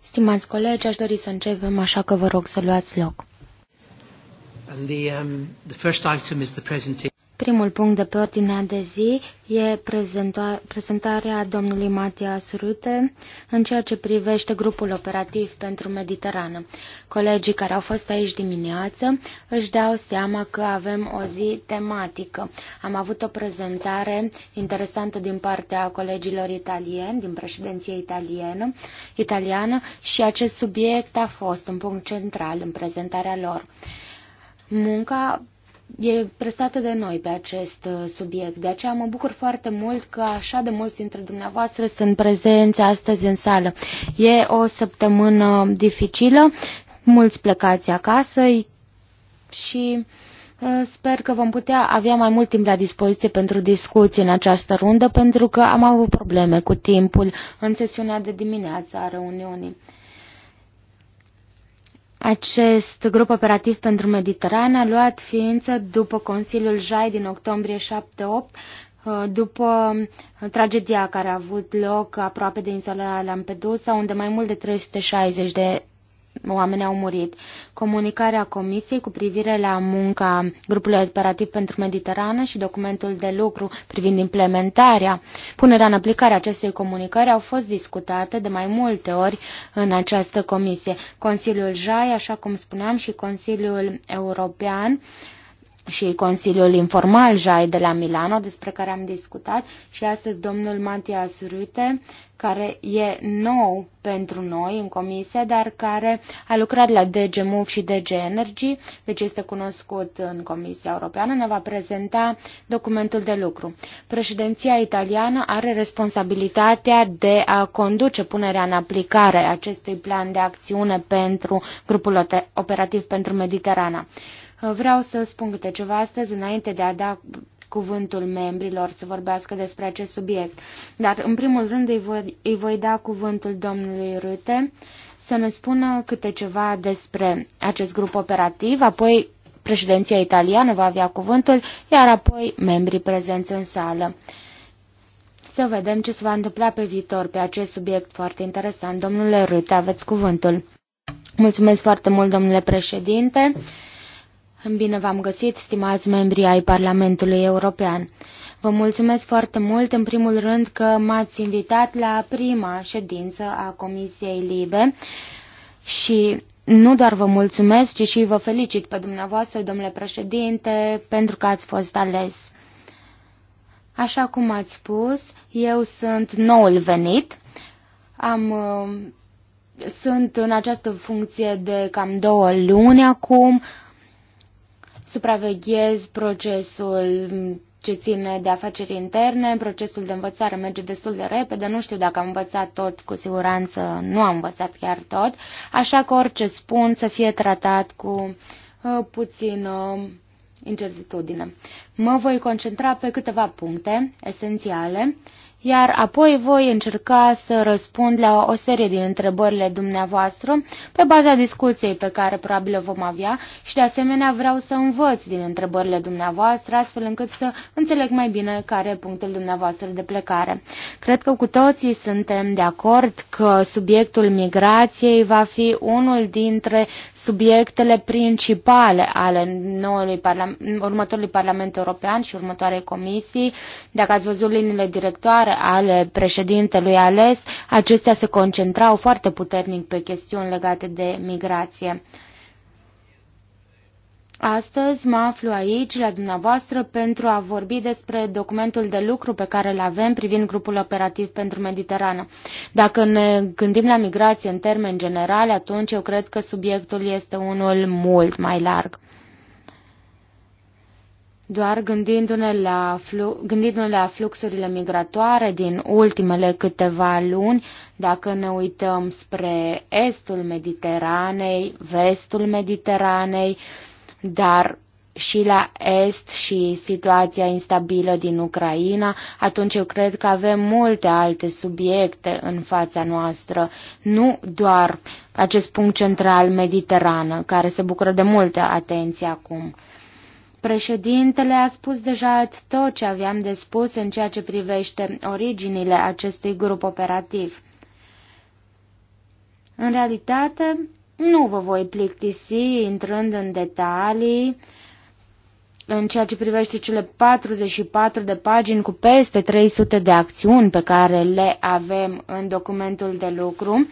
Stimați colegi, aș dori să începem, așa că vă rog să luați loc. And the, um, the first item is the presentation. Primul punct de pe ordinea de zi e prezentarea domnului Matias Rute în ceea ce privește grupul operativ pentru Mediterană. Colegii care au fost aici dimineață își dau seama că avem o zi tematică. Am avut o prezentare interesantă din partea colegilor italieni, din președinția italiană, italiană și acest subiect a fost un punct central în prezentarea lor. Munca e prestată de noi pe acest uh, subiect. De aceea mă bucur foarte mult că așa de mulți dintre dumneavoastră sunt prezenți astăzi în sală. E o săptămână dificilă, mulți plecați acasă și uh, sper că vom putea avea mai mult timp la dispoziție pentru discuții în această rundă, pentru că am avut probleme cu timpul în sesiunea de dimineață a reuniunii. Acest grup operativ pentru Mediterana a luat ființă după Consiliul JAI din octombrie 78, uh, după uh, tragedia care a avut loc aproape de insula Lampedusa, unde mai mult de 360 de oameni au murit. Comunicarea Comisiei cu privire la munca grupului operativ pentru Mediterană și documentul de lucru privind implementarea, punerea în aplicare acestei comunicări au fost discutate de mai multe ori în această comisie. Consiliul JAI, așa cum spuneam, și Consiliul European uh, și Consiliul Informal JAI de la Milano, despre care am discutat, și astăzi domnul Matias Rute, care e nou pentru noi în comisie, dar care a lucrat la DG Move și DG Energy, deci este cunoscut în Comisia Europeană, ne va prezenta documentul de lucru. Președinția italiană are responsabilitatea de a conduce punerea în aplicare acestui plan de acțiune pentru grupul operativ pentru Mediterana. Vreau să spun câte ceva astăzi înainte de a da cuvântul membrilor să vorbească despre acest subiect. Dar, în primul rând, îi voi, îi voi da cuvântul domnului Rute să ne spună câte ceva despre acest grup operativ, apoi președinția italiană va avea cuvântul, iar apoi membrii prezenți în sală. Să vedem ce se va întâmpla pe viitor pe acest subiect foarte interesant. Domnule Rute, aveți cuvântul. Mulțumesc foarte mult, domnule președinte. Bine v-am găsit, stimați membri ai Parlamentului European. Vă mulțumesc foarte mult, în primul rând, că m-ați invitat la prima ședință a Comisiei Libe și nu doar vă mulțumesc, ci și vă felicit pe dumneavoastră, domnule președinte, pentru că ați fost ales. Așa cum ați spus, eu sunt noul venit. Am, uh, sunt în această funcție de cam două luni acum supraveghez procesul ce ține de afaceri interne, procesul de învățare merge destul de repede, nu știu dacă am învățat tot, cu siguranță nu am învățat chiar tot, așa că orice spun să fie tratat cu uh, puțină uh, incertitudine. Mă voi concentra pe câteva puncte esențiale. Uh, iar apoi voi încerca să răspund la o serie din întrebările dumneavoastră pe baza discuției pe care probabil o vom avea și de asemenea vreau să învăț din întrebările dumneavoastră astfel încât să înțeleg mai bine care e punctul dumneavoastră de plecare. Cred că cu toții suntem de acord că subiectul migrației va fi unul dintre subiectele principale ale noului parla următorului Parlament European și următoarei comisii. Dacă ați văzut liniile directoare ale președintelui ales, acestea se concentrau foarte puternic pe chestiuni legate de migrație. Astăzi mă aflu aici, la dumneavoastră, pentru a vorbi despre documentul de lucru pe care îl avem privind grupul operativ pentru Mediterană. Dacă ne gândim la migrație în termeni generale, atunci eu cred că subiectul este unul mult mai larg doar gândindu-ne la, flu- gândindu la fluxurile migratoare din ultimele câteva luni, dacă ne uităm spre estul Mediteranei, vestul Mediteranei, dar și la est și situația instabilă din Ucraina, atunci eu cred că avem multe alte subiecte în fața noastră, nu doar acest punct central mediterană, care se bucură de multă atenție acum. Președintele a spus deja tot ce aveam de spus în ceea ce privește originile acestui grup operativ. În realitate, nu vă voi plictisi intrând în detalii în ceea ce privește cele 44 de pagini cu peste 300 de acțiuni pe care le avem în documentul de lucru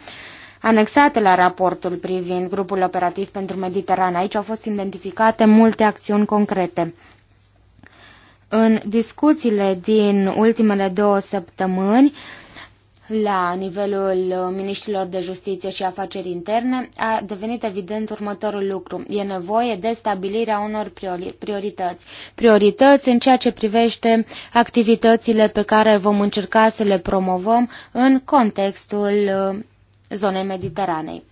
anexate la raportul privind grupul operativ pentru Mediterană, Aici au fost identificate multe acțiuni concrete. În discuțiile din ultimele două săptămâni, la nivelul miniștrilor de justiție și afaceri interne, a devenit evident următorul lucru. E nevoie de stabilirea unor priori priorități. Priorități în ceea ce privește activitățile pe care vom încerca să le promovăm în contextul zonei Mediteranei.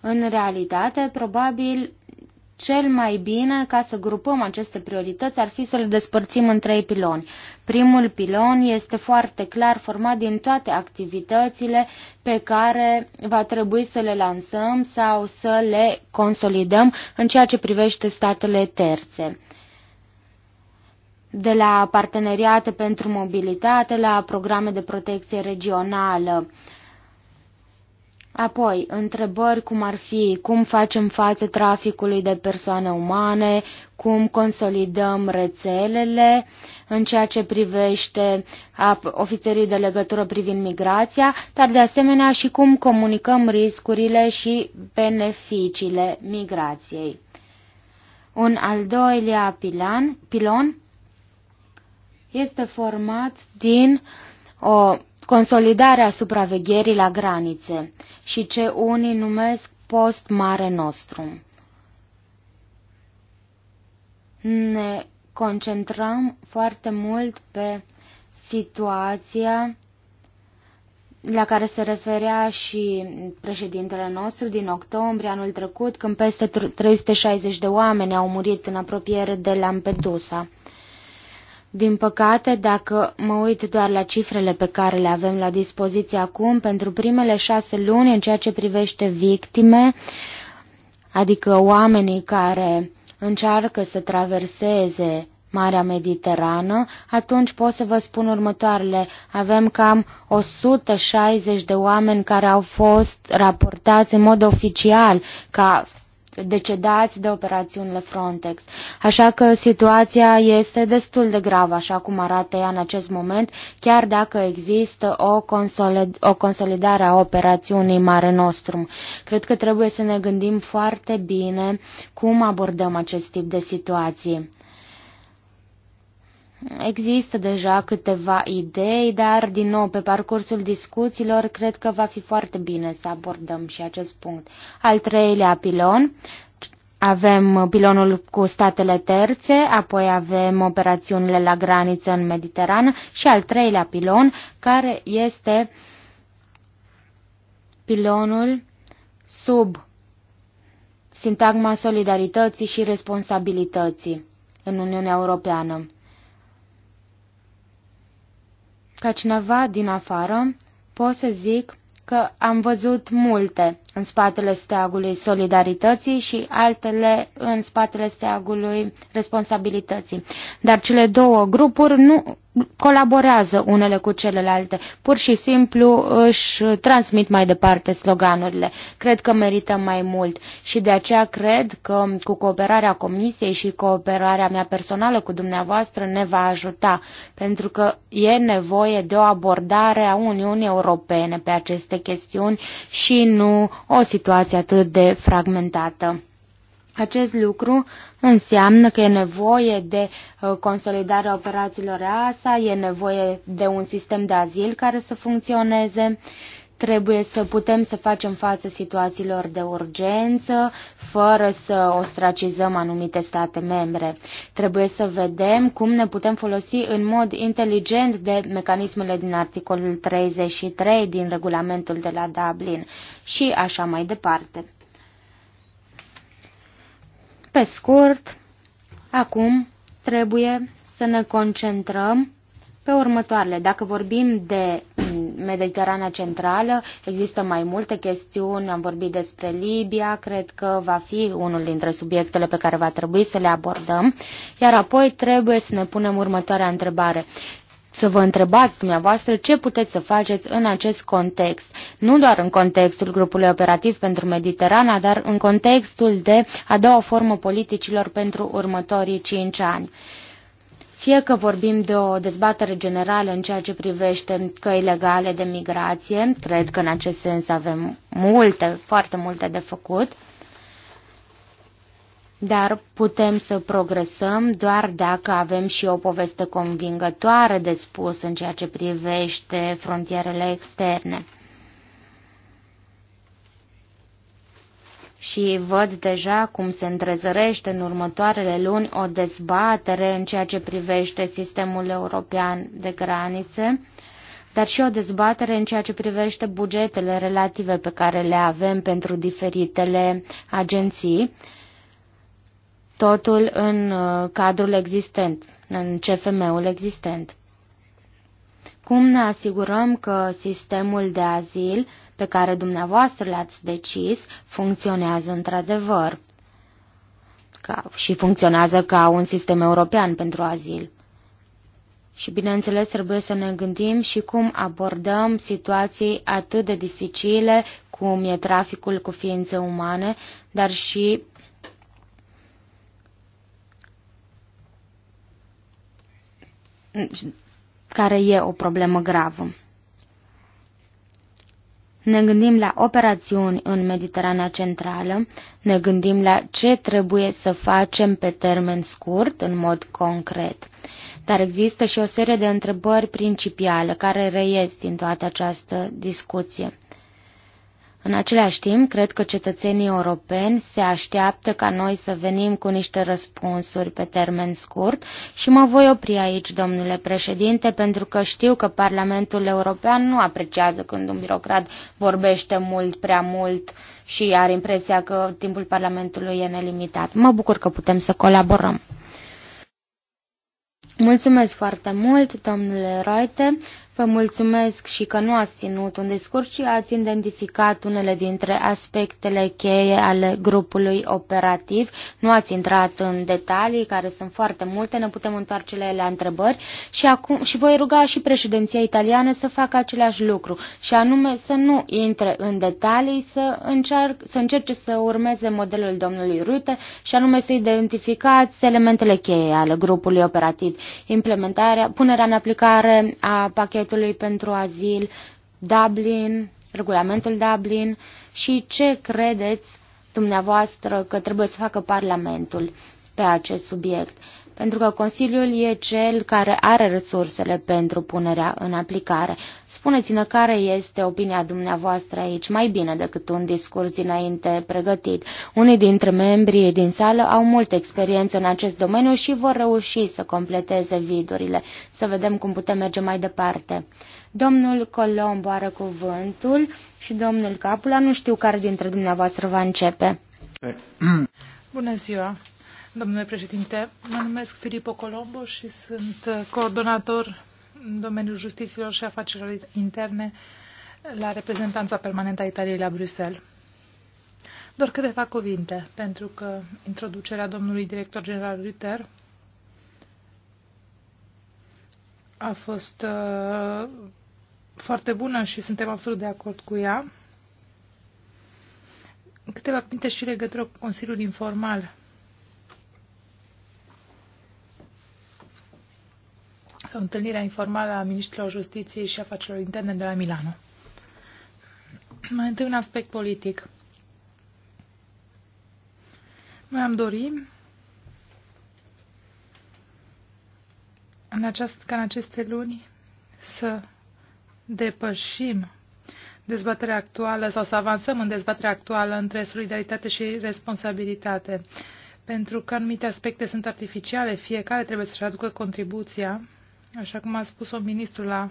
În realitate, probabil cel mai bine ca să grupăm aceste priorități ar fi să le despărțim în trei piloni. Primul pilon este foarte clar format din toate activitățile pe care va trebui să le lansăm sau să le consolidăm în ceea ce privește statele terțe de la parteneriate pentru mobilitate la programe de protecție regională. Apoi, întrebări cum ar fi cum facem față traficului de persoane umane, cum consolidăm rețelele în ceea ce privește ofițerii de legătură privind migrația, dar de asemenea și cum comunicăm riscurile și beneficiile migrației. Un al doilea pilan, pilon este format din o consolidarea supravegherii la granițe și ce unii numesc post mare nostru. Ne concentrăm foarte mult pe situația la care se referea și președintele nostru din octombrie anul trecut, când peste 360 de oameni au murit în apropiere de Lampedusa. Din păcate, dacă mă uit doar la cifrele pe care le avem la dispoziție acum, pentru primele șase luni, în ceea ce privește victime, adică oamenii care încearcă să traverseze Marea Mediterană, atunci pot să vă spun următoarele. Avem cam 160 de oameni care au fost raportați în mod oficial ca decedați de operațiunile Frontex. Așa că situația este destul de gravă, așa cum arată ea în acest moment, chiar dacă există o, consolid o consolidare a operațiunii Mare Nostrum. Cred că trebuie să ne gândim foarte bine cum abordăm acest tip de situații. Există deja câteva idei, dar, din nou, pe parcursul discuțiilor, cred că va fi foarte bine să abordăm și acest punct. Al treilea pilon, avem pilonul cu statele terțe, apoi avem operațiunile la graniță în Mediterană și al treilea pilon, care este pilonul sub sintagma solidarității și responsabilității în Uniunea Europeană ca cineva din afară, pot să zic că am văzut multe în spatele steagului solidarității și altele în spatele steagului responsabilității. Dar cele două grupuri nu colaborează unele cu celelalte, pur și simplu își transmit mai departe sloganurile. Cred că merită mai mult și de aceea cred că cu cooperarea Comisiei și cooperarea mea personală cu dumneavoastră ne va ajuta, pentru că e nevoie de o abordare a Uniunii Europene pe aceste chestiuni și nu o situație atât de fragmentată. Acest lucru înseamnă că e nevoie de uh, consolidarea operațiilor EASA, e nevoie de un sistem de azil care să funcționeze, Trebuie să putem să facem față situațiilor de urgență fără să ostracizăm anumite state membre. Trebuie să vedem cum ne putem folosi în mod inteligent de mecanismele din articolul 33 din regulamentul de la Dublin și așa mai departe. Pe scurt, acum trebuie să ne concentrăm pe următoarele. Dacă vorbim de Mediterana Centrală. Există mai multe chestiuni, am vorbit despre Libia, cred că va fi unul dintre subiectele pe care va trebui să le abordăm. Iar apoi trebuie să ne punem următoarea întrebare să vă întrebați dumneavoastră ce puteți să faceți în acest context, nu doar în contextul grupului operativ pentru Mediterana, dar în contextul de a doua formă politicilor pentru următorii cinci ani. Fie că vorbim de o dezbatere generală în ceea ce privește căi legale de migrație, cred că în acest sens avem multe, foarte multe de făcut, dar putem să progresăm doar dacă avem și o poveste convingătoare de spus în ceea ce privește frontierele externe. și văd deja cum se întrezărește în următoarele luni o dezbatere în ceea ce privește sistemul european de granițe, dar și o dezbatere în ceea ce privește bugetele relative pe care le avem pentru diferitele agenții, totul în uh, cadrul existent, în CFM-ul existent. Cum ne asigurăm că sistemul de azil pe care dumneavoastră le-ați decis funcționează într-adevăr ca, și funcționează ca un sistem european pentru azil. Și bineînțeles trebuie să ne gândim și cum abordăm situații atât de dificile cum e traficul cu ființe umane, dar și care e o problemă gravă. Ne gândim la operațiuni în Mediterana Centrală, ne gândim la ce trebuie să facem pe termen scurt, în mod concret. Dar există și o serie de întrebări principiale care reies din toată această discuție. În același timp, cred că cetățenii europeni se așteaptă ca noi să venim cu niște răspunsuri pe termen scurt și mă voi opri aici, domnule președinte, pentru că știu că Parlamentul European nu apreciază când un birocrat vorbește mult, prea mult și are impresia că timpul Parlamentului e nelimitat. Mă bucur că putem să colaborăm. Mulțumesc foarte mult, domnule Roite. Vă mulțumesc și că nu ați ținut un discurs, ci ați identificat unele dintre aspectele cheie ale grupului operativ. Nu ați intrat în detalii, care sunt foarte multe, ne putem întoarce la ele întrebări și, acum, și voi ruga și președinția italiană să facă același lucru, și anume să nu intre în detalii, să, încerc, să încerce să urmeze modelul domnului Rute, și anume să identificați elementele cheie ale grupului operativ, implementarea, punerea în aplicare a pachetului Pachetul pentru azil, Dublin, regulamentul Dublin și ce credeți dumneavoastră că trebuie să facă Parlamentul pe acest subiect pentru că Consiliul e cel care are resursele pentru punerea în aplicare. Spuneți-ne care este opinia dumneavoastră aici, mai bine decât un discurs dinainte pregătit. Unii dintre membrii din sală au multă experiență în acest domeniu și vor reuși să completeze vidurile. Să vedem cum putem merge mai departe. Domnul Colombo are cuvântul și domnul Capula, nu știu care dintre dumneavoastră va începe. Bună ziua! Domnule președinte, mă numesc Filippo Colombo și sunt coordonator în domeniul justițiilor și afacerilor interne la reprezentanța permanentă a Italiei la Bruxelles. Doar câteva cuvinte, pentru că introducerea domnului director general Ritter a fost uh, foarte bună și suntem absolut de acord cu ea. Câteva cuvinte și legătură cu Consiliul Informal întâlnirea informală a ministrilor justiției și afacerilor interne de la Milano. Mai întâi un aspect politic. Noi am dorit în aceast, ca în aceste luni să depășim dezbaterea actuală sau să avansăm în dezbaterea actuală între solidaritate și responsabilitate. Pentru că anumite aspecte sunt artificiale, fiecare trebuie să-și aducă contribuția Așa cum a spus-o ministrul la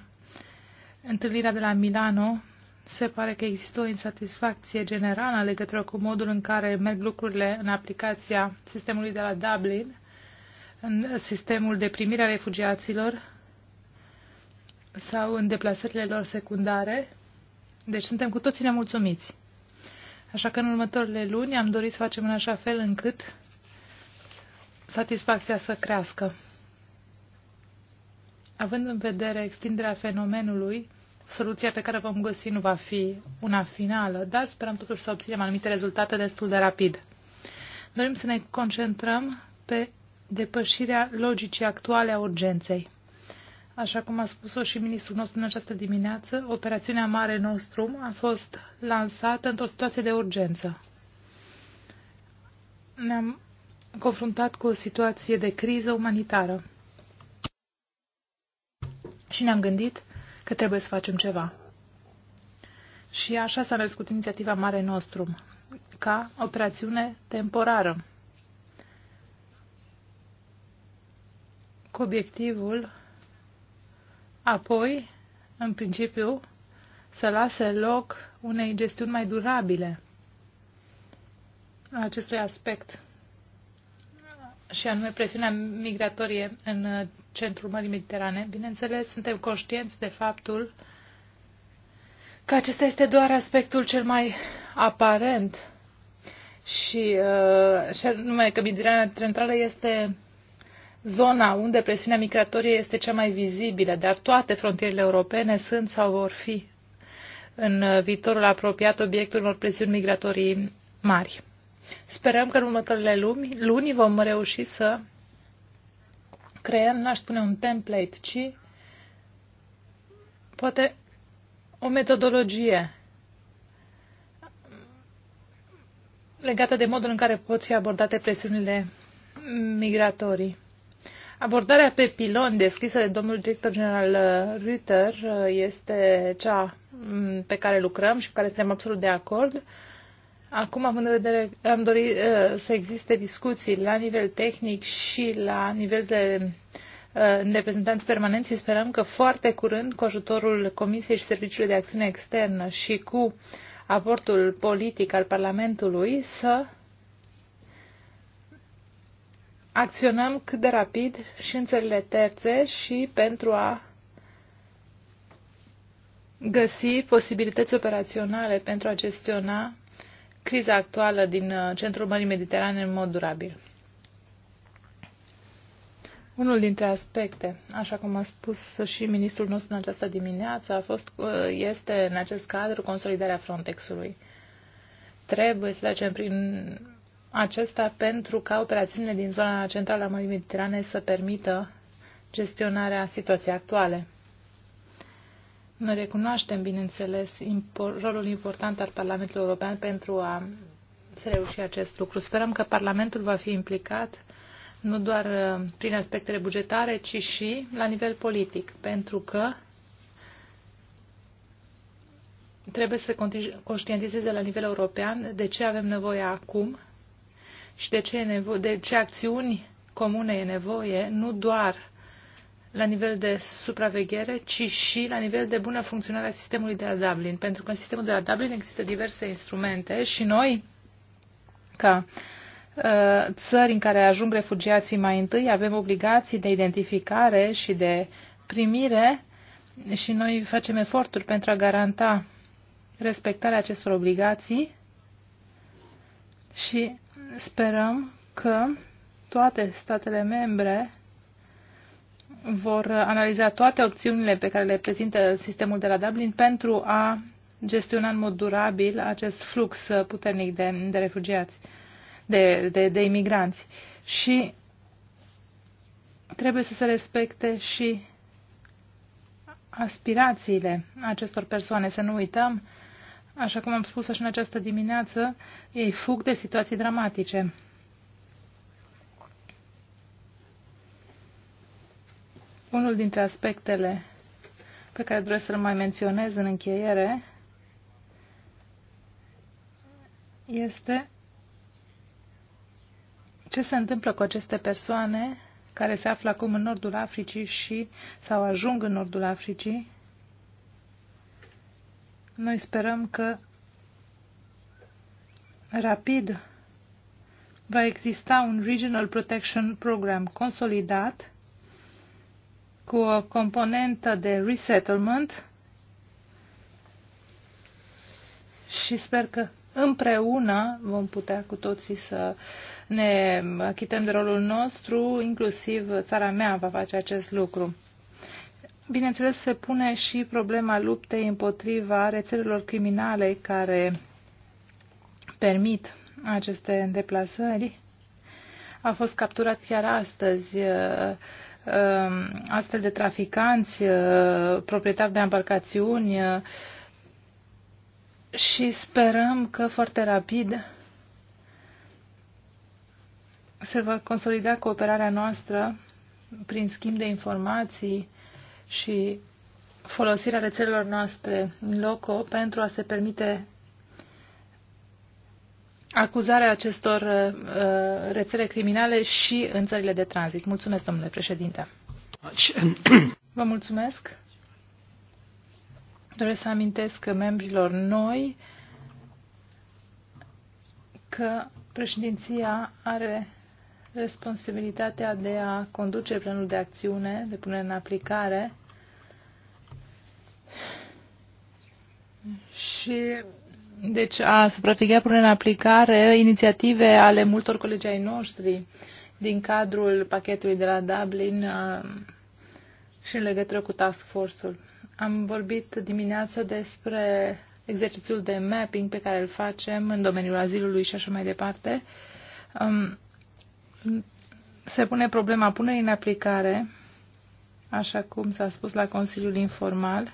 întâlnirea de la Milano, se pare că există o insatisfacție generală legătură cu modul în care merg lucrurile în aplicația sistemului de la Dublin, în sistemul de primire a refugiaților sau în deplasările lor secundare. Deci suntem cu toții nemulțumiți. Așa că în următoarele luni am dorit să facem în așa fel încât satisfacția să crească având în vedere extinderea fenomenului, soluția pe care vom găsi nu va fi una finală, dar sperăm totuși să obținem anumite rezultate destul de rapid. Dorim să ne concentrăm pe depășirea logicii actuale a urgenței. Așa cum a spus-o și ministrul nostru în această dimineață, operațiunea Mare Nostrum a fost lansată într-o situație de urgență. Ne-am confruntat cu o situație de criză umanitară și ne-am gândit că trebuie să facem ceva. Și așa s-a născut inițiativa Mare Nostrum, ca operațiune temporară, cu obiectivul apoi, în principiu, să lase loc unei gestiuni mai durabile acestui aspect, și anume presiunea migratorie în centrul Mării Mediterane. Bineînțeles, suntem conștienți de faptul că acesta este doar aspectul cel mai aparent și, uh, și anume că Mediterana Centrală este zona unde presiunea migratorie este cea mai vizibilă, dar toate frontierele europene sunt sau vor fi în viitorul apropiat obiectul unor presiuni migratorii mari. Sperăm că în următoarele luni, luni vom reuși să creăm, nu aș spune un template, ci poate o metodologie legată de modul în care pot fi abordate presiunile migratorii. Abordarea pe pilon deschisă de domnul director general uh, Rüter uh, este cea mm, pe care lucrăm și cu care suntem absolut de acord. Acum, având în vedere, am dorit uh, să existe discuții la nivel tehnic și la nivel de uh, reprezentanți permanenți și sperăm că foarte curând, cu ajutorul Comisiei și Serviciului de Acțiune Externă și cu aportul politic al Parlamentului, să acționăm cât de rapid și în țările terțe și pentru a găsi posibilități operaționale pentru a gestiona criza actuală din uh, centrul Mării Mediterane în mod durabil. Unul dintre aspecte, așa cum a spus și ministrul nostru în această dimineață, a fost, uh, este în acest cadru consolidarea Frontexului. Trebuie să facem prin acesta pentru ca operațiunile din zona centrală a Mării Mediterane să permită gestionarea situației actuale. Noi recunoaștem, bineînțeles, rolul important al Parlamentului European pentru a se reuși acest lucru. Sperăm că Parlamentul va fi implicat nu doar uh, prin aspectele bugetare, ci și la nivel politic, pentru că trebuie să conștientizeze la nivel european de ce avem nevoie acum și de ce, e nevo- de ce acțiuni comune e nevoie, nu doar la nivel de supraveghere, ci și la nivel de bună funcționare a sistemului de la Dublin. Pentru că în sistemul de la Dublin există diverse instrumente și noi, ca uh, țări în care ajung refugiații mai întâi, avem obligații de identificare și de primire și noi facem eforturi pentru a garanta respectarea acestor obligații și sperăm că toate statele membre vor analiza toate opțiunile pe care le prezintă sistemul de la Dublin pentru a gestiona în mod durabil acest flux puternic de, de refugiați, de, de, de imigranți. Și trebuie să se respecte și aspirațiile acestor persoane. Să nu uităm, așa cum am spus și în această dimineață, ei fug de situații dramatice. Unul dintre aspectele pe care doresc să-l mai menționez în încheiere este ce se întâmplă cu aceste persoane care se află acum în nordul Africii și sau ajung în nordul Africii. Noi sperăm că rapid va exista un Regional Protection Program consolidat cu o componentă de resettlement și sper că împreună vom putea cu toții să ne achităm de rolul nostru, inclusiv țara mea va face acest lucru. Bineînțeles, se pune și problema luptei împotriva rețelelor criminale care permit aceste deplasări. A fost capturat chiar astăzi uh, Um, astfel de traficanți, uh, proprietari de embarcațiuni uh, și sperăm că foarte rapid se va consolida cooperarea noastră prin schimb de informații și folosirea rețelelor noastre în loco pentru a se permite acuzarea acestor uh, uh, rețele criminale și în țările de tranzit. Mulțumesc, domnule președinte. Vă mulțumesc. Doresc să amintesc membrilor noi că președinția are responsabilitatea de a conduce planul de acțiune, de pune în aplicare și deci a supraveghea până în aplicare inițiative ale multor colegi ai noștri din cadrul pachetului de la Dublin uh, și în legătură cu task force-ul. Am vorbit dimineață despre exercițiul de mapping pe care îl facem în domeniul azilului și așa mai departe. Um, se pune problema punerii în aplicare, așa cum s-a spus la Consiliul Informal,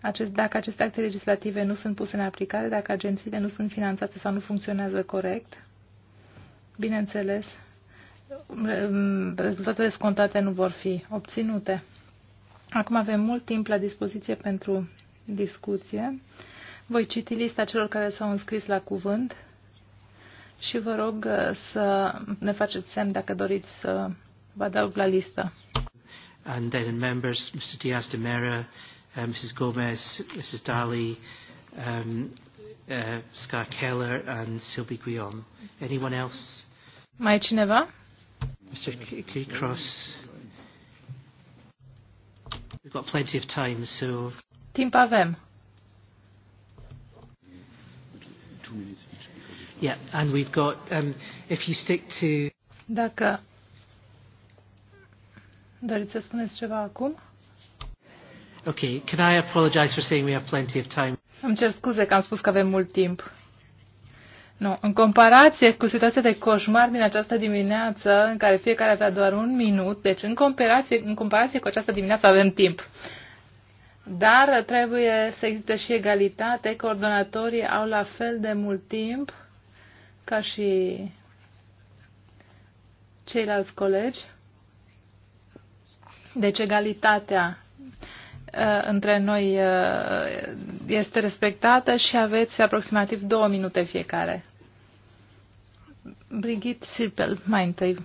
acest, dacă aceste acte legislative nu sunt puse în aplicare, dacă agențiile nu sunt finanțate sau nu funcționează corect, bineînțeles, rezultatele scontate nu vor fi obținute. Acum avem mult timp la dispoziție pentru discuție. Voi citi lista celor care s-au înscris la cuvânt și vă rog uh, să ne faceți semn dacă doriți să vă adaug la listă. And then members, Mr. Diaz de Mera, um, uh, Mrs Gomez, Mrs Daly, um, uh, Scar Keller and Sylvie Guillaume. Anyone else? Mai cineva? Mr K Cross. We've got plenty of time, so... Timp avem. Yeah, and we've got, um, if you stick to... Dacă Doriți să spuneți ceva acum? Okay, can I apologize for saying we have plenty of time? Îmi cer scuze că am spus că avem mult timp. Nu, în comparație cu situația de coșmar din această dimineață, în care fiecare avea doar un minut, deci în comparație, în comparație cu această dimineață avem timp. Dar trebuie să existe și egalitate, coordonatorii au la fel de mult timp ca și ceilalți colegi. Deci egalitatea Uh, între noi uh, este respectată și aveți aproximativ două minute fiecare. Brigitte Sipel, mai întâi.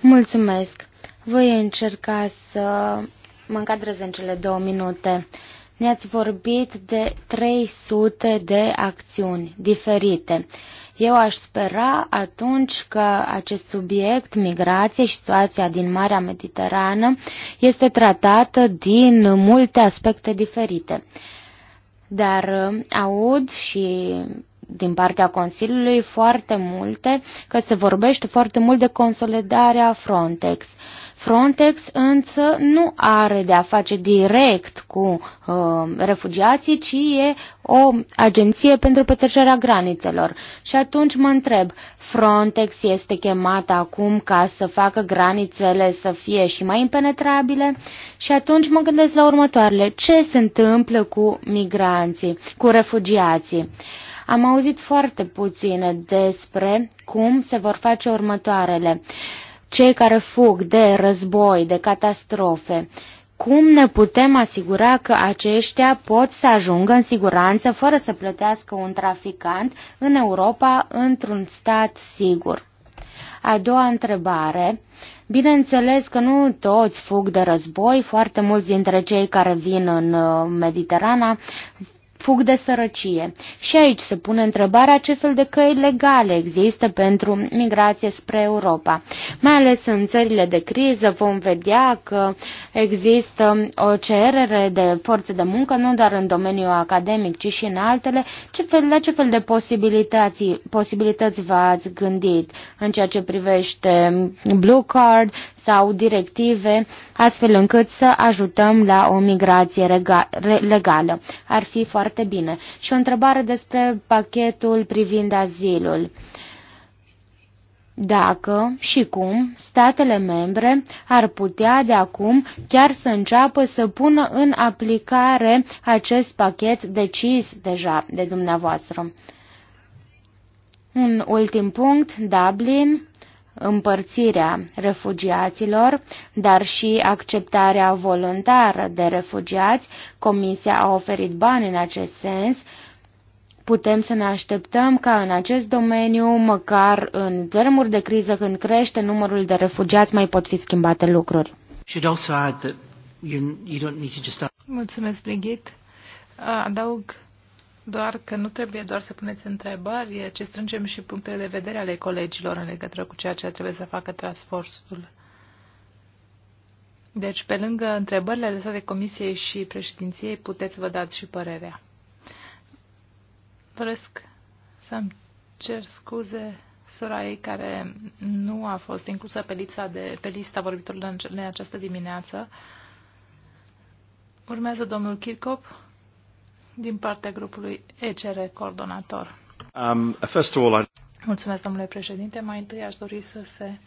Mulțumesc. Voi încerca să mă încadrez în cele două minute. Ne-ați vorbit de 300 de acțiuni diferite. Uh, eu aș spera atunci că acest subiect, migrație și situația din Marea Mediterană, este tratată din multe aspecte diferite. Dar uh, aud și din partea Consiliului foarte multe, că se vorbește foarte mult de consolidarea Frontex. Frontex însă nu are de a face direct cu uh, refugiații, ci e o agenție pentru petrecerea granițelor. Și atunci mă întreb, Frontex este chemată acum ca să facă granițele să fie și mai impenetrabile? Și atunci mă gândesc la următoarele. Ce se întâmplă cu migranții, cu refugiații? Am auzit foarte puține despre cum se vor face următoarele cei care fug de război, de catastrofe. Cum ne putem asigura că aceștia pot să ajungă în siguranță fără să plătească un traficant în Europa într-un stat sigur? A doua întrebare. Bineînțeles că nu toți fug de război, foarte mulți dintre cei care vin în uh, Mediterana fug de sărăcie. Și aici se pune întrebarea ce fel de căi legale există pentru migrație spre Europa. Mai ales în țările de criză vom vedea că există o cerere de forță de muncă, nu doar în domeniul academic, ci și în altele. Ce fel, la ce fel de posibilități, posibilități v-ați gândit în ceea ce privește Blue Card sau directive, astfel încât să ajutăm la o migrație legală. Ar fi foarte bine. Și o întrebare despre pachetul privind azilul dacă și cum statele membre ar putea de acum chiar să înceapă să pună în aplicare acest pachet decis deja de dumneavoastră. Un ultim punct, Dublin împărțirea refugiaților, dar și acceptarea voluntară de refugiați. Comisia a oferit bani în acest sens. Putem să ne așteptăm ca în acest domeniu, măcar în termuri de criză, când crește numărul de refugiați, mai pot fi schimbate lucruri. Mulțumesc, Brigit. Adaug doar că nu trebuie doar să puneți întrebări, ci strângem și punctele de vedere ale colegilor în legătură cu ceea ce trebuie să facă transportul. Deci, pe lângă întrebările lăsate Comisiei și președinției, puteți vă dați și părerea. Vresc să-mi cer scuze Sorai, care nu a fost inclusă pe, lipsa de, pe lista vorbitorilor în această dimineață. Urmează domnul Kirkop din partea grupului ECR Coordonator. Um, first of all, I... Mulțumesc, domnule președinte. Mai întâi aș dori să se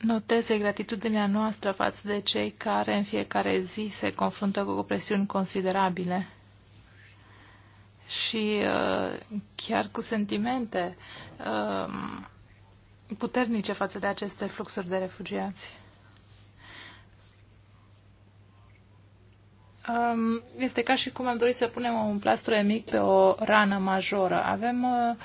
noteze gratitudinea noastră față de cei care în fiecare zi se confruntă cu presiuni considerabile și uh, chiar cu sentimente uh, puternice față de aceste fluxuri de refugiați. este ca și cum am dorit să punem un plastru mic pe o rană majoră. Avem uh,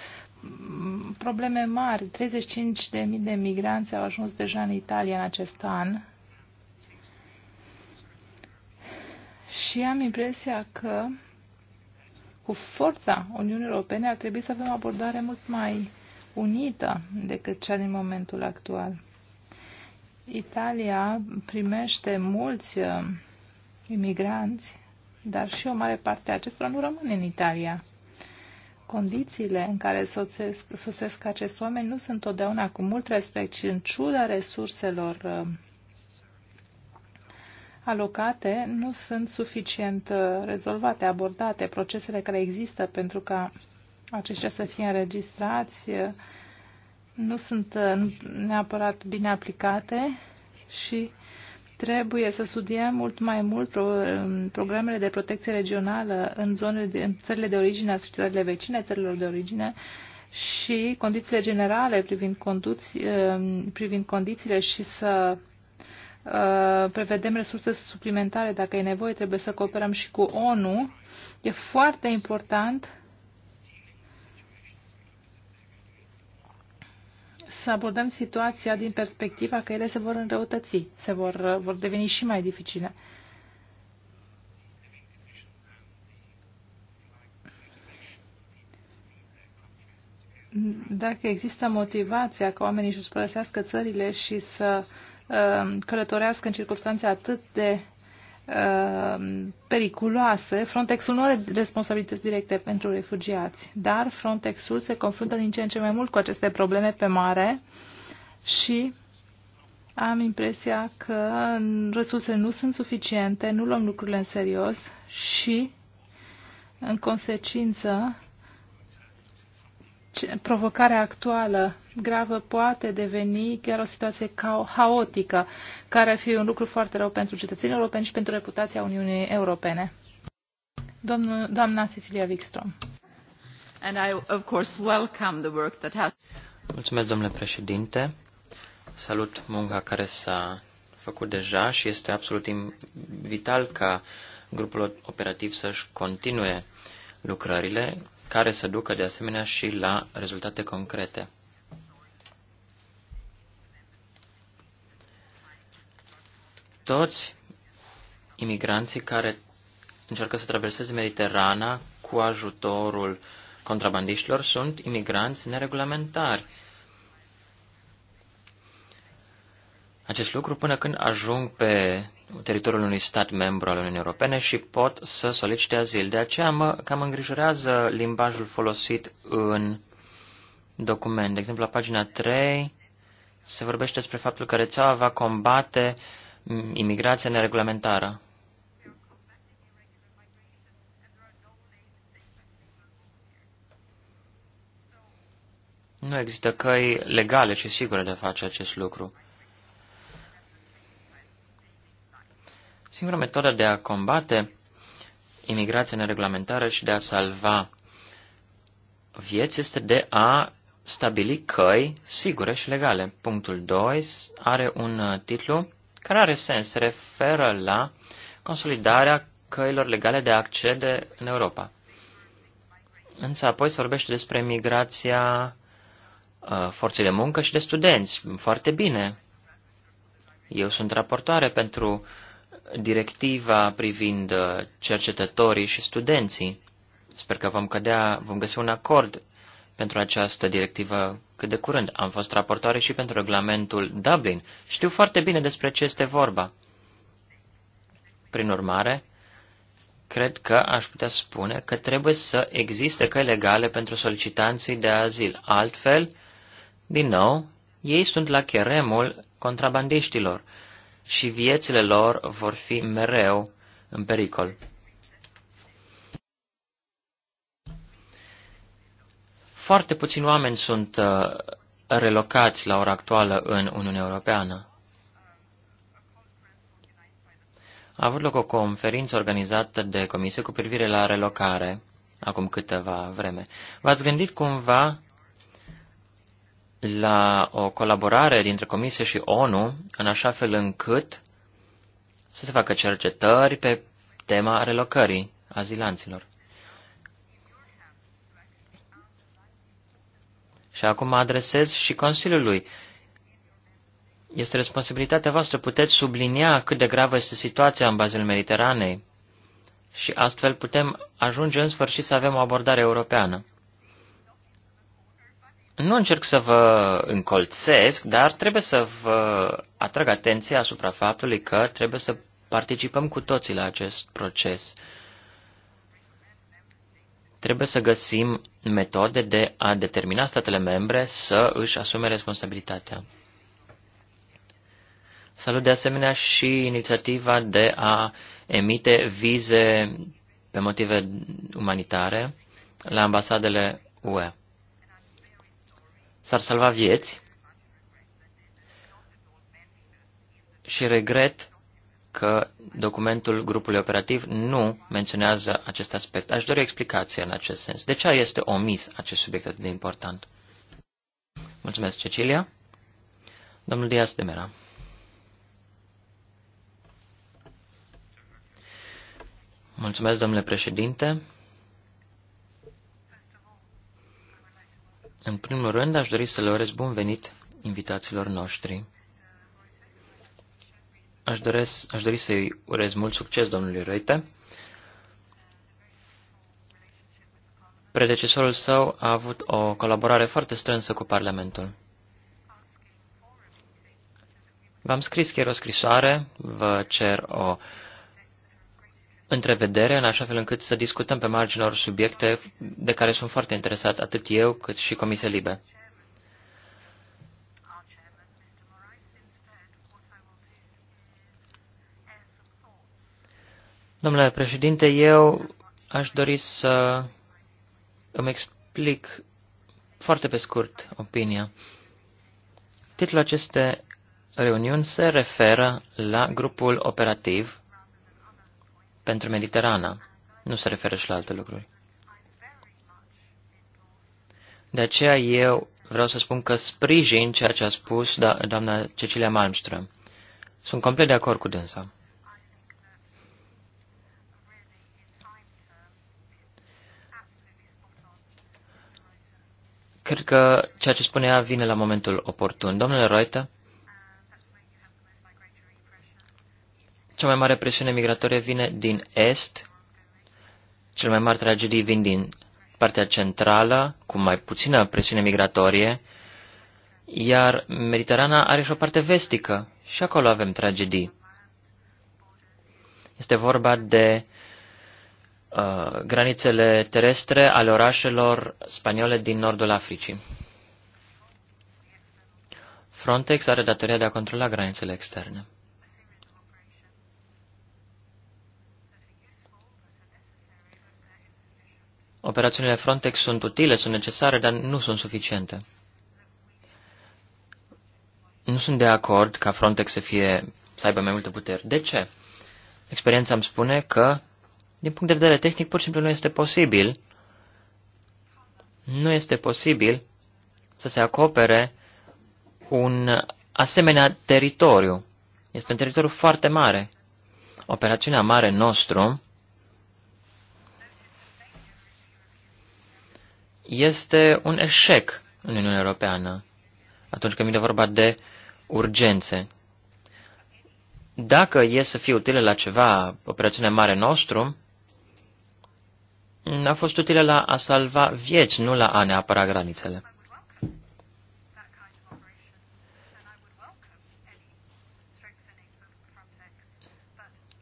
probleme mari. 35.000 de migranți au ajuns deja în Italia în acest an. Și am impresia că cu forța Uniunii Europene ar trebui să avem o abordare mult mai unită decât cea din momentul actual. Italia primește mulți uh, imigranți, dar și o mare parte a acestora nu rămân în Italia. Condițiile în care sosesc, sosesc acești oameni nu sunt totdeauna cu mult respect și în ciuda resurselor uh, alocate nu sunt suficient uh, rezolvate, abordate. Procesele care există pentru ca aceștia să fie înregistrați uh, nu sunt neapărat bine aplicate și Trebuie să studiem mult mai mult pro, um, programele de protecție regională în, zonele de, în țările de origine, țările vecine țărilor de origine și condițiile generale privind, conduți, um, privind condițiile și să uh, prevedem resurse suplimentare dacă e nevoie, trebuie să cooperăm și cu ONU. E foarte important să abordăm situația din perspectiva că ele se vor înrăutăți, se vor, vor deveni și mai dificile. Dacă există motivația ca oamenii să-și părăsească țările și să um, călătorească în circunstanțe atât de Uh, periculoase, Frontexul nu are responsabilități directe pentru refugiați, dar Frontexul se confruntă din ce în ce mai mult cu aceste probleme pe mare și am impresia că resursele nu sunt suficiente, nu luăm lucrurile în serios și, în consecință, provocarea actuală gravă poate deveni chiar o situație ca haotică, care ar fi un lucru foarte rău pentru cetățenii europeni și pentru reputația Uniunii Europene. Domnul, doamna Cecilia Wikström. And I, of course, welcome the work that has... Mulțumesc, domnule președinte. Salut munca care s-a făcut deja și este absolut vital ca grupul operativ să-și continue lucrările care să ducă de asemenea și la rezultate concrete. Toți imigranții care încearcă să traverseze Mediterana cu ajutorul contrabandiștilor sunt imigranți neregulamentari. Acest lucru până când ajung pe teritoriul unui stat membru al Uniunii Europene și pot să solicite azil. De aceea mă cam îngrijorează limbajul folosit în document. De exemplu, la pagina 3 se vorbește despre faptul că rețeaua va combate imigrația neregulamentară. Nu există căi legale și sigure de a face acest lucru. Singura metodă de a combate imigrația nereglementară și de a salva vieți este de a stabili căi sigure și legale. Punctul 2 are un uh, titlu care are sens, se referă la consolidarea căilor legale de a accede în Europa. Însă apoi se vorbește despre migrația uh, forței de muncă și de studenți. Foarte bine. Eu sunt raportoare pentru directiva privind uh, cercetătorii și studenții. Sper că vom, cădea, vom găsi un acord pentru această directivă cât de curând. Am fost raportoare și pentru regulamentul Dublin. Știu foarte bine despre ce este vorba. Prin urmare, cred că aș putea spune că trebuie să existe căi legale pentru solicitanții de azil. Altfel, din nou, ei sunt la cheremul contrabandiștilor și viețile lor vor fi mereu în pericol. Foarte puțini oameni sunt uh, relocați la ora actuală în Uniunea Europeană. A avut loc o conferință organizată de Comisie cu privire la relocare acum câteva vreme. V-ați gândit cumva la o colaborare dintre Comisie și ONU, în așa fel încât să se facă cercetări pe tema relocării azilanților. Și acum mă adresez și Consiliului. Este responsabilitatea voastră, puteți sublinia cât de gravă este situația în bazele Mediteranei și astfel putem ajunge în sfârșit să avem o abordare europeană. Nu încerc să vă încolțesc, dar trebuie să vă atrag atenția asupra faptului că trebuie să participăm cu toții la acest proces. Trebuie să găsim metode de a determina statele membre să își asume responsabilitatea. Salut de asemenea și inițiativa de a emite vize pe motive umanitare la ambasadele UE s-ar salva vieți și regret că documentul grupului operativ nu menționează acest aspect. Aș dori o explicație în acest sens. De ce este omis acest subiect atât de important? Mulțumesc, Cecilia. Domnul Dias de Mera. Mulțumesc, domnule președinte. În primul rând, aș dori să le urez bun venit invitaților noștri. Aș, doresc, aș dori să-i urez mult succes domnului Reite. Predecesorul său a avut o colaborare foarte strânsă cu Parlamentul. V-am scris chiar o scrisoare, vă cer o întrevedere, în așa fel încât să discutăm pe marginea unor subiecte de care sunt foarte interesat atât eu cât și Comisia Libe. Domnule președinte, eu aș dori să îmi explic foarte pe scurt opinia. Titlul acestei reuniuni se referă la grupul operativ pentru Mediterana. Nu se referă și la alte lucruri. De aceea eu vreau să spun că sprijin ceea ce a spus da, doamna Cecilia Malmström. Sunt complet de acord cu dânsa. Cred că ceea ce spunea vine la momentul oportun. Domnule Reuter, Cea mai mare presiune migratorie vine din est, cele mai mari tragedii vin din partea centrală, cu mai puțină presiune migratorie, iar Mediterana are și o parte vestică și acolo avem tragedii. Este vorba de uh, granițele terestre ale orașelor spaniole din nordul Africii. Frontex are datoria de a controla granițele externe. Operațiunile Frontex sunt utile, sunt necesare, dar nu sunt suficiente. Nu sunt de acord ca Frontex să, fie, să aibă mai multe puteri. De ce? Experiența îmi spune că, din punct de vedere tehnic, pur și simplu nu este posibil nu este posibil să se acopere un asemenea teritoriu. Este un teritoriu foarte mare. Operațiunea mare nostru este un eșec în Uniunea Europeană atunci când vine vorba de urgențe. Dacă e să fie utile la ceva operațiunea mare nostru, a fost utile la a salva vieți, nu la a ne apăra granițele.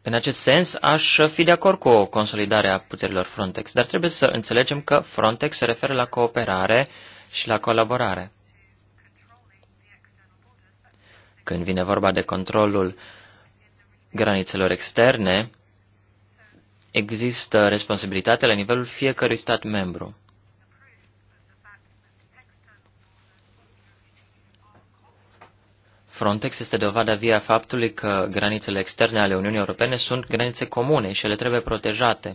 În acest sens, aș fi de acord cu consolidarea puterilor Frontex, dar trebuie să înțelegem că Frontex se referă la cooperare și la colaborare. Când vine vorba de controlul granițelor externe, există responsabilitate la nivelul fiecărui stat membru. Frontex este dovada via faptului că granițele externe ale Uniunii Europene sunt granițe comune și ele trebuie protejate.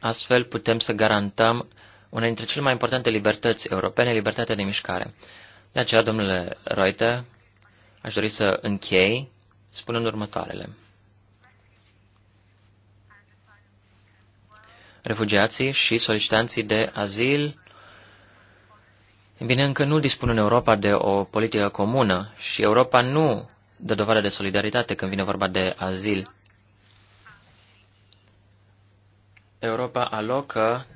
Astfel putem să garantăm una dintre cele mai importante libertăți europene, libertatea de mișcare. De aceea, domnule Reuter, aș dori să închei spunând următoarele. Refugiații și solicitanții de azil E bine, încă nu dispune în Europa de o politică comună și Europa nu dă dovadă de solidaritate când vine vorba de azil. Europa alocă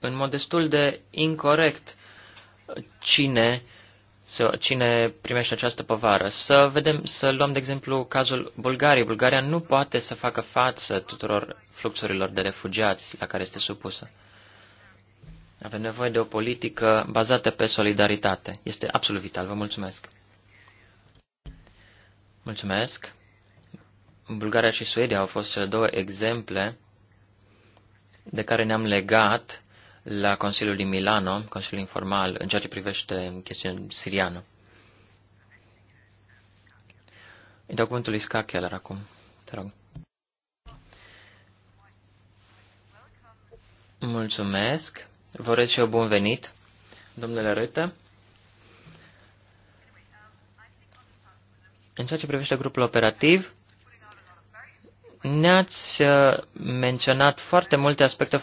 în mod destul de incorrect cine, să, cine primește această povară. Să vedem, să luăm de exemplu cazul Bulgariei. Bulgaria nu poate să facă față tuturor fluxurilor de refugiați la care este supusă. Avem nevoie de o politică bazată pe solidaritate. Este absolut vital. Vă mulțumesc. Mulțumesc. Bulgaria și Suedia au fost cele două exemple de care ne-am legat la Consiliul din Milano, Consiliul informal, în ceea ce privește chestiunea siriană. Îi dau cuvântul lui Ska acum. Te rog. Mulțumesc. Vă urez și eu bun venit, domnule Râtă. În ceea ce privește grupul operativ, ne-ați uh, menționat foarte multe aspecte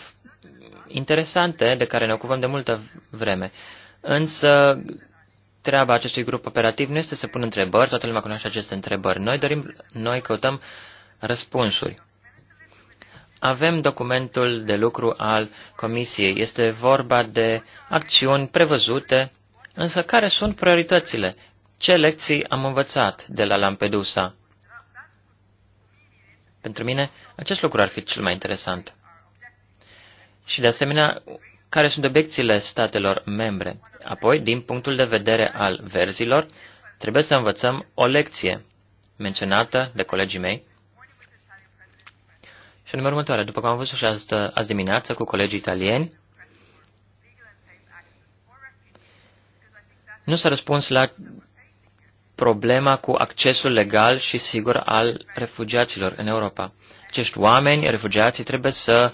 interesante de care ne ocupăm de multă vreme. Însă, treaba acestui grup operativ nu este să pună întrebări, toată lumea cunoaște aceste întrebări. Noi dorim, noi căutăm răspunsuri avem documentul de lucru al Comisiei. Este vorba de acțiuni prevăzute, însă care sunt prioritățile? Ce lecții am învățat de la Lampedusa? Pentru mine, acest lucru ar fi cel mai interesant. Și, de asemenea, care sunt obiecțiile statelor membre. Apoi, din punctul de vedere al verzilor, trebuie să învățăm o lecție menționată de colegii mei, și Numărul următoare, după cum am văzut și azi, azi dimineață cu colegii italieni, nu s-a răspuns la problema cu accesul legal și sigur al refugiaților în Europa. Acești oameni, refugiații, trebuie să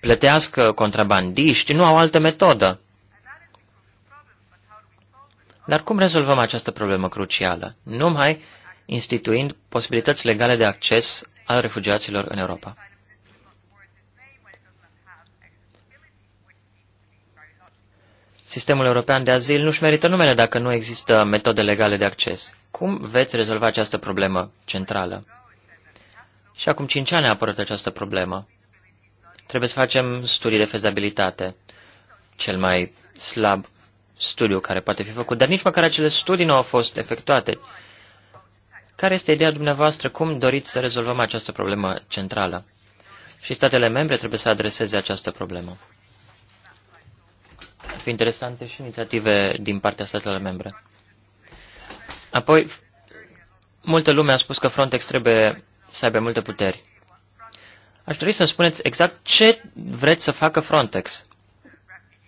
plătească contrabandiști, nu au altă metodă. Dar cum rezolvăm această problemă crucială? Numai instituind posibilități legale de acces al refugiaților în Europa. Sistemul european de azil nu-și merită numele dacă nu există metode legale de acces. Cum veți rezolva această problemă centrală? Și acum cinci ani a apărut această problemă. Trebuie să facem studii de fezabilitate, cel mai slab studiu care poate fi făcut, dar nici măcar acele studii nu au fost efectuate. Care este ideea dumneavoastră? Cum doriți să rezolvăm această problemă centrală? Și statele membre trebuie să adreseze această problemă. Ar fi interesante și inițiative din partea statelor membre. Apoi, multă lume a spus că Frontex trebuie să aibă multe puteri. Aș dori să-mi spuneți exact ce vreți să facă Frontex.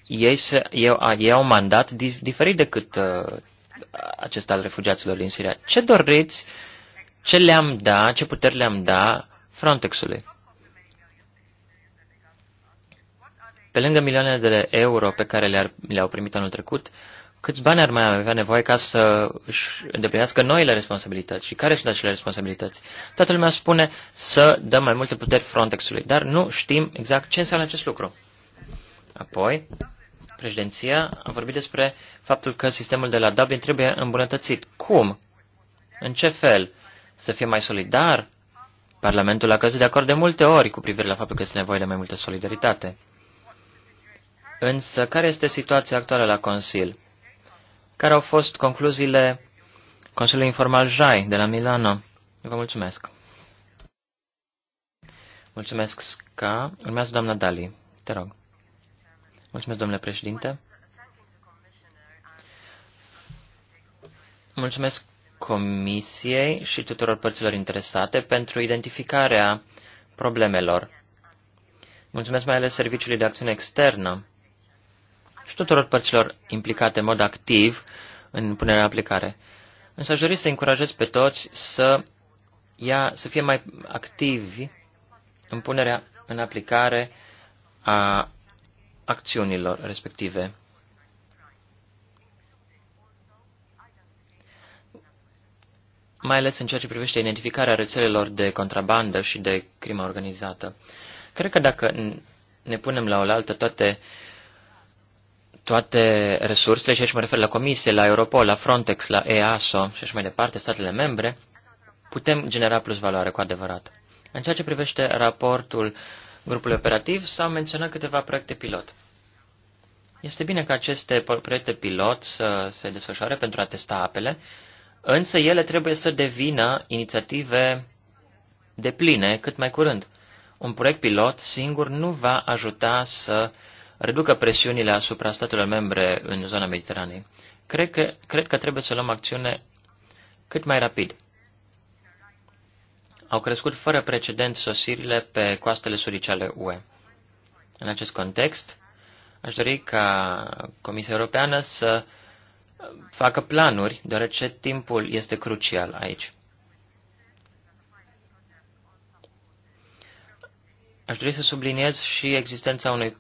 Ei, se, ei, ei au un mandat diferit decât uh, acesta al refugiaților din Siria. Ce doriți, ce le-am da, ce puteri le-am da Frontexului? Pe lângă milioanele de euro pe care le-au le primit anul trecut, câți bani ar mai avea nevoie ca să își îndeplinească noile responsabilități și care sunt acele responsabilități. Toată lumea spune să dăm mai multe puteri Frontexului, dar nu știm exact ce înseamnă acest lucru. Apoi, Președinția a vorbit despre faptul că sistemul de la Dublin trebuie îmbunătățit. Cum? În ce fel? Să fie mai solidar? Parlamentul a căzut de acord de multe ori cu privire la faptul că este nevoie de mai multă solidaritate. Însă, care este situația actuală la Consil? Care au fost concluziile Consiliului Informal JAI de la Milano? Vă mulțumesc. Mulțumesc, Ska. Urmează doamna Dali. Te rog. Mulțumesc, domnule președinte. Mulțumesc Comisiei și tuturor părților interesate pentru identificarea problemelor. Mulțumesc mai ales Serviciului de Acțiune Externă și tuturor părților implicate în mod activ în punerea în aplicare. Însă aș dori să încurajez pe toți să, ia, să fie mai activi în punerea în aplicare a acțiunilor respective. mai ales în ceea ce privește identificarea rețelelor de contrabandă și de crimă organizată. Cred că dacă ne punem la oaltă toate, toate resursele, și aici mă refer la Comisie, la Europol, la Frontex, la EASO și așa mai departe, statele membre, putem genera plus valoare cu adevărat. În ceea ce privește raportul grupul operativ, s-au menționat câteva proiecte pilot. Este bine ca aceste proiecte pilot să se desfășoare pentru a testa apele, însă ele trebuie să devină inițiative de pline cât mai curând. Un proiect pilot singur nu va ajuta să reducă presiunile asupra statelor membre în zona Mediteranei. Cred că, cred că trebuie să luăm acțiune cât mai rapid. Au crescut fără precedent sosirile pe coastele surice ale UE. În acest context, aș dori ca Comisia Europeană să facă planuri, deoarece timpul este crucial aici. Aș dori să subliniez și existența unui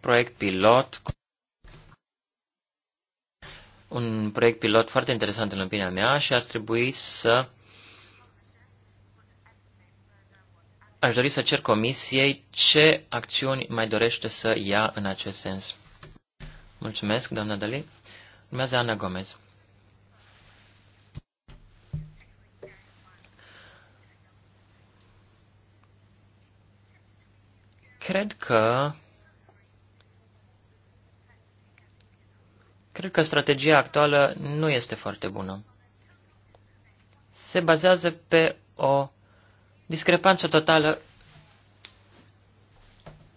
proiect pilot, un proiect pilot foarte interesant în opinia mea și ar trebui să aș dori să cer comisiei ce acțiuni mai dorește să ia în acest sens. Mulțumesc, doamna Dali. Urmează Ana Gomez. Cred că Cred că strategia actuală nu este foarte bună. Se bazează pe o discrepanța totală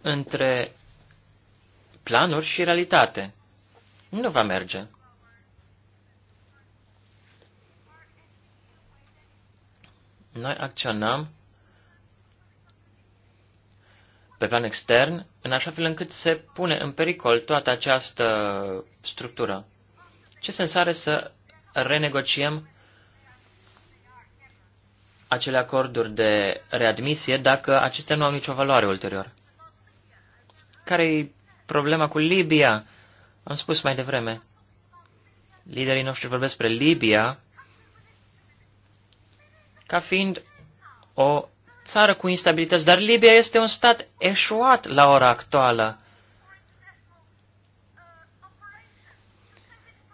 între planuri și realitate. Nu va merge. Noi acționăm pe plan extern, în așa fel încât se pune în pericol toată această structură. Ce sens are să renegociem acele acorduri de readmisie dacă acestea nu au nicio valoare ulterior. Care-i problema cu Libia? Am spus mai devreme. Liderii noștri vorbesc despre Libia ca fiind o țară cu instabilități, dar Libia este un stat eșuat la ora actuală.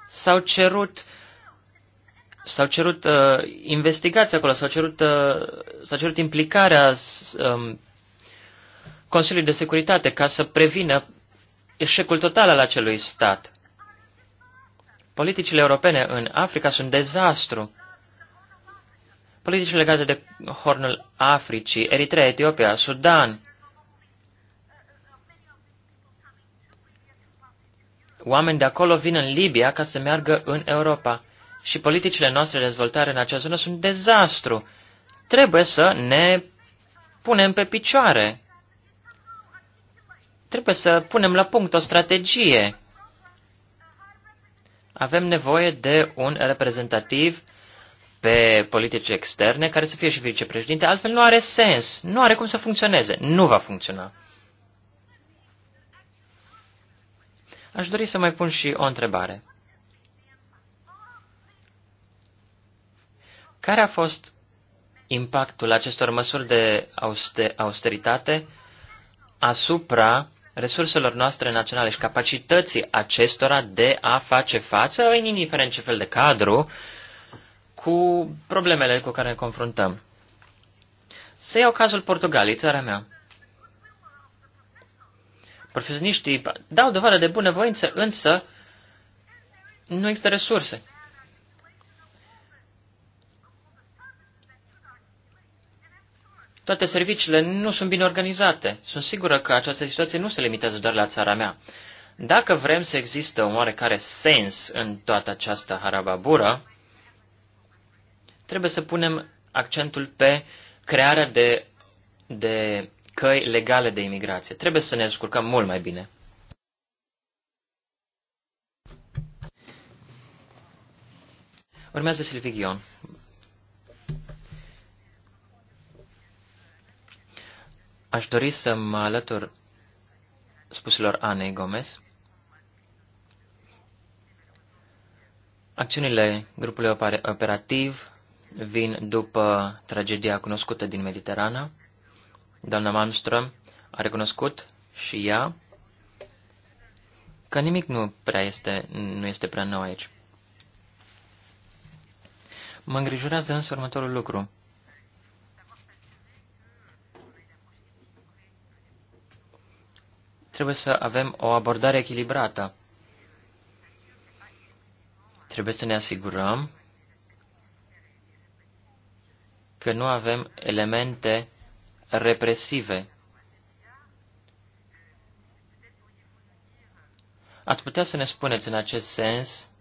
S-au cerut uh, s-au cerut uh, investigații acolo, s-au cerut, uh, s-a cerut implicarea um, Consiliului de Securitate ca să prevină eșecul total al acelui stat. Politicile europene în Africa sunt dezastru. Politicile legate de Hornul Africii, Eritrea, Etiopia, Sudan. Oameni de acolo vin în Libia ca să meargă în Europa și politicile noastre de dezvoltare în această zonă sunt dezastru. Trebuie să ne punem pe picioare. Trebuie să punem la punct o strategie. Avem nevoie de un reprezentativ pe politici externe care să fie și vicepreședinte, altfel nu are sens, nu are cum să funcționeze, nu va funcționa. Aș dori să mai pun și o întrebare. Care a fost impactul acestor măsuri de austeritate asupra resurselor noastre naționale și capacității acestora de a face față, în indiferent ce fel de cadru, cu problemele cu care ne confruntăm. Să iau cazul Portugalii, țara mea. Profesioniștii dau dovadă de bunăvoință, însă nu există resurse. toate serviciile nu sunt bine organizate. Sunt sigură că această situație nu se limitează doar la țara mea. Dacă vrem să există un oarecare sens în toată această harababură, trebuie să punem accentul pe crearea de, de căi legale de imigrație. Trebuie să ne descurcăm mult mai bine. Urmează Silvigion. Aș dori să mă alătur spuselor Anei Gomez. Acțiunile grupului operativ vin după tragedia cunoscută din Mediterana. Doamna Malmström a recunoscut și ea că nimic nu prea este, nu este prea nou aici. Mă îngrijorează însă următorul lucru. Trebuie să avem o abordare echilibrată. Trebuie să ne asigurăm că nu avem elemente represive. Ați putea să ne spuneți în acest sens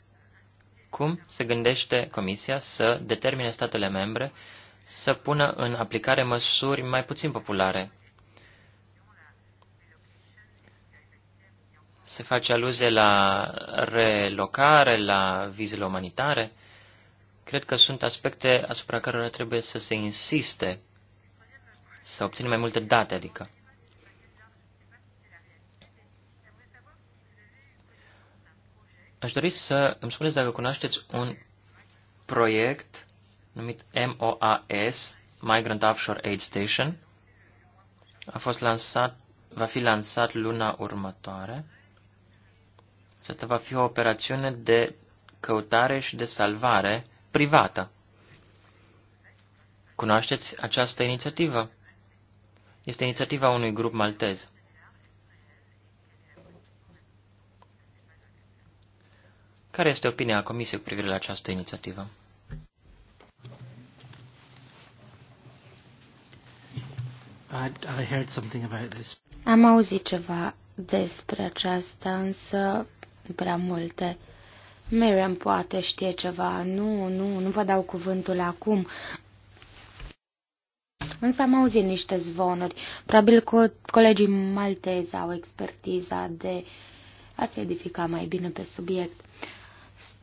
cum se gândește Comisia să determine statele membre să pună în aplicare măsuri mai puțin populare. Se face aluzie la relocare, la vizele umanitare. Cred că sunt aspecte asupra cărora trebuie să se insiste, să obținem mai multe date, adică. Aș dori să îmi spuneți dacă cunoașteți un proiect numit MOAS, Migrant Offshore Aid Station. A fost lansat, va fi lansat luna următoare. Și asta va fi o operațiune de căutare și de salvare privată. Cunoașteți această inițiativă? Este inițiativa unui grup maltez. Care este opinia Comisiei cu privire la această inițiativă? I, I heard something about this. Am auzit ceva despre aceasta, însă prea multe. Miriam poate știe ceva. Nu, nu, nu vă dau cuvântul acum. Însă am auzit niște zvonuri. Probabil că colegii maltezi au expertiza de a se edifica mai bine pe subiect.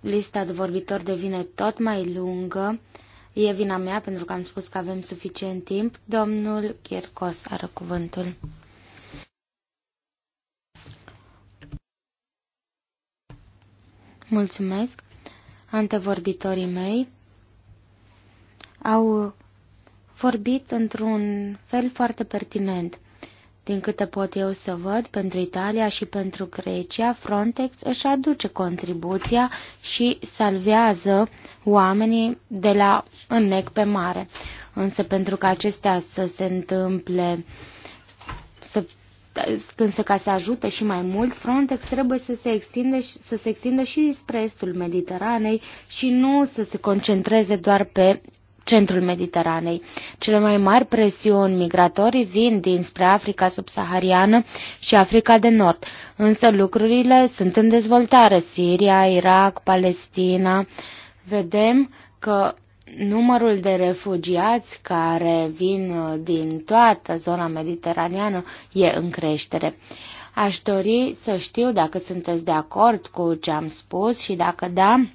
Lista de vorbitori devine tot mai lungă. E vina mea pentru că am spus că avem suficient timp. Domnul Chircos are cuvântul. Mulțumesc. Antevorbitorii mei au vorbit într-un fel foarte pertinent. Din câte pot eu să văd, pentru Italia și pentru Grecia, Frontex își aduce contribuția și salvează oamenii de la înnec pe mare. Însă pentru că acestea să se întâmple, să însă ca să ajute și mai mult, Frontex trebuie să se, extinde, să se extindă și spre estul Mediteranei și nu să se concentreze doar pe centrul Mediteranei. Cele mai mari presiuni migratorii vin dinspre Africa subsahariană și Africa de Nord, însă lucrurile sunt în dezvoltare. Siria, Irak, Palestina. Vedem că numărul de refugiați care vin uh, din toată zona mediteraneană e în creștere. Aș dori să știu dacă sunteți de acord cu ce am spus și dacă da,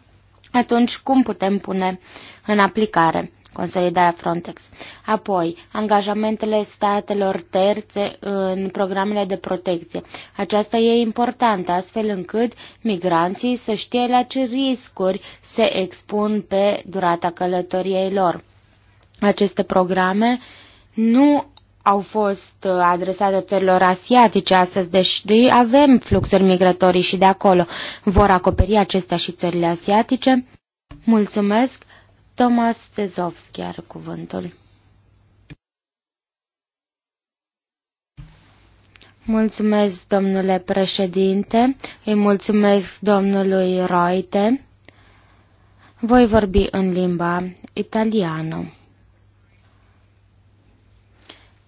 atunci cum putem pune în aplicare consolidarea Frontex. Apoi, angajamentele statelor terțe în programele de protecție. Aceasta e importantă, astfel încât migranții să știe la ce riscuri se expun pe durata călătoriei lor. Aceste programe nu au fost adresate țărilor asiatice astăzi, deși avem fluxuri migratorii și de acolo. Vor acoperi acestea și țările asiatice? Mulțumesc! Tomas Tezovski are cuvântul. Mulțumesc, domnule președinte, îi mulțumesc domnului Roite. Voi vorbi în limba italiană.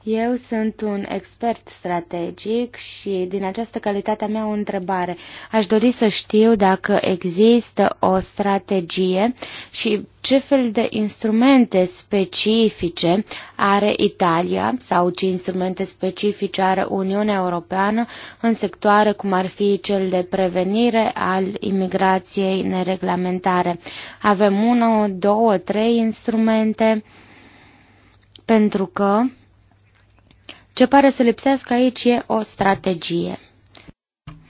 Eu sunt un expert strategic și din această calitate a mea o întrebare. Aș dori să știu dacă există o strategie și ce fel de instrumente specifice are Italia sau ce instrumente specifice are Uniunea Europeană în sectoare cum ar fi cel de prevenire al imigrației nereglementare. Avem unul, două, trei instrumente pentru că ce pare să lipsească aici e o strategie.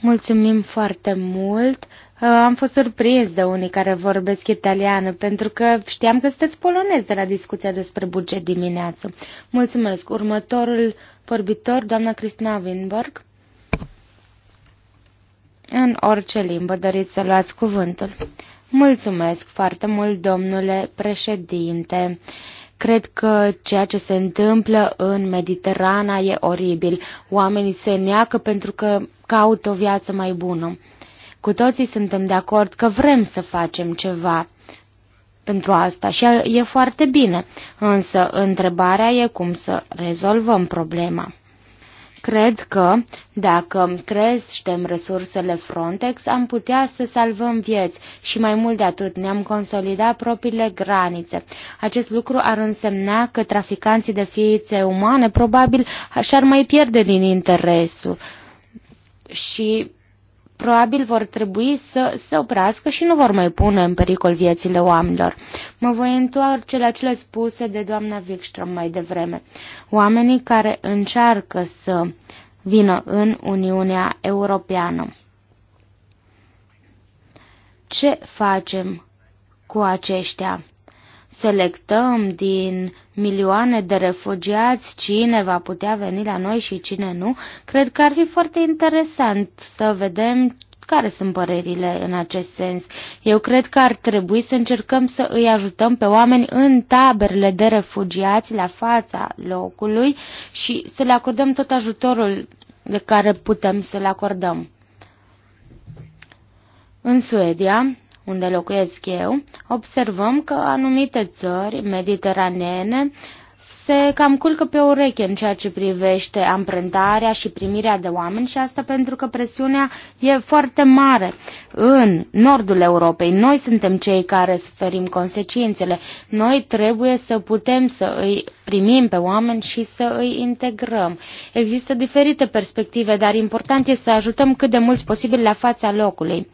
Mulțumim foarte mult! Uh, am fost surprins de unii care vorbesc italiană, pentru că știam că sunteți polonez de la discuția despre buget dimineață. Mulțumesc! Următorul vorbitor, doamna Cristina Winberg. În orice limbă doriți să luați cuvântul. Mulțumesc foarte mult, domnule președinte. Uh, Cred că ceea ce se întâmplă în Mediterana e oribil. Oamenii se neacă pentru că caută o viață mai bună. Cu toții suntem de acord că vrem să facem ceva pentru asta și e foarte bine, însă întrebarea e cum să rezolvăm problema. Cred că, dacă creștem resursele Frontex, am putea să salvăm vieți și mai mult de atât ne-am consolidat propriile granițe. Acest lucru ar însemna că traficanții de ființe umane probabil și-ar mai pierde din interesul și probabil vor trebui să se oprească și nu vor mai pune în pericol viețile oamenilor. Mă voi întoarce la cele spuse de doamna Wikström mai devreme. Oamenii care încearcă să vină în Uniunea Europeană. Ce facem cu aceștia? selectăm din milioane de refugiați cine va putea veni la noi și cine nu, cred că ar fi foarte interesant să vedem care sunt părerile în acest sens? Eu cred că ar trebui să încercăm să îi ajutăm pe oameni în taberele de refugiați la fața locului și să le acordăm tot ajutorul de care putem să le acordăm. În Suedia, unde locuiesc eu, observăm că anumite țări mediteraneene se cam culcă pe ureche în ceea ce privește amprentarea și primirea de oameni și asta pentru că presiunea e foarte mare în nordul Europei. Noi suntem cei care suferim consecințele. Noi trebuie să putem să îi primim pe oameni și să îi integrăm. Există diferite perspective, dar important e să ajutăm cât de mult posibil la fața locului.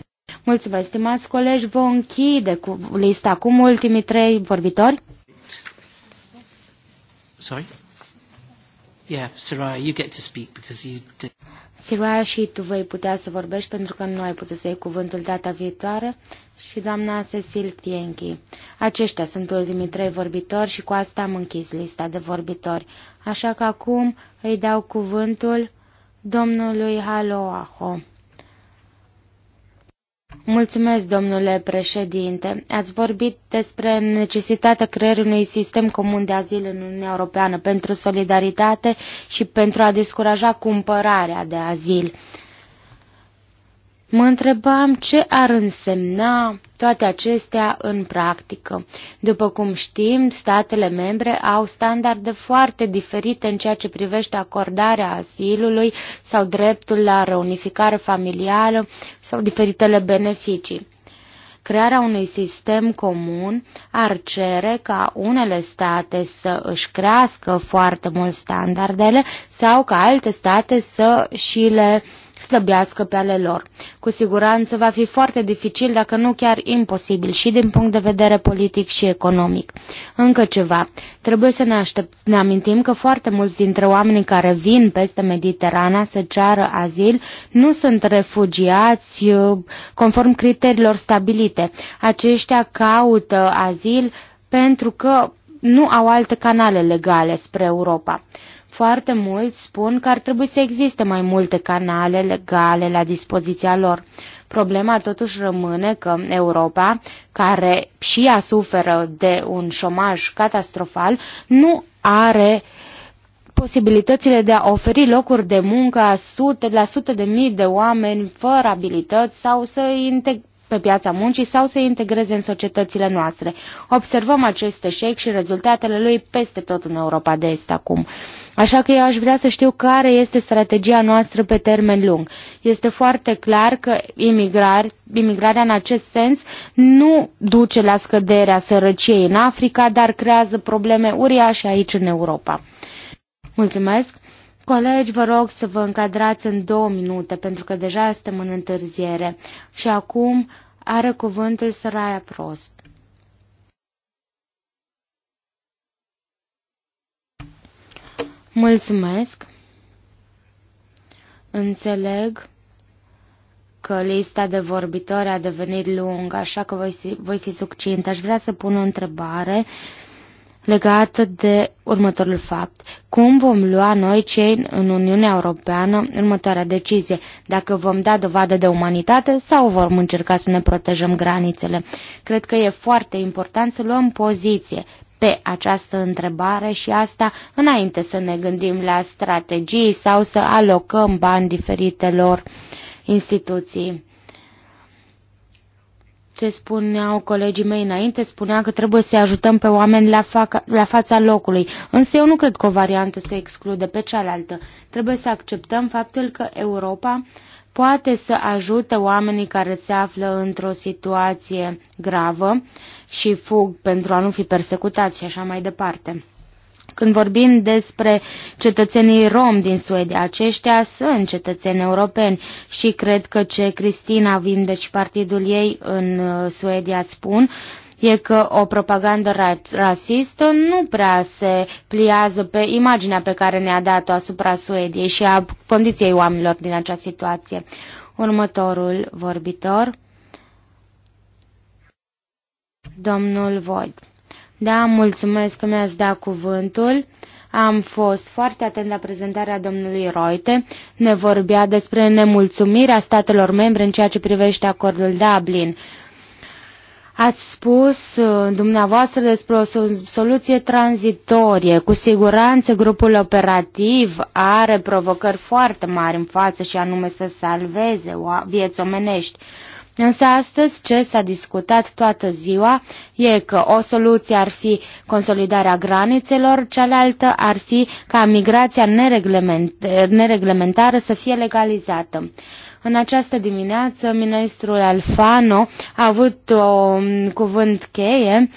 Mulțumesc, stimați colegi, vom închide cu lista cum ultimii trei vorbitori. Sorry? Yeah, Sarah, you get to speak because you did. Siraya și tu vei putea să vorbești pentru că nu ai putut să iei cuvântul data viitoare și doamna Cecil Tienchi. Aceștia sunt ultimii trei vorbitori și cu asta am închis lista de vorbitori. Așa că acum îi dau cuvântul domnului Haloaho. Mulțumesc, domnule președinte. Ați vorbit despre necesitatea creării unui sistem comun de azil în Uniunea Europeană pentru solidaritate și pentru a descuraja cumpărarea de azil. Uh, Mă întrebam ce ar însemna toate acestea în practică. După cum știm, statele membre au standarde foarte diferite în ceea ce privește acordarea asilului sau dreptul la reunificare familială sau diferitele beneficii. Crearea unui sistem comun ar cere ca unele state să își crească foarte mult standardele sau ca alte state să și le uh, slăbească pe ale lor. Cu siguranță va fi foarte dificil, dacă nu chiar imposibil, și din punct de vedere politic și economic. Încă ceva. Trebuie să ne, aștept, ne amintim că foarte mulți dintre oamenii care vin peste Mediterana să ceară azil nu sunt refugiați uh, conform criteriilor stabilite. Aceștia caută azil pentru că nu au alte canale legale spre Europa. Foarte mulți spun că ar trebui să existe mai multe canale legale la dispoziția lor. Problema totuși rămâne că Europa, care și ea suferă de un șomaj catastrofal, nu are posibilitățile de a oferi locuri de muncă a sute, la sute de mii de oameni fără abilități sau să integreze pe piața muncii sau să integreze în societățile noastre. Observăm acest eșec și rezultatele lui peste tot în Europa de Est acum. Așa că eu aș vrea să știu care este strategia noastră pe termen lung. Este foarte clar că imigrar, imigrarea în acest sens nu duce la scăderea sărăciei în Africa, dar creează probleme uriașe aici în Europa. Mulțumesc! Colegi, vă rog să vă încadrați în două minute, pentru că deja suntem în întârziere. Și acum are cuvântul Săraia Prost. Mulțumesc. Înțeleg că lista de vorbitori a devenit lungă, așa că voi, voi fi succintă. Aș vrea să pun o întrebare legată de următorul fapt. Cum vom lua noi cei în Uniunea Europeană următoarea decizie? Dacă vom da dovadă de umanitate sau vom încerca să ne protejăm granițele? Cred că e foarte important să luăm poziție pe această întrebare și asta înainte să ne gândim la strategii sau să alocăm bani diferitelor instituții. Ce spuneau colegii mei înainte, spunea că trebuie să ajutăm pe oameni la, faca, la fața locului, însă eu nu cred că o variantă se exclude pe cealaltă. Trebuie să acceptăm faptul că Europa poate să ajute oamenii care se află într-o situație gravă și fug pentru a nu fi persecutați și așa mai departe. Când vorbim despre cetățenii rom din Suedia, aceștia sunt cetățeni europeni și cred că ce Cristina Vinde și partidul ei în uh, Suedia spun e că o propagandă rasistă nu prea se pliază pe imaginea pe care ne-a dat-o asupra Suediei și a condiției oamenilor din această situație. Următorul vorbitor. Domnul Vod. Da, mulțumesc că mi-ați dat cuvântul. Am fost foarte atent la prezentarea domnului Roite. Ne vorbea despre nemulțumirea statelor membre în ceea ce privește acordul Dublin. Ați spus uh, dumneavoastră despre o soluție tranzitorie. Cu siguranță grupul operativ are provocări foarte mari în față și anume să salveze vieți omenești. Însă astăzi ce s-a discutat toată ziua e că o soluție ar fi consolidarea granițelor, cealaltă ar fi ca migrația nereglement, nereglementară să fie legalizată. În această dimineață, ministrul Alfano a avut un cuvânt cheie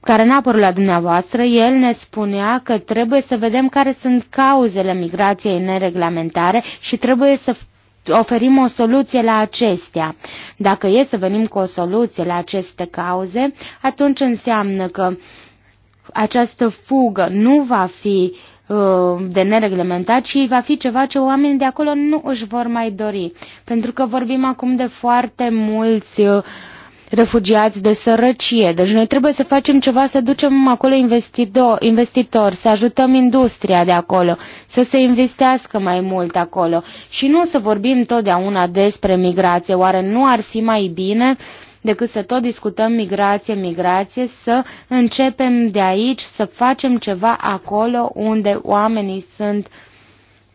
care n-a apărut la dumneavoastră, el ne spunea că trebuie să vedem care sunt cauzele migrației nereglementare și trebuie să oferim o soluție la acestea. Dacă e să venim cu o soluție la aceste cauze, atunci înseamnă că această fugă nu va fi uh, de nereglementat și va fi ceva ce oamenii de acolo nu își vor mai dori. Pentru că vorbim acum de foarte mulți uh, refugiați de sărăcie. Deci noi trebuie să facem ceva, să ducem acolo investitori, să ajutăm industria de acolo, să se investească mai mult acolo. Și nu să vorbim totdeauna despre migrație. Oare nu ar fi mai bine decât să tot discutăm migrație, migrație, să începem de aici, să facem ceva acolo unde oamenii sunt uh,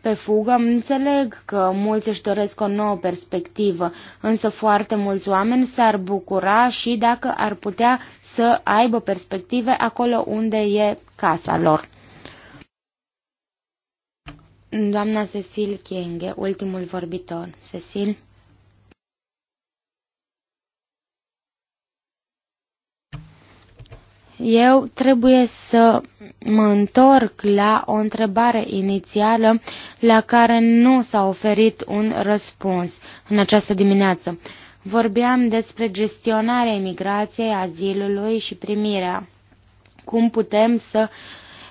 pe fugă. Înțeleg că mulți își doresc o nouă perspectivă, însă foarte mulți oameni s-ar bucura și dacă ar putea să aibă perspective acolo unde e casa lor. Doamna Cecil Kienge, ultimul vorbitor. Cecil? eu trebuie să mă întorc la o întrebare inițială la care nu s-a oferit un răspuns în această dimineață. Vorbeam despre gestionarea imigrației, azilului și primirea. Cum putem să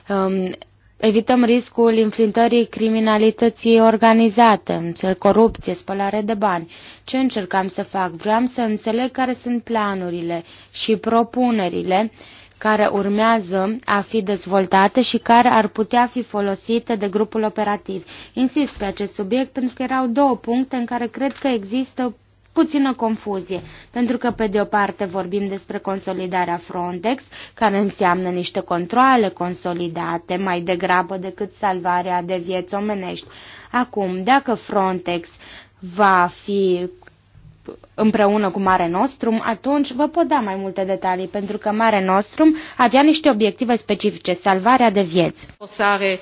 um, evităm riscul înfrintării criminalității organizate, corupție, spălare de bani. Ce încercam să fac? Vreau să înțeleg care sunt planurile și propunerile uh, care urmează a fi dezvoltate și care ar putea fi folosite de grupul operativ. Insist pe acest subiect pentru că erau două puncte în care cred că există puțină confuzie, pentru că pe de o parte vorbim despre consolidarea Frontex, care înseamnă niște controle consolidate mai degrabă decât salvarea de vieți omenești. Acum, dacă Frontex va fi împreună cu Mare Nostrum, atunci vă pot da mai multe detalii, pentru că Mare Nostrum avea niște obiective specifice, salvarea de vieți. O sare.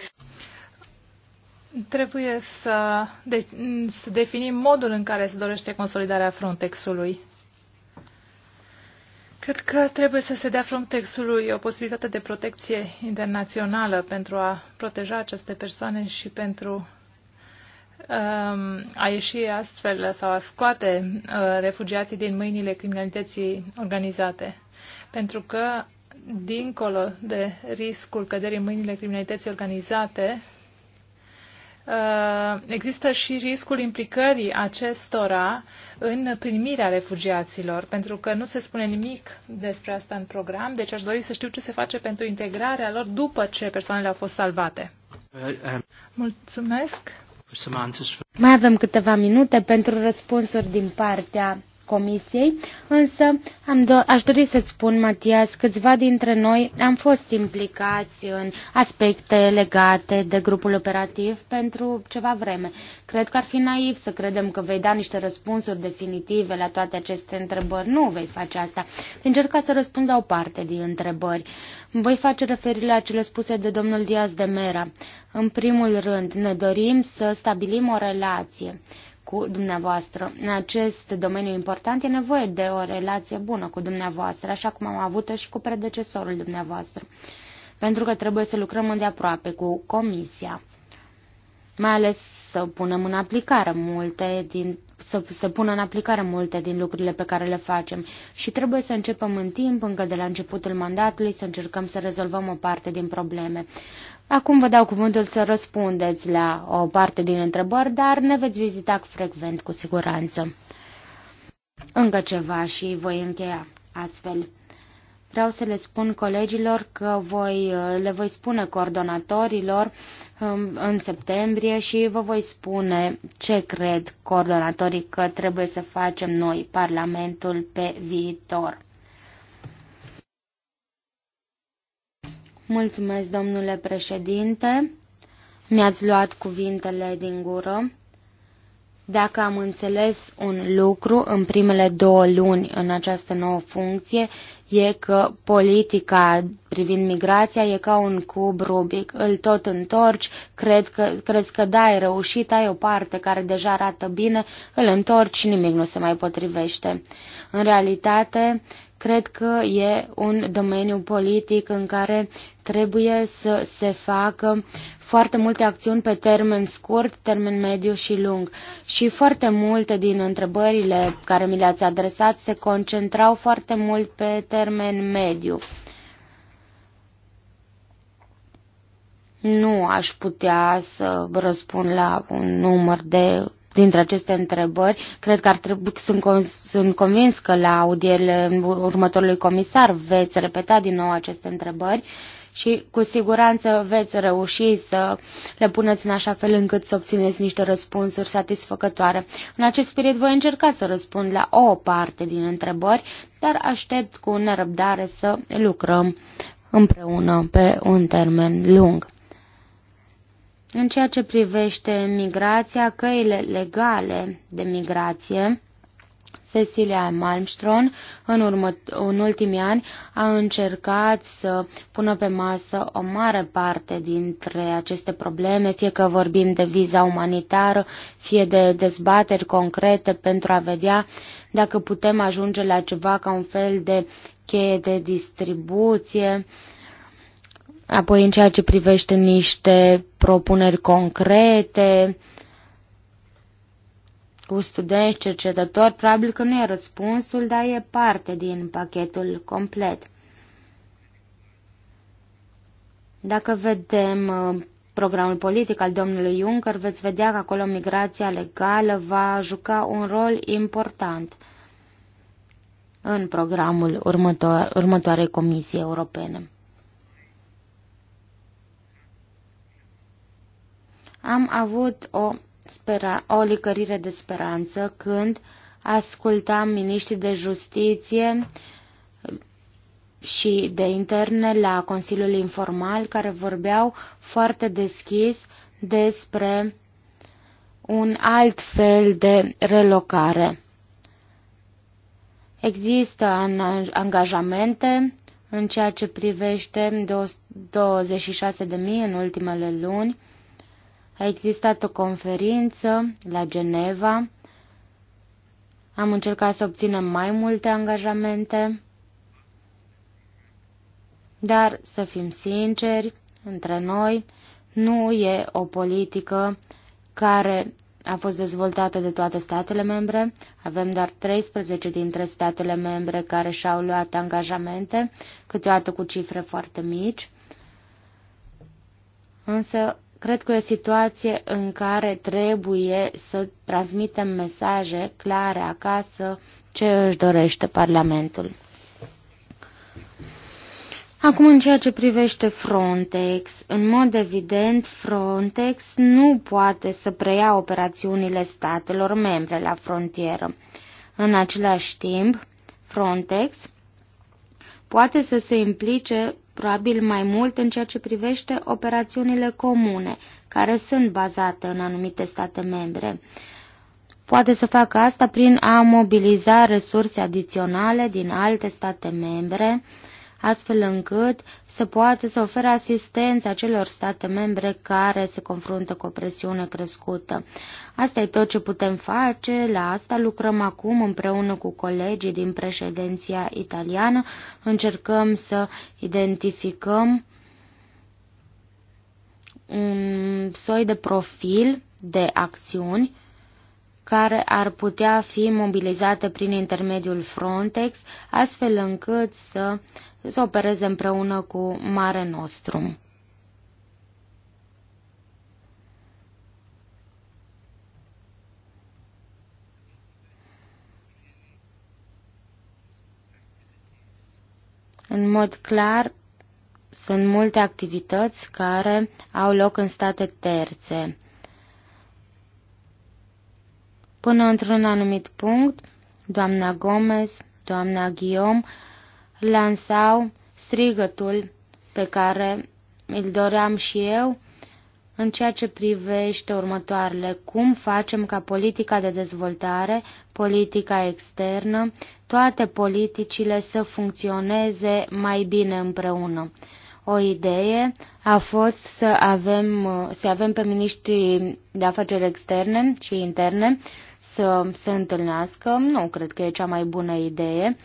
Trebuie să, de, să definim modul în care se dorește consolidarea Frontexului. Cred că trebuie să se dea Frontexului o posibilitate de protecție internațională pentru a proteja aceste persoane și pentru Um, a ieși astfel sau a scoate uh, refugiații din mâinile criminalității organizate. Pentru că, dincolo de riscul căderii în mâinile criminalității organizate, uh, există și riscul implicării acestora în primirea refugiaților, pentru că nu se spune nimic despre asta în program, deci aș dori să știu ce se face pentru integrarea lor după ce persoanele au fost salvate. Uh, Mulțumesc! Mai avem câteva minute pentru răspunsuri din partea comisiei, însă am do aș dori să-ți spun, Matias, câțiva dintre noi am fost implicați în aspecte legate de grupul operativ pentru ceva vreme. Cred că ar fi naiv să credem că vei da niște răspunsuri definitive la toate aceste întrebări. Nu vei face asta. încerca să răspund la o parte din întrebări. Voi face referire la cele spuse de domnul Diaz de Mera. În primul rând, ne dorim să stabilim o relație cu dumneavoastră. În acest domeniu important e nevoie de o relație bună cu dumneavoastră, așa cum am avut-o și cu predecesorul dumneavoastră, pentru că trebuie să lucrăm îndeaproape cu Comisia, mai ales să punem în aplicare multe din, să, să pună în aplicare multe din lucrurile pe care le facem și trebuie să începem în timp, încă de la începutul mandatului, să încercăm să rezolvăm o parte din probleme. Acum vă dau cuvântul să răspundeți la o parte din întrebări, dar ne veți vizita frecvent cu siguranță. Încă ceva și voi încheia astfel. Vreau să le spun colegilor că voi, le voi spune coordonatorilor um, în septembrie și vă voi spune ce cred coordonatorii că trebuie să facem noi, Parlamentul, pe viitor. Mulțumesc, domnule președinte. Mi-ați luat cuvintele din gură. Dacă am înțeles un lucru în primele două luni în această nouă funcție, e că politica privind migrația e ca un cub rubic. Îl tot întorci, cred că, crezi că da, ai reușit, ai o parte care deja arată bine, îl întorci și nimic nu se mai potrivește. În realitate, Cred că e un domeniu politic în care trebuie să se facă foarte multe acțiuni pe termen scurt, termen mediu și lung. Și foarte multe din întrebările care mi le-ați adresat se concentrau foarte mult pe termen mediu. Nu aș putea să răspund la un număr de dintre aceste întrebări. Cred că ar trebui, sunt, sunt convins că la audierile următorului comisar veți repeta din nou aceste întrebări și cu siguranță veți reuși să le puneți în așa fel încât să obțineți niște răspunsuri satisfăcătoare. În acest spirit voi încerca să răspund la o parte din întrebări, dar aștept cu nerăbdare să lucrăm împreună pe un termen lung. În ceea ce privește migrația, căile legale de migrație, Cecilia Malmström în, urmă, în ultimii ani a încercat să pună pe masă o mare parte dintre aceste probleme, fie că vorbim de viza umanitară, fie de dezbateri concrete pentru a vedea dacă putem ajunge la ceva ca un fel de cheie de distribuție uh, Apoi, în ceea ce privește niște propuneri concrete cu studenți, cercetători, probabil că nu e răspunsul, dar e parte din pachetul complet. Dacă vedem uh, programul politic al domnului Juncker, veți vedea că acolo migrația legală va juca un rol important în programul următoarei Comisiei Europene. Am avut o, spera- o licărire de speranță când ascultam miniștri de justiție și de interne la Consiliul Informal care vorbeau foarte deschis despre un alt fel de relocare. Există angajamente în ceea ce privește 26.000 în ultimele luni a existat o conferință la Geneva. Am încercat să obținem mai multe angajamente, dar, să fim sinceri, între noi, nu e o politică care a fost dezvoltată de toate statele membre. Avem doar 13 dintre statele membre care și-au luat angajamente, câteodată cu cifre foarte mici. Însă Cred că e o situație în care trebuie să transmitem mesaje clare acasă ce își dorește Parlamentul. Acum, în ceea ce privește Frontex, în mod evident, Frontex nu poate să preia operațiunile statelor membre la frontieră. În același timp, Frontex poate să se implice probabil mai mult în ceea ce privește operațiunile comune, care sunt bazate în anumite state membre. Poate să facă asta prin a mobiliza resurse adiționale din alte state membre, uh, astfel încât să poată să ofere asistență acelor state membre care se confruntă cu o presiune crescută. Asta e tot ce putem face, la asta lucrăm acum împreună cu colegii din președinția italiană, încercăm să identificăm un soi de profil de acțiuni care ar putea fi mobilizate prin intermediul Frontex, astfel încât să, să opereze împreună cu Mare Nostrum. În mod clar, sunt multe activități care au loc în state terțe Până într-un anumit punct, doamna Gomez, doamna Guillaume lansau strigătul pe care îl doream și eu în ceea ce privește următoarele, cum facem ca politica de dezvoltare, politica externă, toate politicile să funcționeze mai bine împreună. O idee a fost să avem, să avem pe miniștrii de afaceri externe și interne să se întâlnească. Nu cred că e cea mai bună idee,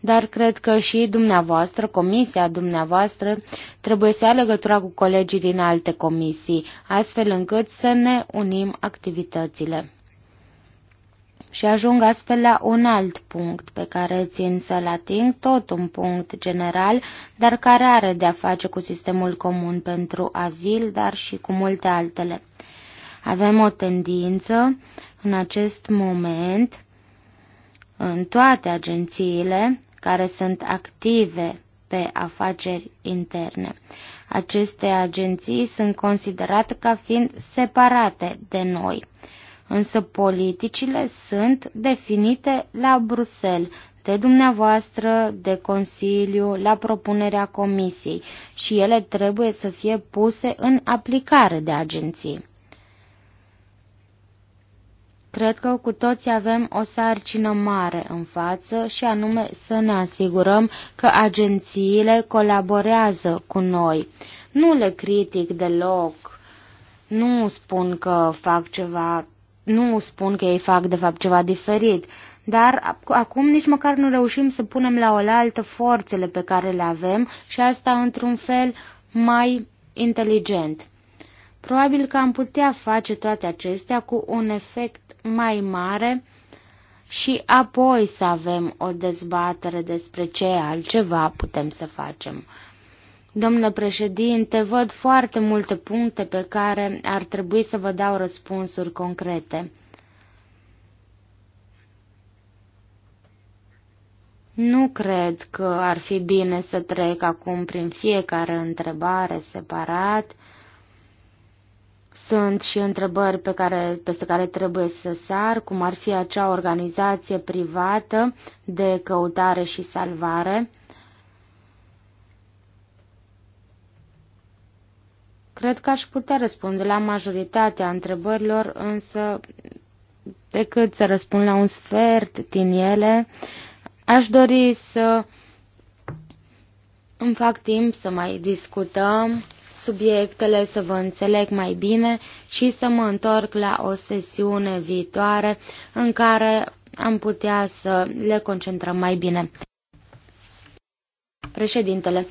dar cred că și dumneavoastră, comisia dumneavoastră, trebuie să ia legătura cu colegii din alte comisii, astfel încât să ne unim activitățile. Și ajung astfel la un alt punct pe care țin să-l ating, tot un punct general, dar care are de-a face cu sistemul comun pentru azil, dar și cu multe altele. Avem o tendință în acest moment în toate agențiile care sunt active pe afaceri interne. Aceste agenții sunt considerate ca fiind separate de noi, însă politicile sunt definite la Bruxelles, de dumneavoastră, de Consiliu, la propunerea Comisiei și ele trebuie să fie puse în aplicare de agenții. Cred că cu toți avem o sarcină mare în față și anume să ne asigurăm că agențiile colaborează cu noi. Nu le critic deloc, nu spun că fac ceva, nu spun că ei fac de fapt ceva diferit, dar acum nici măcar nu reușim să punem la oaltă forțele pe care le avem și asta într-un fel mai inteligent. Probabil că am putea face toate acestea cu un efect mai mare și apoi să avem o dezbatere despre ce altceva putem să facem. Domnule președinte, văd foarte multe puncte pe care ar trebui să vă dau răspunsuri concrete. Nu cred că ar fi bine să trec acum prin fiecare întrebare separat, sunt și întrebări pe care, peste care trebuie să sar, cum ar fi acea organizație privată de căutare și salvare. Cred că aș putea răspunde la majoritatea întrebărilor, însă decât să răspund la un sfert din ele, aș dori să îmi fac timp să mai discutăm subiectele, să vă înțeleg mai bine și să mă întorc la o sesiune viitoare în care am putea să le concentrăm mai bine. Președintele,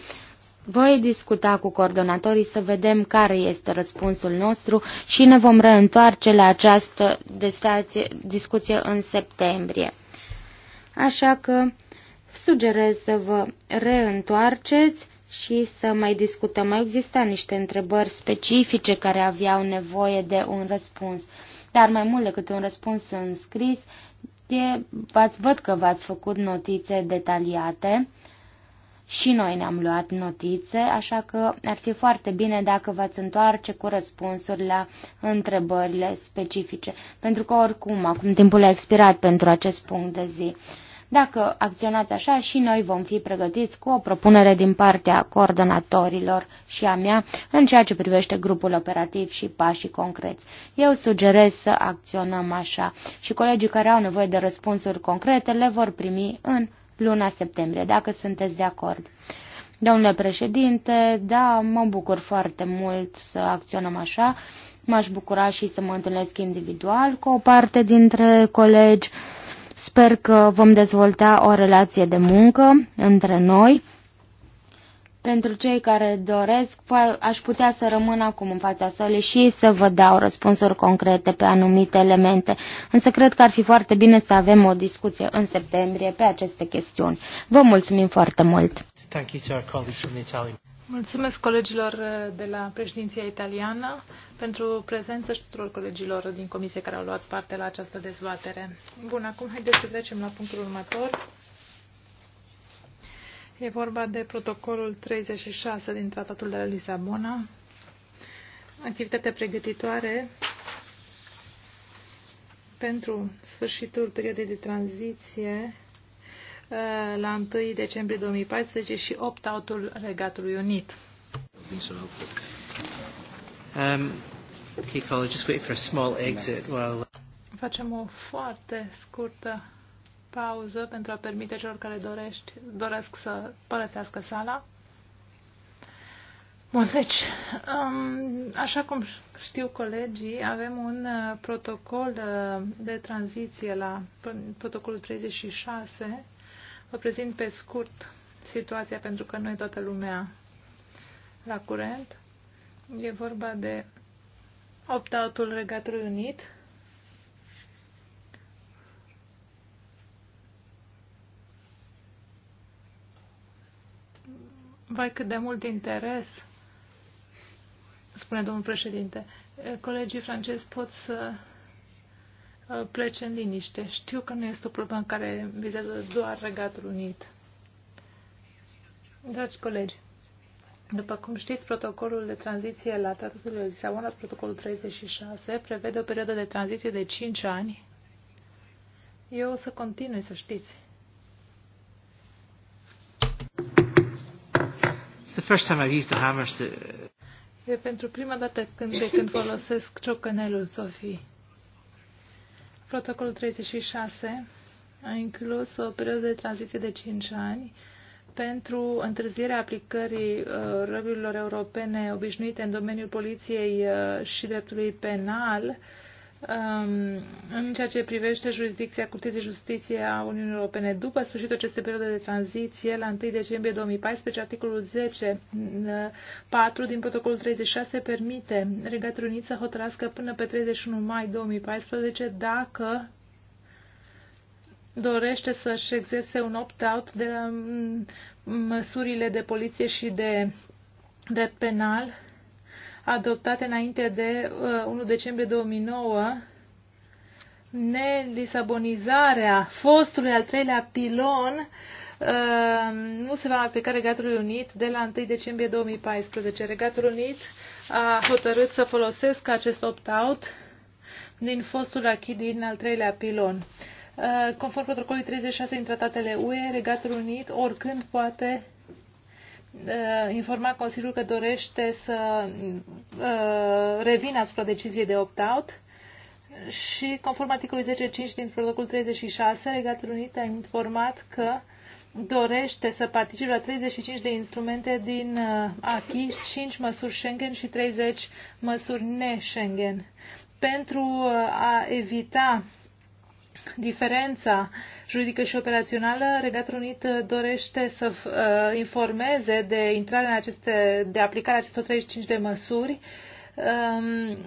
voi discuta cu coordonatorii să vedem care este răspunsul nostru și ne vom reîntoarce la această discuție în septembrie. Așa că sugerez să vă reîntoarceți și să mai discutăm. Mai exista niște întrebări specifice care aveau nevoie de un răspuns, dar mai mult decât un răspuns în scris, e, v-ați, văd că v-ați făcut notițe detaliate și noi ne-am luat notițe, așa că ar fi foarte bine dacă v-ați întoarce cu răspunsuri la întrebările specifice, pentru că oricum acum timpul a expirat pentru acest punct de zi. Dacă acționați așa, și noi vom fi pregătiți cu o propunere din partea coordonatorilor și a mea în ceea ce privește grupul operativ și pașii concreți. Eu sugerez să acționăm așa și colegii care au nevoie de răspunsuri concrete le vor primi în luna septembrie, dacă sunteți de acord. Domnule președinte, da, mă bucur foarte mult să acționăm așa. M-aș bucura și să mă întâlnesc individual cu o parte dintre colegi. Sper că vom dezvolta o relație de muncă între noi. Pentru cei care doresc, aș putea să rămân acum în fața sălii și să vă dau răspunsuri concrete pe anumite elemente, însă cred că ar fi foarte bine să avem o discuție în septembrie pe aceste chestiuni. Vă mulțumim foarte mult! Mulțumesc colegilor eh, de la președinția italiană pentru prezență și tuturor colegilor din comisie care au luat parte la această dezbatere. Bun, acum haideți să trecem la punctul următor. E vorba de protocolul 36 din Tratatul de la Lisabona, activitate pregătitoare pentru sfârșitul perioadei de tranziție Uh, la 1 decembrie 2014 și opt autul Regatului Unit. Um, just wait for a small exit while... Uh, Facem o foarte scurtă pauză pentru a permite celor care dorești, doresc să părăsească sala. Bun, deci, um, așa cum știu colegii, avem un uh, protocol de, de tranziție la protocolul 36 Vă prezint pe scurt situația pentru că nu e toată lumea la curent. E vorba de opt autul ul Regatului Unit. Vai cât de mult interes, spune domnul președinte. Colegii francezi pot să Uh, plece în liniște. Știu că nu este o problemă care vizează doar Regatul Unit. Dragi colegi, după cum știți, protocolul de tranziție la Tratatul de Lisabona, protocolul 36, prevede o perioadă de tranziție de 5 ani. Eu o să continui, să știți. It's the first time I've used the hammer, so... E pentru prima dată când, de când folosesc ciocanelul, Sofie. Protocolul 36 a inclus o perioadă de tranziție de 5 ani pentru întârzierea aplicării uh, regulilor europene obișnuite în domeniul poliției uh, și dreptului penal uh, Um, în ceea ce privește jurisdicția Curții de Justiție a Uniunii Europene după sfârșitul acestei perioade de tranziție, la 1 decembrie 2014, articolul 10 4 uh, din protocolul 36 permite Regatul Unit să hotărască până pe 31 mai 2014 dacă dorește să-și exerse un opt-out de um, măsurile de poliție și de drept penal adoptate înainte de 1 uh, decembrie 2009 nelisabonizarea fostului al treilea pilon uh, nu se va aplica Regatului Unit de la 1 decembrie 2014. Regatul Unit a hotărât să folosească acest opt-out din fostul achid din al treilea pilon. Uh, conform protocolului 36 din tratatele UE, Regatul Unit oricând poate Uh, informa Consiliul că dorește să uh, revină asupra deciziei de opt-out și, conform articolului 10.5 din protocolul 36, Regatul Unit a informat că dorește să participe la 35 de instrumente din uh, ACI, 5 măsuri Schengen și 30 măsuri ne-Schengen. Pentru a evita diferența juridică și operațională, Regatul Unit dorește să uh, informeze de intrarea în aceste, de aplicarea acestor 35 de măsuri um,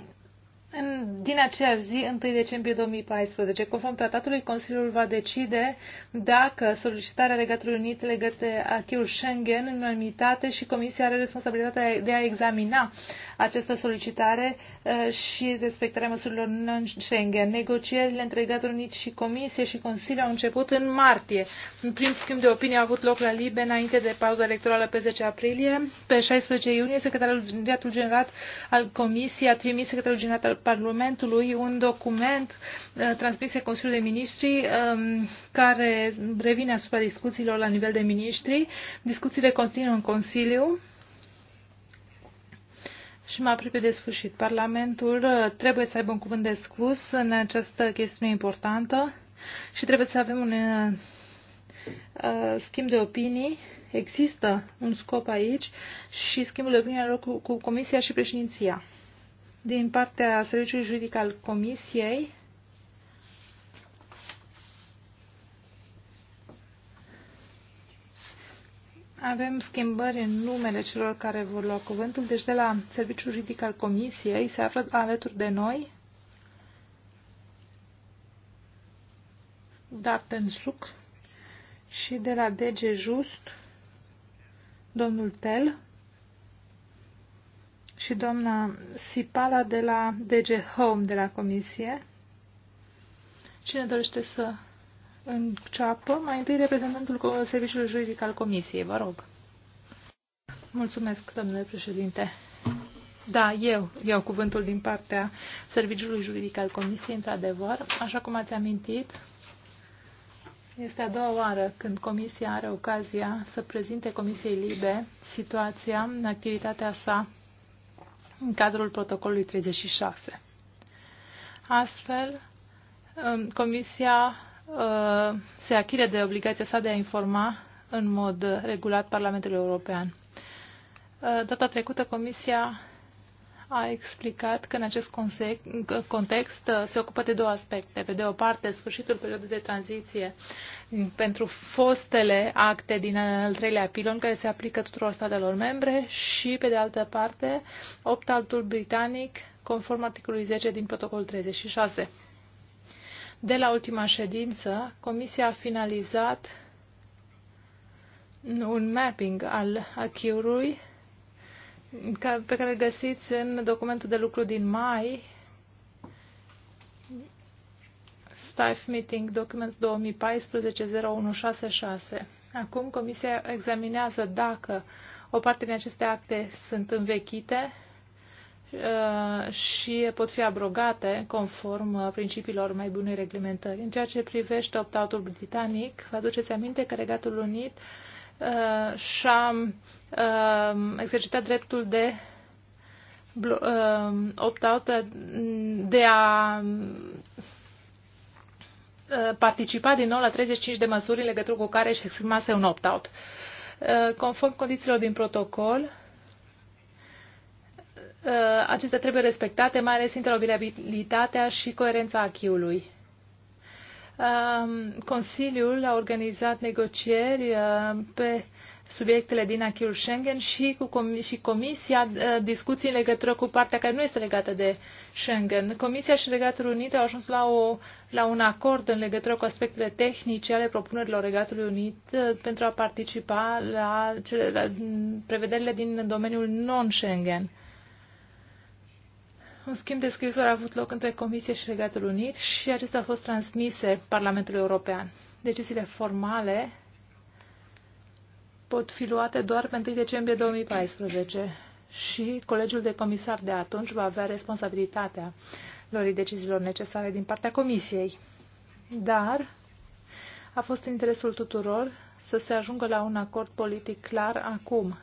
din aceeași zi, 1 decembrie 2014. Conform tratatului, Consiliul va decide dacă solicitarea Regatului Unit legată de acquis Schengen în unanimitate și Comisia are responsabilitatea de a examina această solicitare uh, și respectarea măsurilor non-Schengen. Negocierile între Gatul Unit și Comisie și Consiliu au început în martie. Un prim schimb de opinie a avut loc la Libe înainte de pauza electorală pe 10 aprilie. Pe 16 iunie, secretarul general al Comisiei a trimis secretarul general al Parlamentului un document uh, transmis de Consiliul de Ministri um, care revine asupra discuțiilor la nivel de ministri. Discuțiile continuă în Consiliu și mă apropie de sfârșit. Parlamentul uh, trebuie să aibă un cuvânt de spus în această chestiune importantă și trebuie să avem un uh, uh schimb de opinii. Există un scop aici și schimbul de opinii cu, cu Comisia și președinția. Din partea Serviciului Juridic al Comisiei, Avem schimbări în numele celor care vor lua cuvântul, deci de la Serviciul Juridic al Comisiei se află alături de noi Darten Suc și de la DG Just domnul Tel și doamna Sipala de la DG Home de la Comisie. Cine dorește să înceapă mai întâi reprezentantul Serviciului Juridic al Comisiei. Vă rog. Mulțumesc, domnule președinte. Da, eu iau cuvântul din partea Serviciului Juridic al Comisiei, într-adevăr. Așa cum ați amintit, este a doua oară când Comisia are ocazia să prezinte Comisiei Libe situația în activitatea sa în cadrul protocolului 36. Astfel, um, Comisia se achire de obligația sa de a informa în mod regulat Parlamentul European. Uh, data trecută, Comisia a explicat că în acest context uh, se ocupă de două aspecte. Pe de o parte, sfârșitul perioadei de tranziție pentru fostele acte din al treilea pilon care se aplică tuturor statelor membre și, pe de altă parte, opt altul britanic conform articolului 10 din protocolul 36 de la ultima ședință, Comisia a finalizat un mapping al achiurului pe care îl găsiți în documentul de lucru din mai, Staff Meeting Documents 2014-0166. Acum Comisia examinează dacă o parte din aceste acte sunt învechite Uh, și pot fi abrogate conform uh, principiilor mai bunei reglementări. În ceea ce privește opt-out-ul britanic, vă aduceți aminte că Regatul Unit uh, și-a uh, exercitat dreptul de uh, opt-out uh, de a participa din nou la 35 de măsuri în legătură cu care își exprimase un opt-out. Conform condițiilor din protocol, Uh, acestea trebuie respectate, mai ales interoperabilitatea și coerența achiului. Um, Consiliul a organizat negocieri uh, pe subiectele din achiul Schengen și cu comisia, și Comisia uh, discuții în legătură cu partea care nu este legată de Schengen. Comisia și Regatul Unit au ajuns la, o, la un acord în legătură cu aspectele tehnice ale propunerilor Regatului Unit pentru a participa la, cele, la mm, prevederile din domeniul non-Schengen un schimb de scrisori a avut loc între Comisie și Regatul Unit și acestea au fost transmise Parlamentului European. Deciziile formale pot fi luate doar pe 1 decembrie 2014 și Colegiul de Comisar de atunci va avea responsabilitatea lor deciziilor necesare din partea Comisiei. Dar a fost interesul tuturor să se ajungă la un acord politic clar acum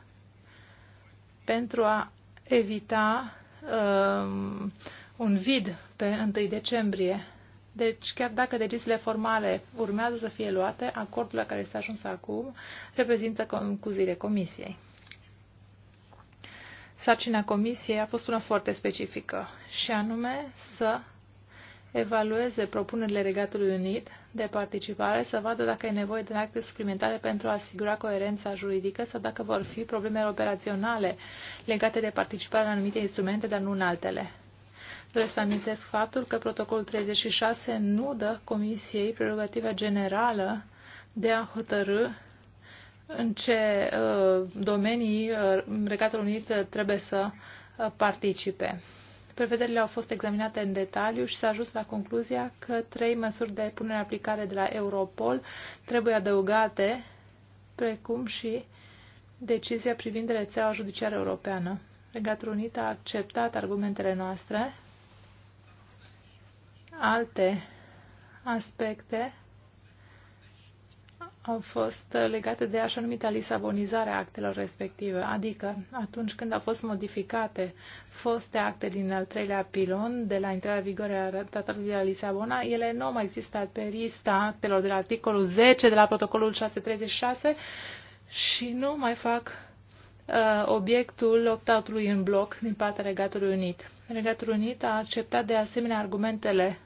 pentru a evita um, un vid pe 1 decembrie. Deci, chiar dacă deciziile formale urmează să fie luate, acordul la care s-a ajuns acum reprezintă concluziile comisiei. Sarcina comisiei a fost una foarte specifică, și anume să evalueze propunerile Regatului Unit de participare să vadă dacă e nevoie de acte suplimentare pentru a asigura coerența juridică sau dacă vor fi probleme operaționale legate de participarea în anumite instrumente, dar nu în altele. Trebuie să amintesc faptul că protocolul 36 nu dă Comisiei prerogativa generală de a hotărâ în ce uh, domenii uh, Regatul Unit trebuie să uh, participe. Prevederile au fost examinate în detaliu și s-a ajuns la concluzia că trei măsuri de punere în aplicare de la Europol trebuie adăugate, precum și decizia privind rețeaua judiciară europeană. Regatul Unit a acceptat argumentele noastre. Alte aspecte au fost legate de așa numita lisabonizare a actelor respective, adică atunci când au fost modificate foste acte din al treilea pilon de la intrarea vigoare a tratatului de la Lisabona, ele nu au mai existat pe lista actelor de la articolul 10 de la protocolul 636 și nu mai fac uh, obiectul optatului în bloc din partea Regatului Unit. Regatul Unit a acceptat de asemenea argumentele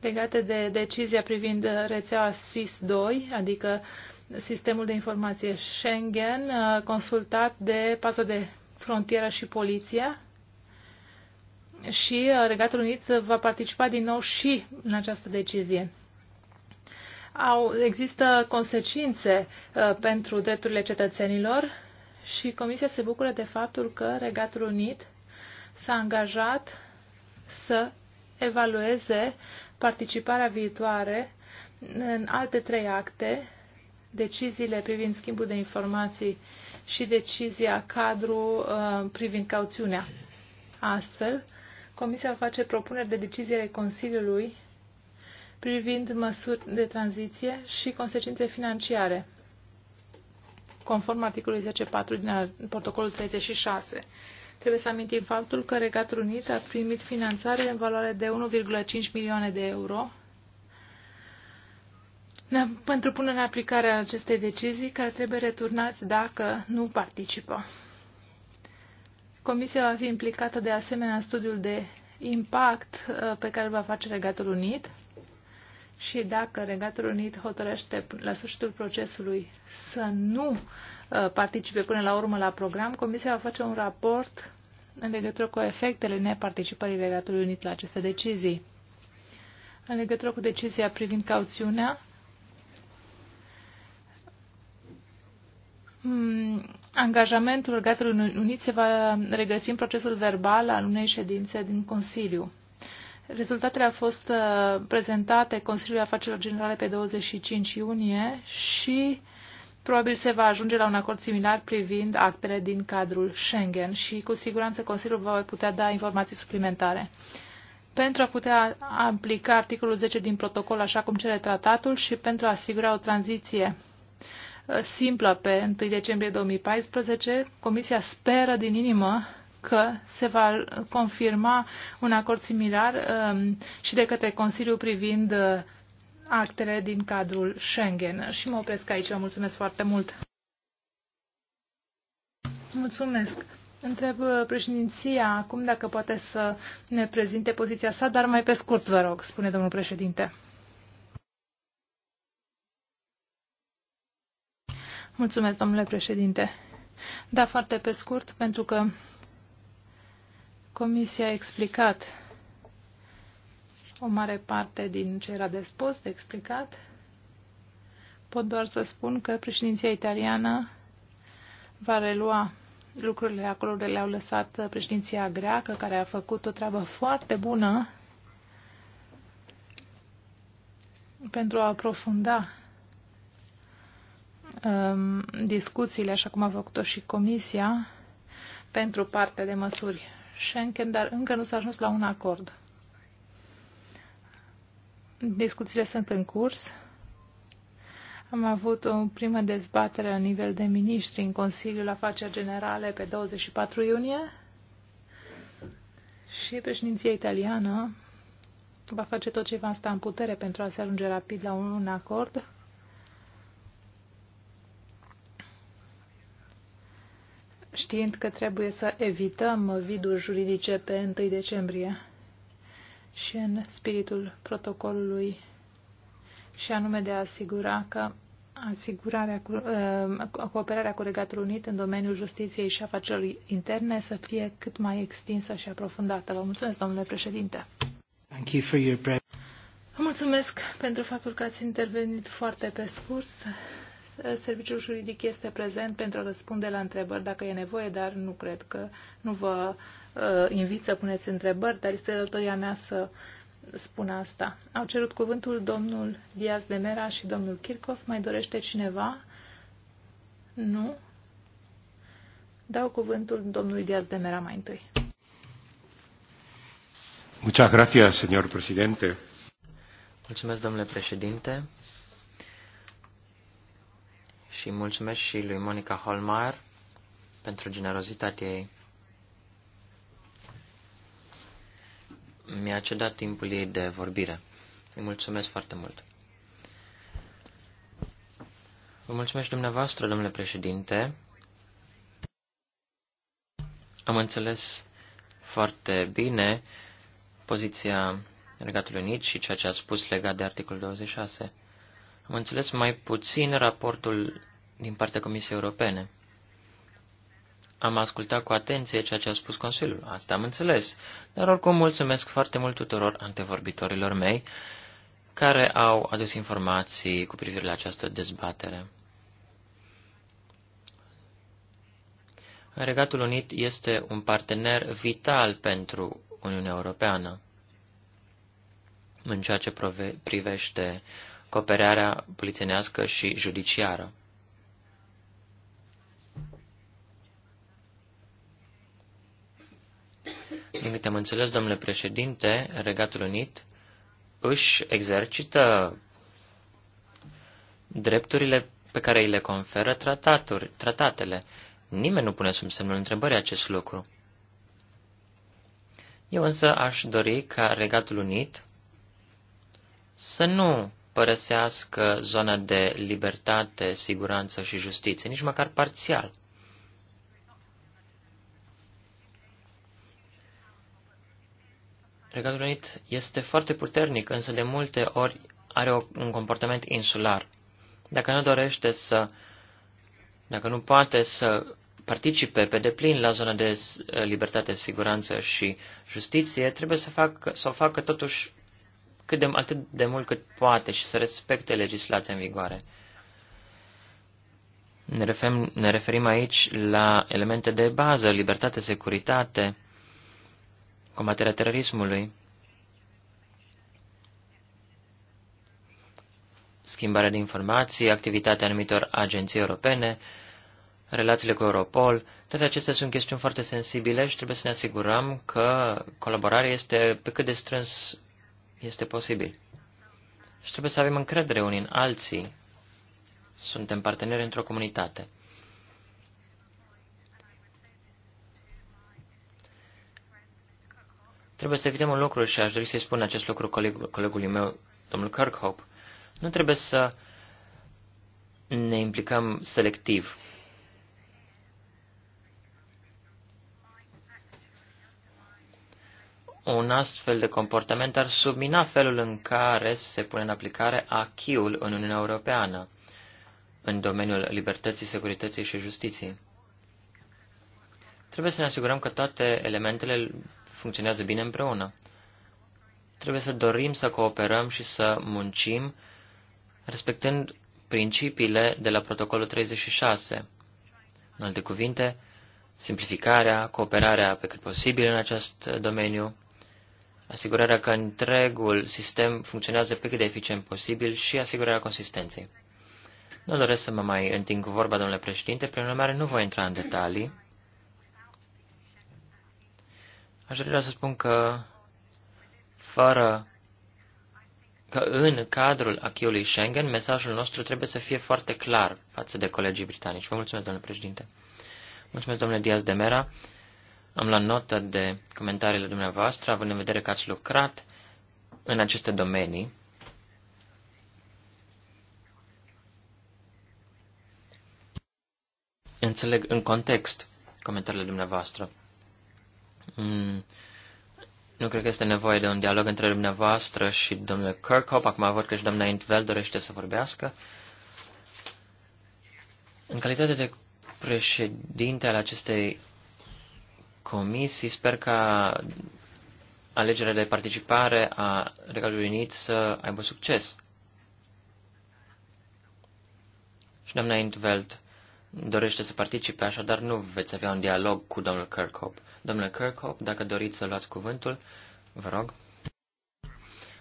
legate de decizia privind rețeaua SIS-2, adică sistemul de informație Schengen, uh, consultat de paza de frontieră și poliția. Și uh, Regatul Unit va participa din nou și în această decizie au, există consecințe uh, pentru drepturile cetățenilor și Comisia se bucură de faptul că Regatul Unit s-a angajat să evalueze participarea viitoare în alte trei acte, deciziile privind schimbul de informații și decizia cadru uh, privind cauțiunea. Astfel, Comisia face propuneri de decizie ale Consiliului privind măsuri de tranziție și consecințe financiare, conform articolului 10.4 din protocolul 36. Trebuie să amintim faptul că Regatul Unit a primit finanțare în valoare de 1,5 milioane de euro pentru punerea în aplicare a acestei decizii, care trebuie returnați dacă nu participă. Comisia va fi implicată de asemenea în studiul de impact uh, pe care va face Regatul Unit și dacă Regatul Unit hotărăște la sfârșitul procesului să nu Uh, participe până la urmă la program, Comisia va face un raport în legătură cu efectele neparticipării Regatului Unit la aceste decizii. În legătură cu decizia privind cauțiunea, mm, angajamentul Regatului Unit se va regăsi în procesul verbal al unei ședințe din Consiliu. Rezultatele au fost uh, prezentate Consiliului Afacerilor Generale pe 25 iunie și uh, Probabil se va ajunge la un acord similar privind actele din cadrul Schengen și cu siguranță Consiliul va putea da informații suplimentare. Pentru a putea aplica articolul 10 din protocol așa cum cere tratatul și pentru a asigura o tranziție uh, simplă pe 1 decembrie 2014, Comisia speră din inimă că se va confirma un acord similar um, și de către Consiliu privind uh, actele din cadrul Schengen. Și mă opresc aici. Vă mulțumesc foarte mult. Mulțumesc. Întreb uh, președinția acum dacă poate să ne prezinte poziția sa, dar mai pe scurt, vă rog, spune domnul președinte. Mulțumesc, domnule președinte. Da, foarte pe scurt, pentru că Comisia a explicat o mare parte din ce era de spus, de explicat. Pot doar să spun că președinția italiană va relua lucrurile acolo unde le-au lăsat președinția greacă, care a făcut o treabă foarte bună pentru a aprofunda um, discuțiile, așa cum a făcut-o și Comisia, pentru partea de măsuri Schengen, dar încă nu s-a ajuns la un acord. Discuțiile sunt în curs. Am avut o primă dezbatere la nivel de miniștri în Consiliul Afaceri Generale pe 24 iunie și președinția italiană va face tot ce va sta în putere pentru a se ajunge rapid la un, un acord. știind că trebuie să evităm viduri juridice pe 1 decembrie și în spiritul protocolului și anume de a asigura că asigurarea cu, uh, cooperarea cu Regatul Unit în domeniul justiției și afacerilor interne să fie cât mai extinsă și aprofundată. Vă mulțumesc, domnule președinte. Thank you for your Vă mulțumesc pentru faptul că ați intervenit foarte pe scurt serviciul juridic este prezent pentru a răspunde la întrebări dacă e nevoie, dar nu cred că nu vă uh, invit să puneți întrebări, dar este datoria mea să spun asta. Au cerut cuvântul domnul Diaz de Mera și domnul Kirchhoff. Mai dorește cineva? Nu? Dau cuvântul domnului Diaz de Mera mai întâi. Muchas gracias, señor presidente. Mulțumesc, domnule președinte și mulțumesc și lui Monica Holmeier pentru generozitatea ei. Mi-a cedat timpul ei de vorbire. Îi mulțumesc foarte mult. Vă mulțumesc dumneavoastră, domnule președinte. Am înțeles foarte bine poziția Regatului Unit și ceea ce a spus legat de articolul 26. Am înțeles mai puțin raportul din partea Comisiei Europene. Am ascultat cu atenție ceea ce a spus Consiliul, asta am înțeles, dar oricum mulțumesc foarte mult tuturor antevorbitorilor mei care au adus informații cu privire la această dezbatere. Regatul Unit este un partener vital pentru Uniunea Europeană în ceea ce privește cooperarea polițenească și judiciară. Din câte am înțeles, domnule președinte, Regatul Unit își exercită drepturile pe care îi le conferă trataturi, tratatele. Nimeni nu pune sub semnul întrebării acest lucru. Eu însă aș dori ca Regatul Unit să nu părăsească zona de libertate, siguranță și justiție, nici măcar parțial. Regatul Unit este foarte puternic, însă de multe ori are un comportament insular. Dacă nu dorește să, dacă nu poate să participe pe deplin la zona de eh, libertate, siguranță și justiție, trebuie să, fac, să o facă totuși cât de, atât de mult cât poate și să respecte legislația în vigoare. Ne, referim, ne referim aici la elemente de bază, libertate, securitate, combaterea terorismului, schimbarea de informații, activitatea anumitor agenții europene, relațiile cu Europol, toate acestea sunt chestiuni foarte sensibile și trebuie să ne asigurăm că colaborarea este pe cât de strâns este posibil. Și trebuie să avem încredere unii în alții. Suntem parteneri într-o comunitate. Trebuie să evităm un lucru și aș dori să-i spun acest lucru coleg, colegului meu, domnul Kirkhope. Nu trebuie să ne implicăm selectiv. Un astfel de comportament ar submina felul în care se pune în aplicare achiul în Uniunea Europeană, în domeniul libertății, securității și justiției. Trebuie să ne asigurăm că toate elementele funcționează bine împreună. Trebuie să dorim să cooperăm și să muncim respectând principiile de la protocolul 36. În alte cuvinte, simplificarea, cooperarea pe cât posibil în acest domeniu, asigurarea că întregul sistem funcționează pe cât de eficient posibil și asigurarea consistenței. Nu doresc să mă mai întind cu vorba, domnule președinte, prin urmare nu voi intra în detalii. Aș vrea să spun că fără că în cadrul achiului Schengen mesajul nostru trebuie să fie foarte clar față de colegii britanici. Vă mulțumesc, domnule președinte. Mulțumesc, domnule Diaz de Mera. Am la notă de comentariile dumneavoastră, având în vedere că ați lucrat în aceste domenii. Înțeleg în context comentariile dumneavoastră. Mm. Nu cred că este nevoie de un dialog între dumneavoastră și domnule Kirkhope. Acum văd că și domnul Intvel dorește să vorbească. În calitate de președinte al acestei comisii, sper ca alegerea de participare a Regalului Unit să aibă succes. Și domnul Intveld dorește să participe, așadar nu veți avea un dialog cu domnul Kirkhope. Domnule Kirkhope, dacă doriți să luați cuvântul, vă rog.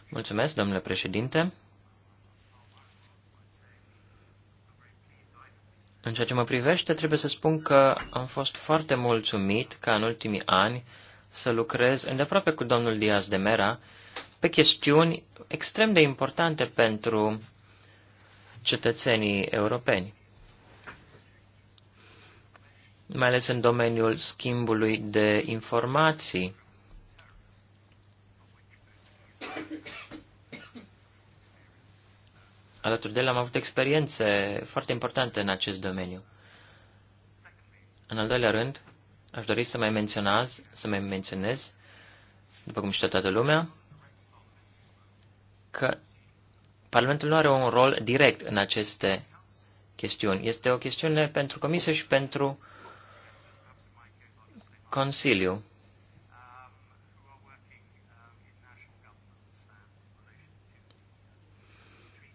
Mulțumesc, domnule președinte. În ceea ce mă privește, trebuie să spun că am fost foarte mulțumit ca în ultimii ani să lucrez îndeaproape cu domnul Diaz de Mera pe chestiuni extrem de importante pentru cetățenii europeni mai ales în domeniul schimbului de informații. Alături de el am avut experiențe foarte importante în acest domeniu. În al doilea rând, aș dori să mai menționez, să mai menționez, după cum știe toată lumea, că Parlamentul nu are un rol direct în aceste chestiuni. Este o chestiune pentru Comisie și pentru Consiliu,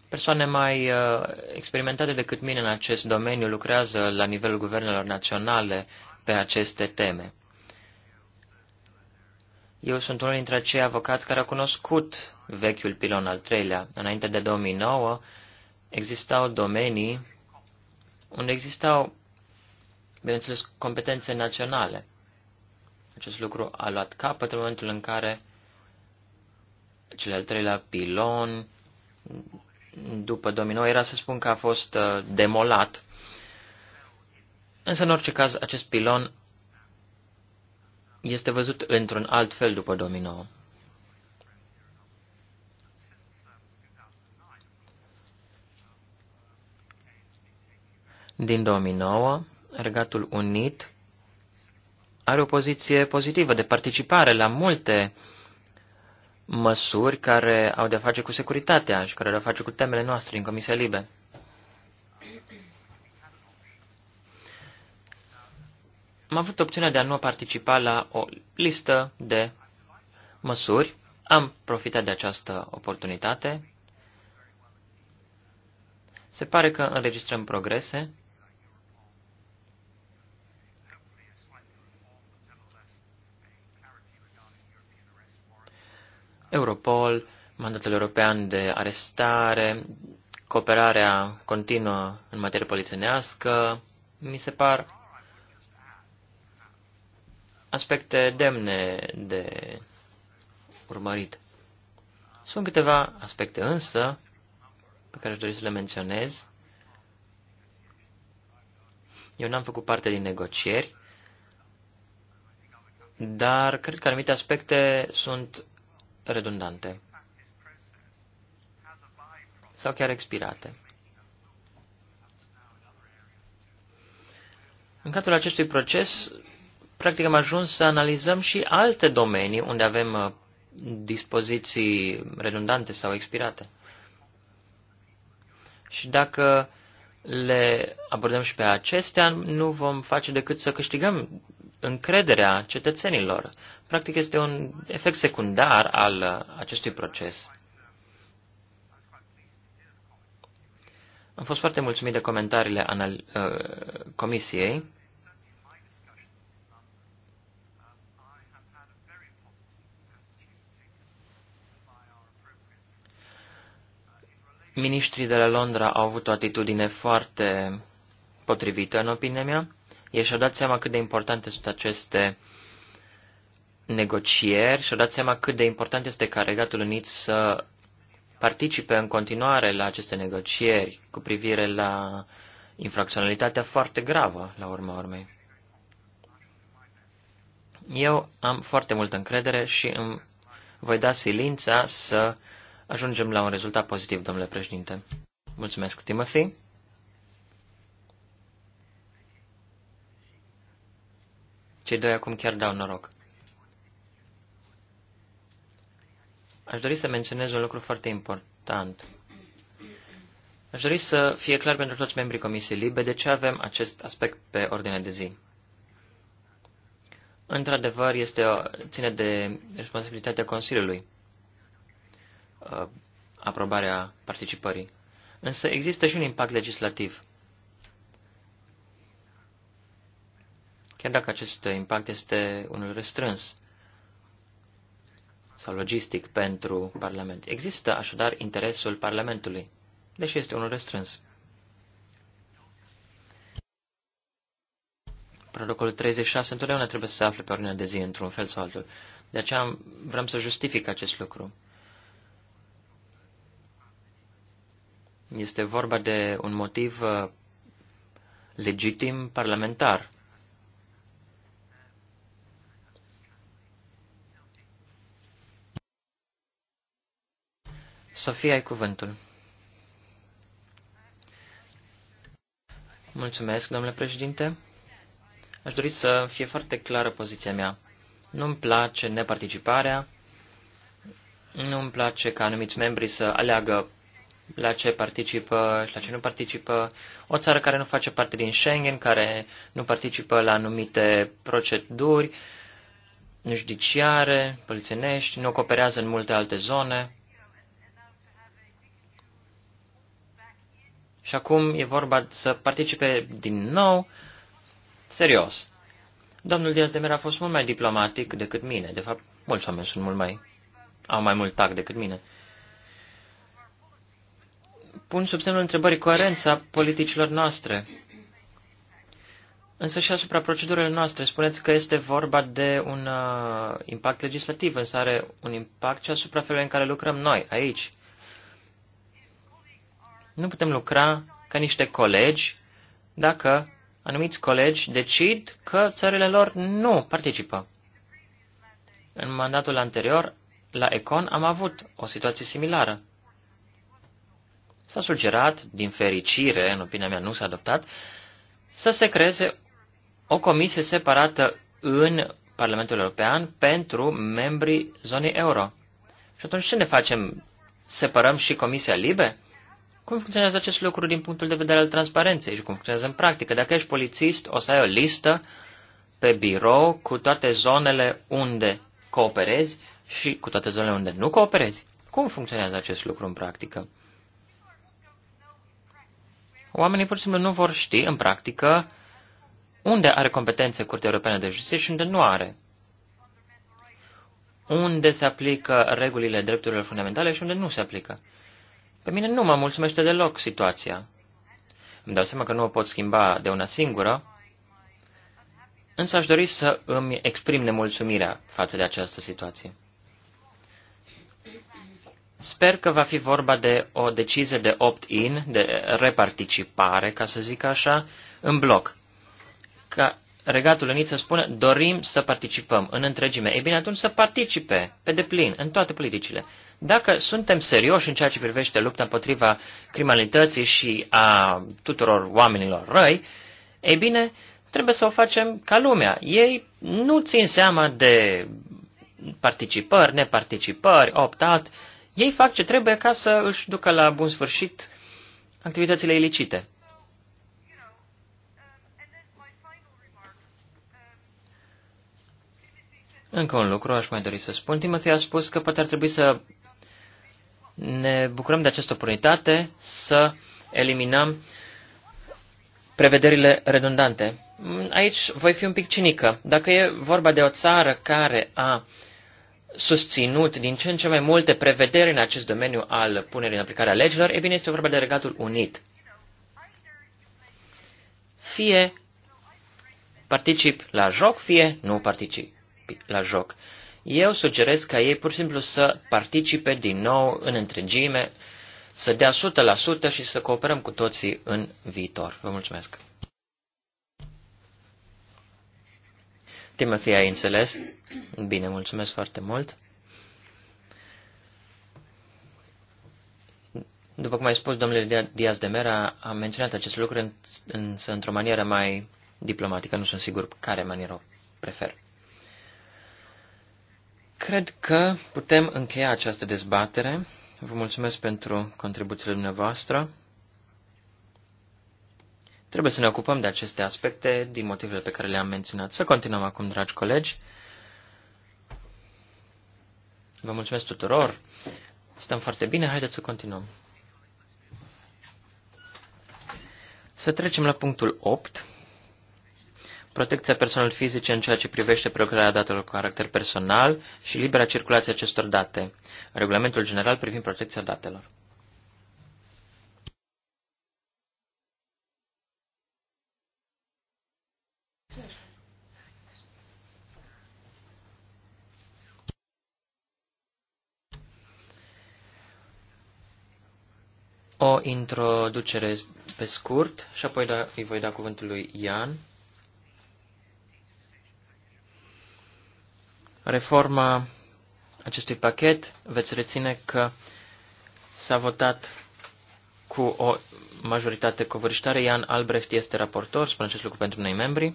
Persoane mai uh, experimentate decât mine în acest domeniu lucrează la nivelul guvernelor naționale pe aceste teme. Eu sunt unul dintre acei avocați care au cunoscut vechiul pilon al treilea. Înainte de 2009 existau domenii unde existau, bineînțeles, competențe naționale. Acest lucru a luat capăt în momentul în care cel al treilea pilon, după domino, era să spun că a fost uh, demolat. Însă, în orice caz, acest pilon este văzut într-un alt fel după domino. Din 2009, Regatul Unit are o poziție pozitivă de participare la multe măsuri care au de-a face cu securitatea și care au de-a face cu temele noastre în Comisia Libe. Am avut opțiunea de a nu participa la o listă de măsuri. Am profitat de această oportunitate. Se pare că înregistrăm progrese. Europol, mandatul european de arestare, cooperarea continuă în materie polițenească, mi se par aspecte demne de urmărit. Sunt câteva aspecte însă pe care aș dori să le menționez. Eu n-am făcut parte din negocieri, dar cred că anumite aspecte sunt redundante sau chiar expirate. În cadrul acestui proces, practic am ajuns să analizăm și alte domenii unde avem uh, dispoziții redundante sau expirate. Și dacă le abordăm și pe acestea, nu vom face decât să câștigăm încrederea cetățenilor. Practic este un efect secundar al acestui proces. Am fost foarte mulțumit de comentariile anal- uh, comisiei. Ministrii de la Londra au avut o atitudine foarte potrivită, în opinia mea. Ei și-au dat seama cât de importante sunt aceste negocieri și-au dat seama cât de important este ca Regatul Unit să participe în continuare la aceste negocieri cu privire la infracționalitatea foarte gravă, la urma urmei. Eu am foarte multă încredere și îmi voi da silința să ajungem la un rezultat pozitiv, domnule președinte. Mulțumesc, Timothy. Cei doi acum chiar dau noroc. Aș dori să menționez un lucru foarte important. Aș dori să fie clar pentru toți membrii Comisiei Libe de ce avem acest aspect pe ordine de zi. Într-adevăr, este o, ține de responsabilitatea Consiliului uh, aprobarea participării. Însă există și un impact legislativ. chiar dacă acest impact este unul restrâns sau logistic pentru Parlament. Există așadar interesul Parlamentului, deși este unul restrâns. Protocolul 36 întotdeauna trebuie să se afle pe ordinea de zi, într-un fel sau altul. De aceea vrem să justific acest lucru. Este vorba de un motiv uh, legitim parlamentar Sofia, ai cuvântul. Mulțumesc, domnule președinte. Aș dori să fie foarte clară poziția mea. Nu-mi place neparticiparea, nu-mi place ca anumiți membri să aleagă la ce participă și la ce nu participă, o țară care nu face parte din Schengen, care nu participă la anumite proceduri judiciare, polițienești, nu cooperează în multe alte zone. Și acum e vorba să participe din nou serios. Domnul Diaz de Mera a fost mult mai diplomatic decât mine. De fapt, mulți oameni sunt mult mai... au mai mult tact decât mine. Pun sub semnul întrebării coerența politicilor noastre. Însă și asupra procedurilor noastre, spuneți că este vorba de un uh, impact legislativ, însă are un impact și asupra felului în care lucrăm noi, aici. Nu putem lucra ca niște colegi dacă anumiți colegi decid că țările lor nu participă. În mandatul anterior, la Econ, am avut o situație similară. S-a sugerat, din fericire, în opinia mea nu s-a adoptat, să se creeze o comisie separată în Parlamentul European pentru membrii zonei euro. Și atunci ce ne facem? Separăm și Comisia Libe? Cum funcționează acest lucru din punctul de vedere al transparenței și cum funcționează în practică? Dacă ești polițist, o să ai o listă pe birou cu toate zonele unde cooperezi și cu toate zonele unde nu cooperezi. Cum funcționează acest lucru în practică? Oamenii pur și simplu nu vor ști în practică unde are competențe Curtea Europeană de Justiție și unde nu are. Unde se aplică regulile drepturilor fundamentale și unde nu se aplică. Pe mine nu mă mulțumește deloc situația. Îmi dau seama că nu o pot schimba de una singură, însă aș dori să îmi exprim nemulțumirea față de această situație. Sper că va fi vorba de o decizie de opt-in, de reparticipare, ca să zic așa, în bloc. Ca Regatul Unit să spună, dorim să participăm în întregime. Ei bine, atunci să participe pe deplin în toate politicile. Dacă suntem serioși în ceea ce privește lupta împotriva criminalității și a tuturor oamenilor răi, ei bine, trebuie să o facem ca lumea. Ei nu țin seama de participări, neparticipări, opt-out. Ei fac ce trebuie ca să își ducă la bun sfârșit activitățile ilicite. Încă un lucru aș mai dori să spun. Timothy a spus că poate ar trebui să ne bucurăm de această oportunitate să eliminăm prevederile redundante. Aici voi fi un pic cinică. Dacă e vorba de o țară care a susținut din ce în ce mai multe prevederi în acest domeniu al punerii în aplicare a legilor, e bine, este vorba de Regatul Unit. Fie particip la joc, fie nu particip la joc. Eu sugerez ca ei pur și simplu să participe din nou în întregime, să dea 100% și să cooperăm cu toții în viitor. Vă mulțumesc! Timothy, ai înțeles? Bine, mulțumesc foarte mult. După cum ai spus, domnule Diaz de Mera a menționat acest lucru, însă într-o manieră mai diplomatică. Nu sunt sigur care manieră o prefer. Cred că putem încheia această dezbatere. Vă mulțumesc pentru contribuțiile dumneavoastră. Trebuie să ne ocupăm de aceste aspecte din motivele pe care le-am menționat. Să continuăm acum, dragi colegi. Vă mulțumesc tuturor. Stăm foarte bine. Haideți să continuăm. Să trecem la punctul 8 protecția persoanelor fizice în ceea ce privește prelucrarea datelor cu caracter personal și libera circulație acestor date, regulamentul general privind protecția datelor. O introducere pe scurt și apoi da, îi voi da cuvântul lui Ian. reforma acestui pachet, veți reține că s-a votat cu o majoritate covârșitoare. Ian Albrecht este raportor, spun acest lucru pentru noi membri.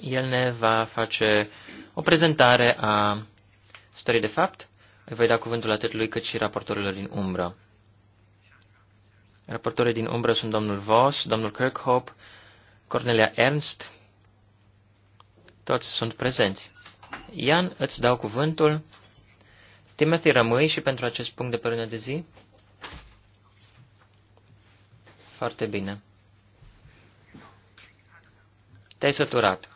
El ne va face o prezentare a stării de fapt. Îi voi da cuvântul atât lui cât și raportorilor din umbră. Raportorii din umbră sunt domnul Voss, domnul Kirkhope, Cornelia Ernst, toți sunt prezenți. Ian, îți dau cuvântul. Timothy, rămâi și pentru acest punct de pe de zi? Foarte bine. Te-ai săturat.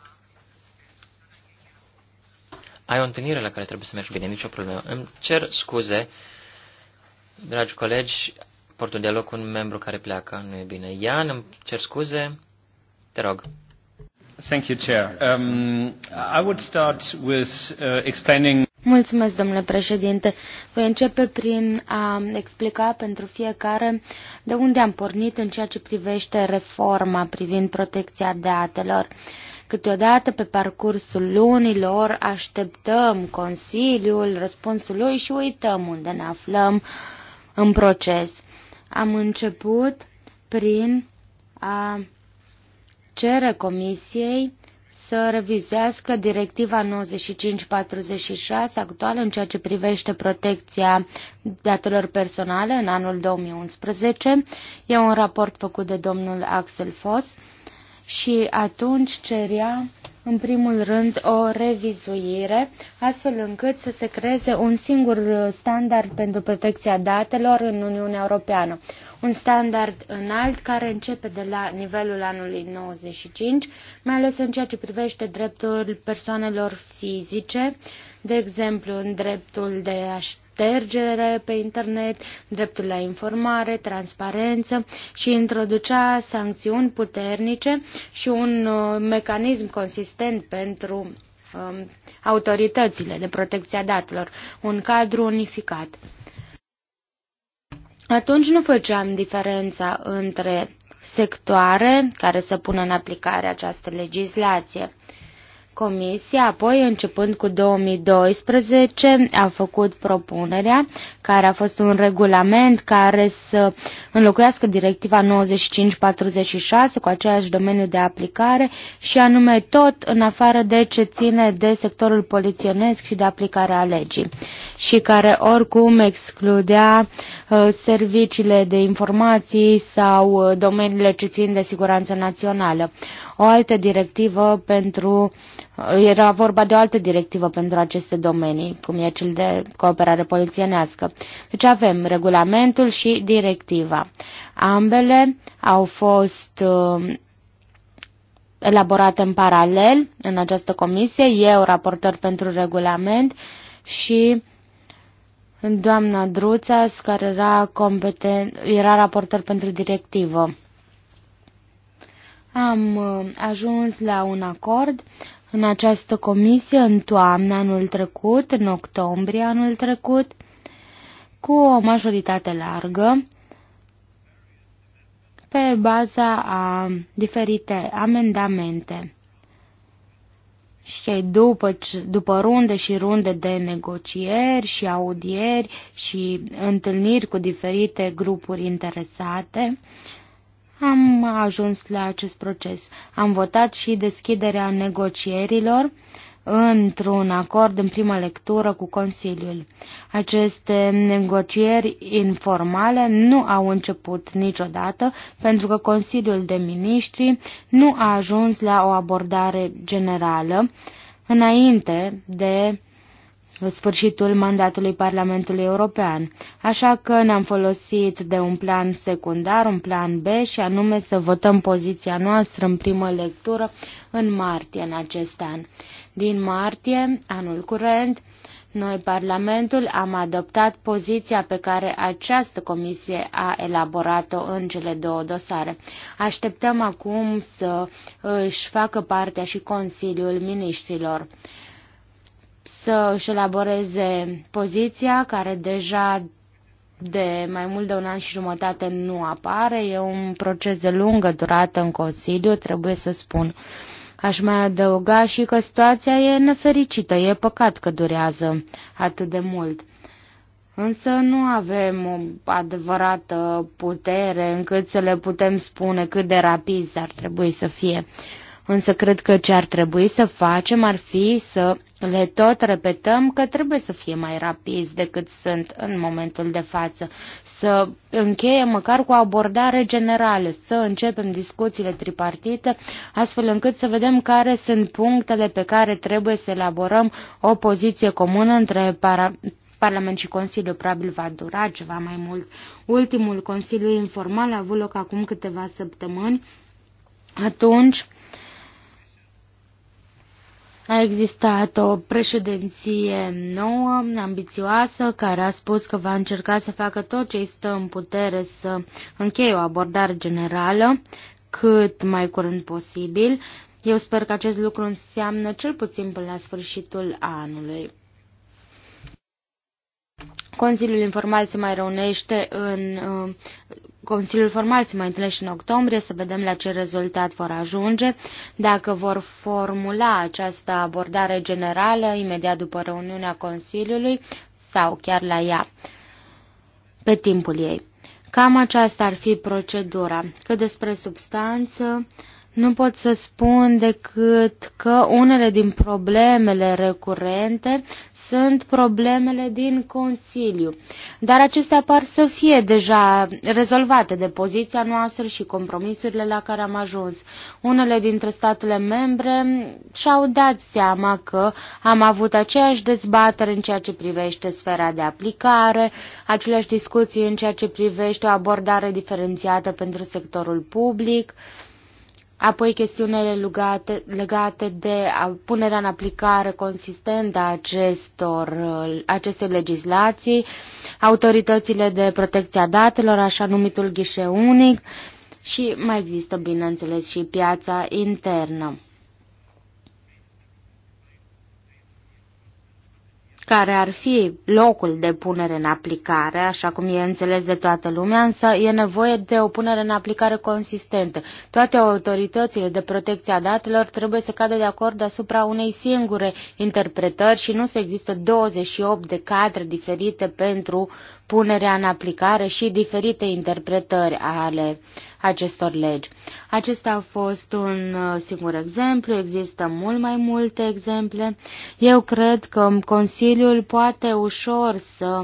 Ai o întâlnire la care trebuie să mergi bine, nicio problemă. Îmi cer scuze, dragi colegi, port un dialog cu un membru care pleacă, nu e bine. Ian, îmi cer scuze, te rog. Mulțumesc, domnule președinte. Voi începe prin a explica pentru fiecare de unde am pornit în ceea ce privește reforma privind protecția datelor. Câteodată, pe parcursul lunilor, așteptăm Consiliul, răspunsul lui și uităm unde ne aflăm în proces. Am început prin a cere Comisiei să revizuiască directiva 9546 actuală în ceea ce privește protecția datelor personale în anul 2011. E un raport făcut de domnul Axel Foss și atunci cerea în primul rând o revizuire, astfel încât să se creeze un singur standard pentru protecția datelor în Uniunea Europeană un standard înalt care începe de la nivelul anului 95, mai ales în ceea ce privește dreptul persoanelor fizice, de exemplu în dreptul de a ștergere pe internet, dreptul la informare, transparență și introducea sancțiuni puternice și un uh, mecanism consistent pentru um, autoritățile de protecție a datelor, un cadru unificat. Atunci nu făceam diferența între sectoare care să pună în aplicare această legislație. Comisia, apoi începând cu 2012, a făcut propunerea care a fost un regulament care să înlocuiască directiva 9546 cu același domeniu de aplicare și anume tot în afară de ce ține de sectorul polițienesc și de aplicarea legii și care oricum excludea uh, serviciile de informații sau uh, domeniile ce țin de siguranță națională. O altă directivă pentru era vorba de o altă directivă pentru aceste domenii, cum e cel de cooperare polițienească. Deci avem regulamentul și directiva. Ambele au fost uh, elaborate în paralel în această comisie, eu raportor pentru regulament și doamna Druțas, care era, competent, era raportor pentru directivă. Am uh, ajuns la un acord, în această comisie în toamna anul trecut, în octombrie anul trecut, cu o majoritate largă, pe baza a diferite amendamente. Și după, după runde și runde de negocieri și audieri și întâlniri cu diferite grupuri interesate, uh, am ajuns la acest proces. Am votat și deschiderea negocierilor într-un acord în prima lectură cu Consiliul. Aceste negocieri informale nu au început niciodată pentru că Consiliul de Ministri nu a ajuns la o abordare generală înainte de sfârșitul mandatului Parlamentului European, așa că ne-am folosit de un plan secundar, un plan B și anume să votăm poziția noastră în primă lectură în martie în acest an. Din martie, anul curent, noi, Parlamentul, am adoptat poziția pe care această comisie a elaborat-o în cele două dosare. Așteptăm acum să își facă partea și Consiliul Ministrilor să își elaboreze poziția care deja de mai mult de un an și jumătate nu apare. E un proces de lungă durată în Consiliu, trebuie să spun. Aș mai adăuga și că situația e nefericită, e păcat că durează atât de mult. Însă nu avem o adevărată putere încât să le putem spune cât de rapid ar trebui să fie Însă cred că ce ar trebui să facem ar fi să le tot repetăm că trebuie să fie mai rapizi decât sunt în momentul de față, să încheiem măcar cu o abordare generală, să începem discuțiile tripartite, astfel încât să vedem care sunt punctele pe care trebuie să elaborăm o poziție comună între para Parlament și Consiliu probabil va dura ceva mai mult. Ultimul Consiliu informal a avut loc acum câteva săptămâni. Atunci, a existat o președinție nouă, ambițioasă, care a spus că va încerca să facă tot ce stă în putere să încheie o abordare generală cât mai curând posibil. Eu sper că acest lucru înseamnă cel puțin până la sfârșitul anului. Consiliul informal se mai reunește în... Uh, Consiliul formal se mai întâlnește în octombrie, să vedem la ce rezultat vor ajunge. Dacă vor formula această abordare generală imediat după reuniunea Consiliului sau chiar la ea, pe timpul ei. Cam aceasta ar fi procedura. Cât despre substanță, uh, nu pot să spun decât că unele din problemele recurente sunt problemele din Consiliu, dar acestea par să fie deja rezolvate de poziția noastră și compromisurile la care am ajuns. Unele dintre statele membre și-au dat seama că am avut aceeași dezbatere în ceea ce privește sfera de aplicare, aceleași discuții în ceea ce privește o abordare diferențiată pentru sectorul public, Apoi chestiunile legate, legate de punerea în aplicare consistentă a acestor, acestei legislații, autoritățile de protecție a datelor, așa numitul ghișe unic și mai există, bineînțeles, și piața internă. care ar fi locul de punere în aplicare, așa cum e înțeles de toată lumea, însă e nevoie de o punere în aplicare consistentă. Toate autoritățile de protecție a datelor trebuie să cadă de acord asupra unei singure interpretări și nu se există 28 de cadre diferite pentru punerea în aplicare și diferite interpretări ale acestor legi. Acesta a fost un uh, singur exemplu, există mult mai multe exemple. Eu cred că Consiliul poate ușor să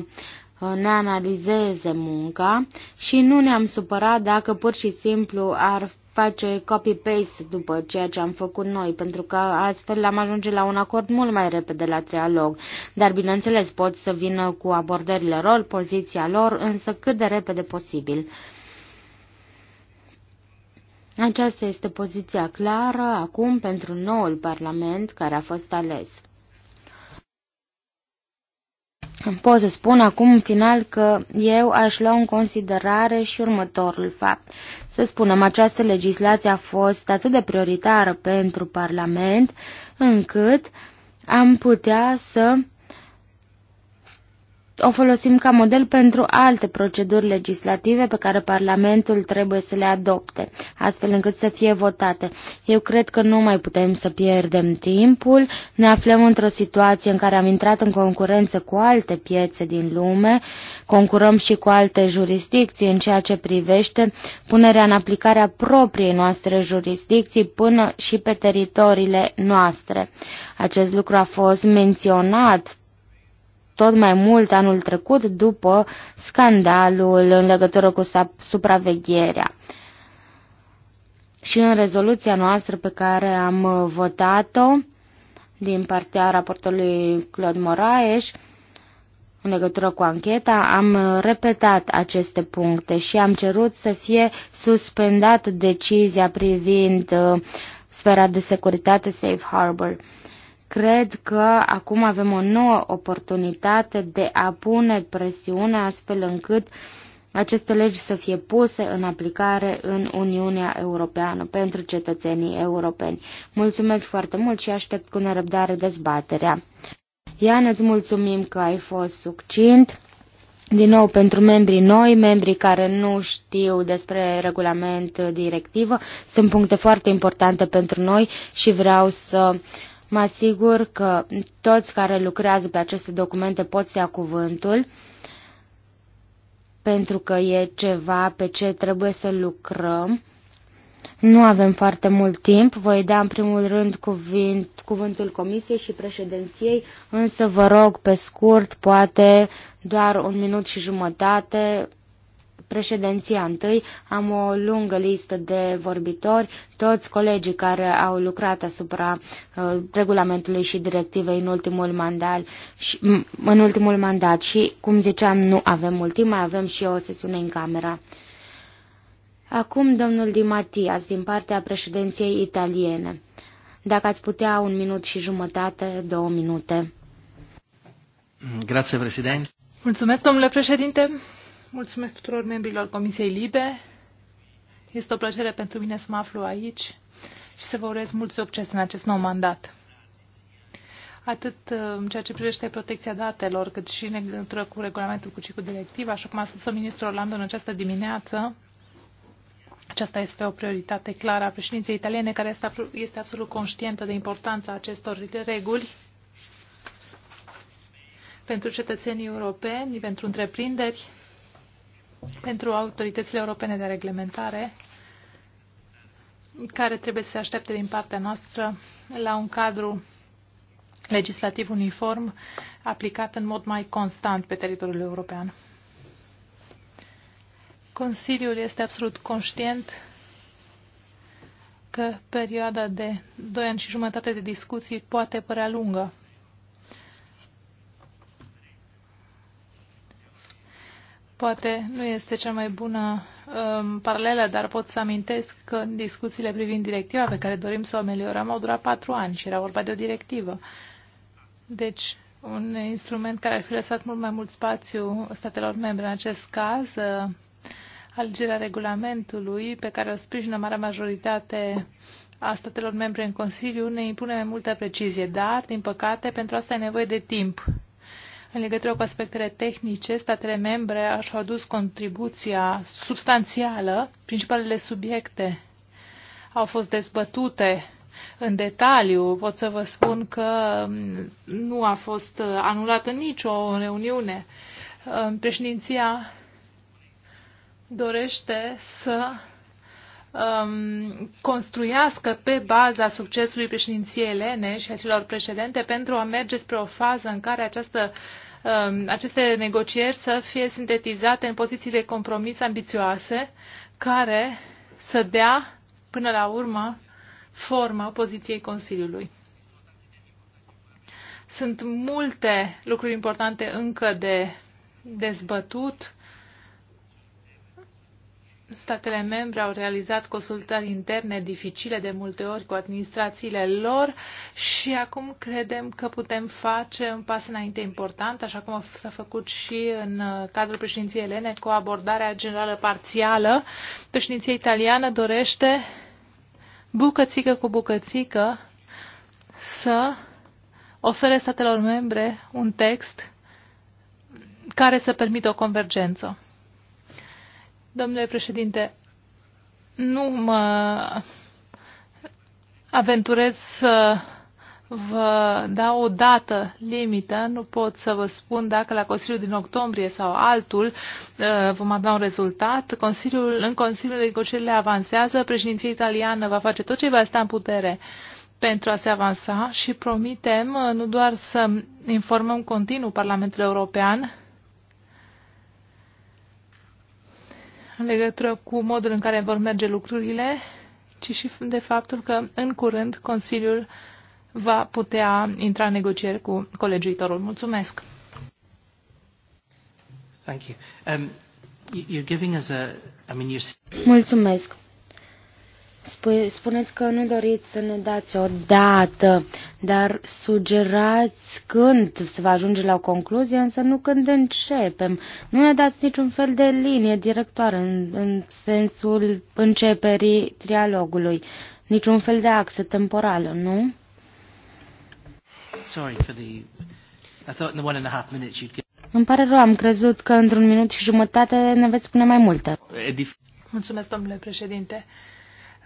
uh, ne analizeze munca și nu ne-am supărat dacă pur și simplu ar face copy-paste după ceea ce am făcut noi, pentru că astfel am ajunge la un acord mult mai repede la trialog. Dar, bineînțeles, pot să vină cu abordările rol, poziția lor, însă cât de repede posibil. Aceasta este poziția clară acum pentru noul Parlament care a fost ales pot să spun acum în final că eu aș lua în considerare și următorul fapt. Să spunem, această legislație a fost atât de prioritară pentru Parlament încât am putea să o folosim ca model pentru alte proceduri legislative pe care Parlamentul trebuie să le adopte, astfel încât să fie votate. Eu cred că nu mai putem să pierdem timpul, ne aflăm într-o situație în care am intrat în concurență cu alte piețe din lume, concurăm și cu alte jurisdicții în ceea ce privește punerea în aplicare a propriei noastre jurisdicții până și pe teritoriile noastre. Acest lucru a fost menționat tot mai mult anul trecut după scandalul în legătură cu supravegherea. Și în rezoluția noastră pe care am uh, votat-o din partea raportului Claude Moraes, în legătură cu ancheta, am uh, repetat aceste puncte și am cerut să fie suspendată decizia privind uh, sfera de securitate Safe Harbor. Cred că acum avem o nouă oportunitate de a pune presiune astfel încât aceste legi să fie puse în aplicare în Uniunea Europeană pentru cetățenii europeni. Mulțumesc foarte mult și aștept cu nerăbdare dezbaterea. Ian, îți mulțumim că ai fost succint. Din nou, pentru membrii noi, membrii care nu știu despre regulament directivă, sunt puncte foarte importante pentru noi și vreau să uh, Mă asigur că toți care lucrează pe aceste documente pot să ia cuvântul, pentru că e ceva pe ce trebuie să lucrăm. Nu avem foarte mult timp, voi da în primul rând cuvint, cuvântul Comisiei și președinției, însă vă rog pe scurt, poate doar un minut și jumătate, președinția întâi. Am o lungă listă de vorbitori, toți colegii care au lucrat asupra uh, regulamentului și directivei în ultimul mandat și, în ultimul mandat și, cum ziceam, nu avem mult timp, mai avem și o sesiune în camera. Acum domnul Di Matias, din partea președinției italiene. Dacă ați putea un minut și jumătate, două minute. Grazie, președinte. Mulțumesc, domnule președinte. Mulțumesc tuturor membrilor Comisiei Libe. Este o plăcere pentru mine să mă aflu aici și să vă urez mult succes în acest nou mandat. Atât uh, în ceea ce privește protecția datelor, cât și în legătură cu regulamentul cu și cu directiva, așa cum a spus ministrul Orlando în această dimineață, aceasta este o prioritate clară a președinției italiene, care este absolut conștientă de importanța acestor reguli pentru cetățenii europeni, pentru întreprinderi pentru autoritățile europene de reglementare care trebuie să se aștepte din partea noastră la un cadru legislativ uniform aplicat în mod mai constant pe teritoriul european. Consiliul este absolut conștient că perioada de doi ani și jumătate de discuții poate părea lungă Poate nu este cea mai bună um, paralelă, dar pot să amintesc că în discuțiile privind directiva pe care dorim să o ameliorăm au durat patru ani și era vorba de o directivă. Deci, un instrument care ar fi lăsat mult mai mult spațiu statelor membre. În acest caz, uh, alegerea regulamentului, pe care o sprijină marea majoritate a statelor membre în Consiliu, ne impune mai multă precizie, dar, din păcate, pentru asta e nevoie de timp. În legătură cu aspectele tehnice, statele membre aș au adus contribuția substanțială. Principalele subiecte au fost dezbătute în detaliu. Pot să vă spun că mm, nu a fost uh, anulată nicio reuniune. Uh, președinția dorește să um, construiască pe baza succesului președinției Elene și a celor precedente pentru a merge spre o fază în care această Um, aceste negocieri să fie sintetizate în poziții de compromis ambițioase care să dea până la urmă forma poziției Consiliului. Sunt multe lucruri importante încă de dezbătut statele membre au realizat consultări interne dificile de multe ori cu administrațiile lor și acum credem că putem face un pas înainte important, așa cum s-a făcut și în uh, cadrul președinției elene cu abordarea generală parțială. Președinția italiană dorește bucățică cu bucățică să ofere statelor membre un text care să permită o convergență. Domnule președinte, nu mă aventurez să vă dau o dată limită, nu pot să vă spun dacă la Consiliul din octombrie sau altul uh, vom avea un rezultat. Consiliul, în Consiliul de negocierile avansează, președinția italiană va face tot ce va sta în putere pentru a se avansa și promitem uh, nu doar să informăm continuu Parlamentul European, în legătură cu modul în care vor merge lucrurile, ci și de faptul că în curând Consiliul va putea intra în negocieri cu colegiuitorul. Mulțumesc! Thank you. Um, you're giving us a, I mean, you're... Mulțumesc! Spuneți că nu doriți să ne dați o dată, dar sugerați când se va ajunge la o concluzie, însă nu când începem. Nu ne dați niciun fel de linie directoare în, în sensul începerii trialogului, niciun fel de axă temporală, nu? Sorry for the... I thought in the one and a half minutes you'd get... Îmi pare rău, am crezut că într-un minut și jumătate ne veți spune mai multe. Mulțumesc, domnule președinte. Uh,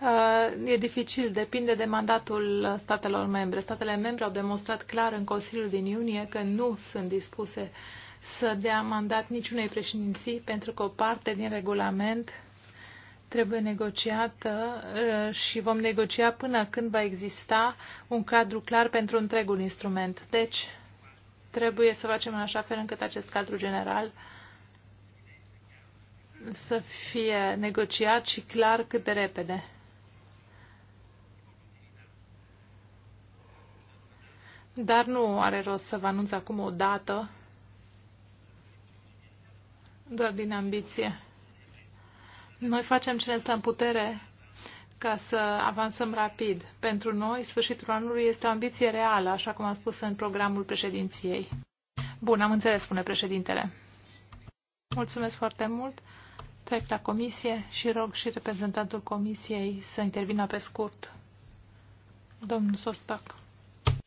Uh, e dificil, depinde de mandatul statelor membre. Statele membre au demonstrat clar în Consiliul din iunie că nu sunt dispuse să dea mandat niciunei președinții pentru că o parte din regulament trebuie negociată uh, și vom negocia până când va exista un cadru clar pentru întregul instrument. Deci, trebuie să facem în așa fel încât acest cadru general să fie negociat și clar cât de repede. dar nu are rost să vă anunț acum o dată, doar din ambiție. Noi facem ce ne stă în putere ca să avansăm rapid. Pentru noi, sfârșitul anului este o ambiție reală, așa cum am spus în programul președinției. Bun, am înțeles, spune președintele. Mulțumesc foarte mult. Trec la comisie și rog și reprezentantul comisiei să intervină pe scurt. Domnul Sostac.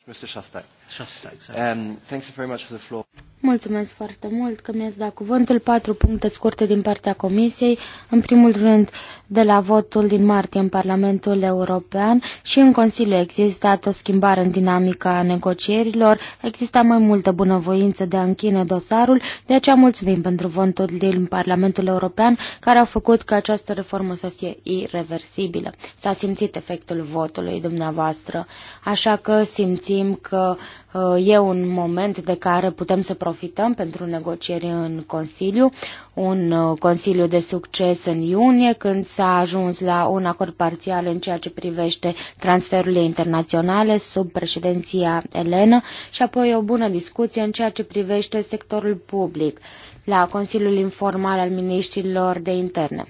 Mr. Shastak. Shastak, um, thanks very much for the floor. Mulțumesc foarte mult că mi-ați dat cuvântul. Patru puncte scurte din partea Comisiei. În primul rând, de la votul din martie în Parlamentul European și în Consiliu există o schimbare în dinamica negocierilor, exista mai multă bunăvoință de a închine dosarul, de aceea mulțumim pentru votul din Parlamentul European care au făcut ca această reformă să fie irreversibilă. S-a simțit efectul votului dumneavoastră, așa că simțim că uh, e un moment de care putem să profităm profităm pentru negocieri în Consiliu, un uh, Consiliu de succes în iunie, când s-a ajuns la un acord parțial în ceea ce privește transferurile internaționale sub președinția Elena și apoi o bună discuție în ceea ce privește sectorul public la Consiliul Informal al Ministrilor de Interne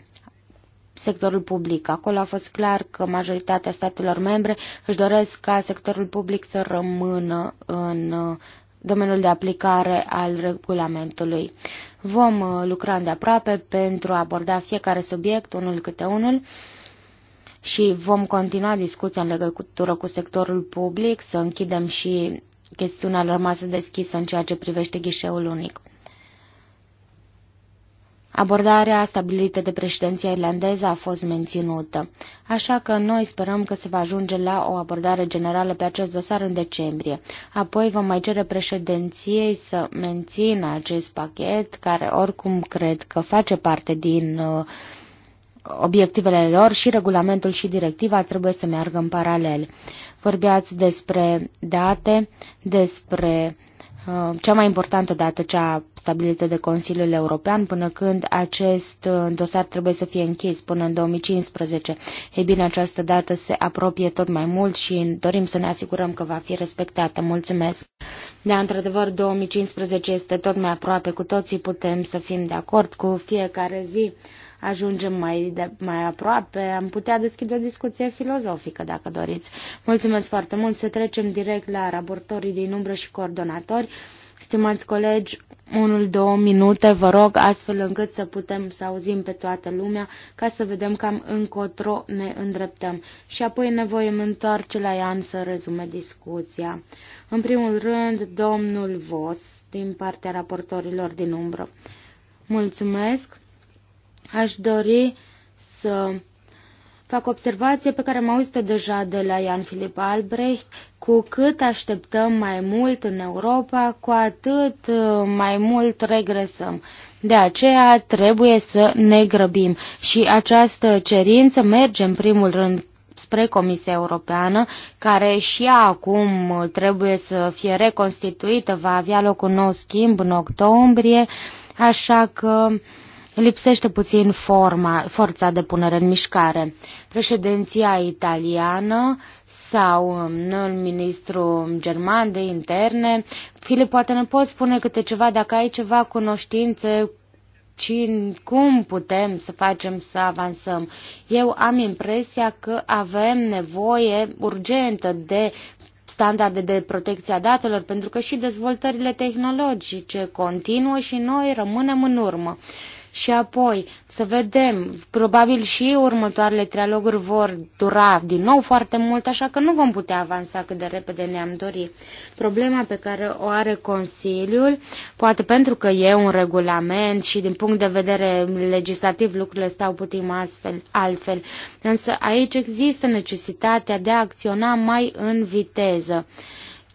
sectorul public. Acolo a fost clar că majoritatea statelor membre își doresc ca sectorul public să rămână în uh, domeniul de aplicare al regulamentului. Vom uh, lucra îndeaproape pentru a aborda fiecare subiect, unul câte unul, și vom continua discuția în legătură cu sectorul public, să închidem și chestiunea rămasă deschisă în ceea ce privește ghișeul unic. Abordarea stabilită de președinția irlandeză a fost menținută, așa că noi sperăm că se va ajunge la o abordare generală pe acest dosar în decembrie. Apoi vom mai cere președinției să mențină acest pachet, care oricum cred că face parte din uh, obiectivele lor și regulamentul și directiva trebuie să meargă în paralel. Vorbeați despre date, despre Uh, cea mai importantă dată, cea stabilită de Consiliul European, până când acest uh, dosar trebuie să fie închis, până în 2015. Ei bine, această dată se apropie tot mai mult și dorim să ne asigurăm că va fi respectată. Mulțumesc! Da, într-adevăr, 2015 este tot mai aproape. Cu toții putem să fim de acord cu fiecare zi ajungem mai, de, mai aproape, am putea deschide o discuție filozofică, dacă doriți. Mulțumesc foarte mult, să trecem direct la raportorii din umbră și coordonatori. Stimați colegi, unul, două minute, vă rog, astfel încât să putem să auzim pe toată lumea, ca să vedem cam încotro ne îndreptăm. Și apoi ne voi întoarce la Ian să rezume discuția. În primul rând, domnul Vos, din partea raportorilor din umbră. Mulțumesc! Aș dori să fac observație pe care am auzit-o deja de la Ian Filip Albrecht. Cu cât așteptăm mai mult în Europa, cu atât uh, mai mult regresăm. De aceea trebuie să ne grăbim și această cerință merge în primul rând spre Comisia Europeană, care și acum uh, trebuie să fie reconstituită, va avea loc un nou schimb în octombrie, așa că uh, lipsește puțin forma, forța de punere în mișcare. Președinția italiană sau um, noul ministru german de interne, Filip, poate ne poți spune câte ceva dacă ai ceva cunoștințe ci cum putem să facem să avansăm. Eu am impresia că avem nevoie urgentă de standarde de protecție a datelor, pentru că și dezvoltările tehnologice continuă și noi rămânem în urmă. Și apoi să vedem, probabil și următoarele trialoguri vor dura din nou foarte mult, așa că nu vom putea avansa cât de repede ne-am dorit. Problema pe care o are Consiliul, poate pentru că e un regulament și din punct de vedere legislativ lucrurile stau puțin astfel, altfel, însă aici există necesitatea de a acționa mai în viteză.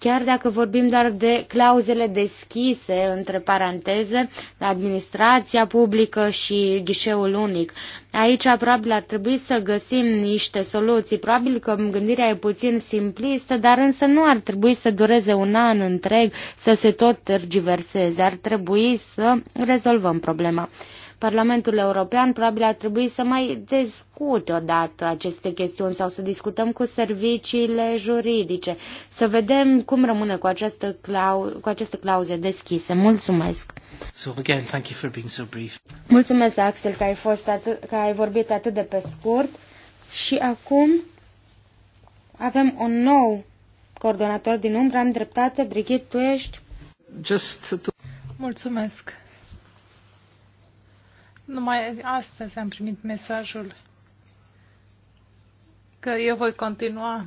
Chiar dacă vorbim doar de clauzele deschise, între paranteze, administrația publică și ghișeul unic. Aici probabil ar trebui să găsim niște soluții. Probabil că gândirea e puțin simplistă, dar însă nu ar trebui să dureze un an întreg să se tot tergiverseze. Ar trebui să rezolvăm problema. Parlamentul European probabil ar trebui să mai discute odată aceste chestiuni sau să discutăm cu serviciile juridice, să vedem cum rămâne cu, această clau- cu aceste clauze deschise. Mulțumesc! So again, thank you for being so brief. Mulțumesc, Axel, că ai, fost at- că ai vorbit atât de pe scurt și acum avem un nou coordonator din umbra am dreptate, Brigitte, tu ești? Just to... Mulțumesc. Numai astăzi am primit mesajul că eu voi continua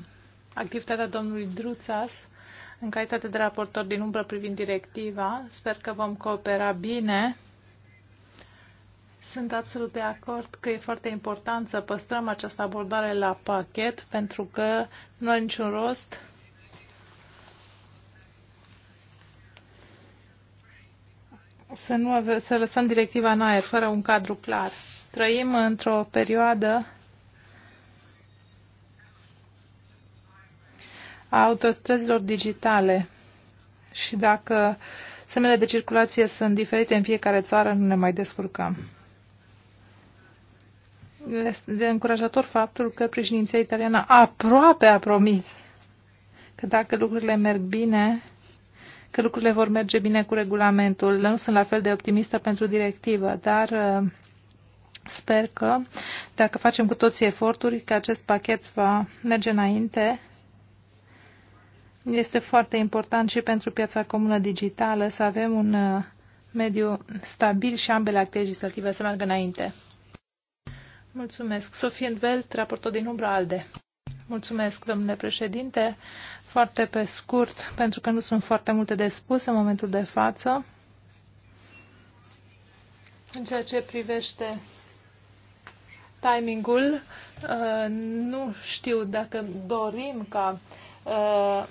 activitatea domnului Druțas în calitate de raportor din umbră privind directiva. Sper că vom coopera bine. Sunt absolut de acord că e foarte important să păstrăm această abordare la pachet, pentru că nu are niciun rost să, nu ave- să lăsăm directiva în aer fără un cadru clar. Trăim într-o perioadă a autostrăzilor digitale și dacă semnele de circulație sunt diferite în fiecare țară, nu ne mai descurcăm. Este de încurajator faptul că președinția italiană aproape a promis că dacă lucrurile merg bine, că lucrurile vor merge bine cu regulamentul. Nu sunt la fel de optimistă pentru directivă, dar uh, sper că dacă facem cu toții eforturi, că acest pachet va merge înainte. Este foarte important și pentru piața comună digitală să avem un uh, mediu stabil și ambele acte legislative să meargă înainte. Mulțumesc. Sofie Velt, raportor din Umbra Alde. Mulțumesc, domnule președinte. Foarte pe scurt, pentru că nu sunt foarte multe de spus în momentul de față. În ceea ce privește timingul, uh, nu știu dacă dorim ca uh,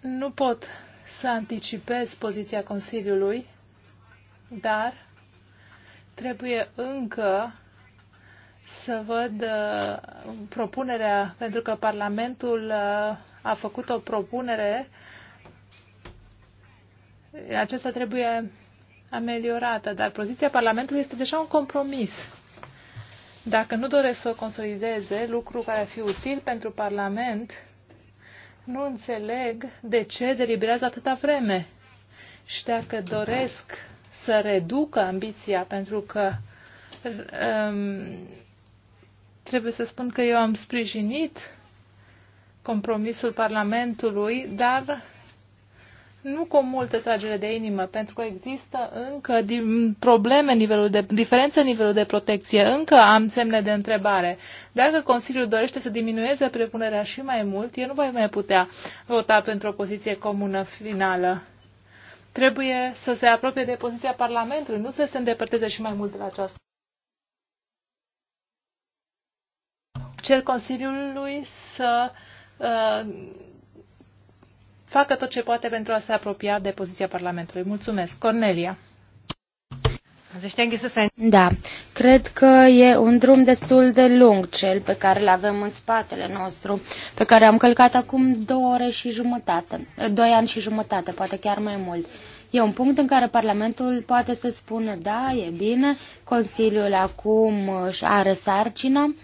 nu pot să anticipez poziția Consiliului, dar Trebuie încă să văd uh, propunerea, pentru că Parlamentul uh, a făcut o propunere. Aceasta trebuie ameliorată, dar poziția Parlamentului este deja un compromis. Dacă nu doresc să o consolideze, lucru care ar fi util pentru Parlament, nu înțeleg de ce deliberează atâta vreme. Și dacă doresc să reducă ambiția, pentru că um, trebuie să spun că eu am sprijinit compromisul Parlamentului, dar nu cu multă tragere de inimă, pentru că există încă probleme, nivelul de, diferențe în nivelul de protecție, încă am semne de întrebare. Dacă Consiliul dorește să diminueze prepunerea și mai mult, eu nu voi mai putea vota pentru o poziție comună finală trebuie să se apropie de poziția Parlamentului, nu să se îndepărteze și mai mult de la aceasta. Cer Consiliului să uh, facă tot ce poate pentru a se apropia de poziția Parlamentului. Mulțumesc. Cornelia. Da, cred că e un drum destul de lung cel pe care îl avem în spatele nostru, pe care am călcat acum două ore și jumătate, doi ani și jumătate, poate chiar mai mult. E un punct în care Parlamentul poate să spună, da, e bine, Consiliul acum își are sarcina,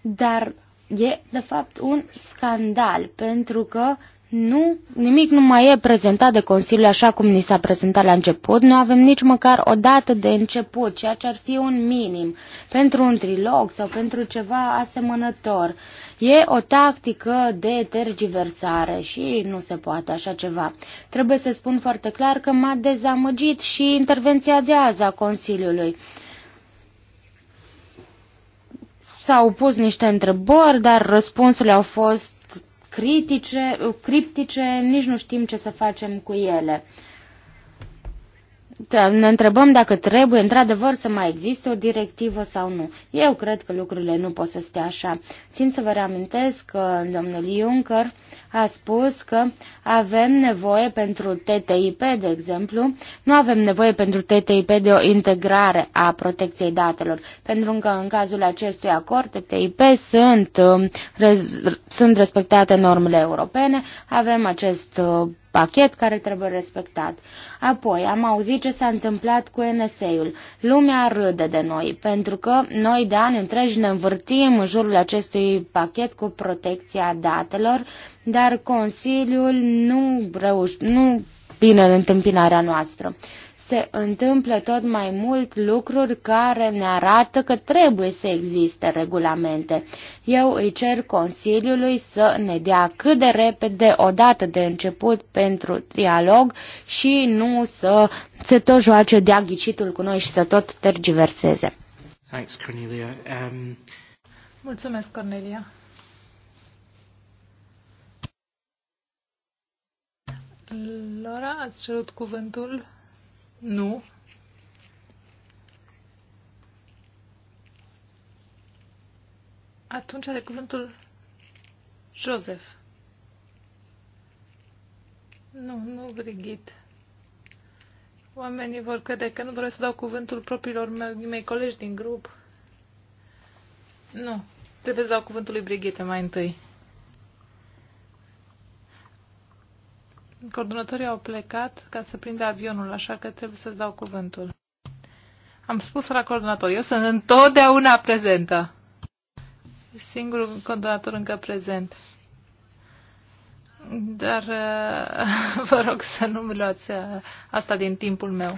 dar e, de fapt, un scandal, pentru că nu, nimic nu mai e prezentat de Consiliu așa cum ni s-a prezentat la început. Nu avem nici măcar o dată de început, ceea ce ar fi un minim pentru un trilog sau pentru ceva asemănător. E o tactică de tergiversare și nu se poate așa ceva. Trebuie să spun foarte clar că m-a dezamăgit și intervenția de azi a Consiliului s-au pus niște întrebări, dar răspunsurile au fost critice, criptice, nici nu știm ce să facem cu ele. Da, ne întrebăm dacă trebuie într-adevăr să mai existe o directivă sau nu. Eu cred că lucrurile nu pot să stea așa. Țin să vă reamintesc că domnul Juncker a spus că avem nevoie pentru TTIP, de exemplu, nu avem nevoie pentru TTIP de o integrare a protecției datelor, pentru că în cazul acestui acord TTIP sunt, um, rez, sunt respectate normele europene, avem acest uh, pachet care trebuie respectat. Apoi am auzit ce s-a întâmplat cu NSA-ul. Lumea râde de noi, pentru că noi de ani întregi ne învârtim în jurul acestui pachet cu protecția datelor, dar Consiliul nu, reuș- nu vine în întâmpinarea noastră. Se întâmplă tot mai mult lucruri care ne arată că trebuie să existe regulamente. Eu îi cer Consiliului să ne dea cât de repede, odată de început, pentru trialog și nu să se tot joace de ghicitul cu noi și să tot tergiverseze. Thanks, Cornelia. Um... Mulțumesc, Cornelia. Laura, ați cerut cuvântul? Nu. Atunci are cuvântul Joseph. Nu, nu, Brigit. Oamenii vor crede că nu doresc să dau cuvântul propriilor mei, mei colegi din grup. Nu, trebuie să dau cuvântul lui Brigitte mai întâi. Coordonatorii au plecat ca să prinde avionul, așa că trebuie să-ți dau cuvântul. Am spus la coordonator, eu sunt întotdeauna prezentă. Singurul coordonator încă prezent. Dar uh, vă rog să nu mi luați uh, asta din timpul meu.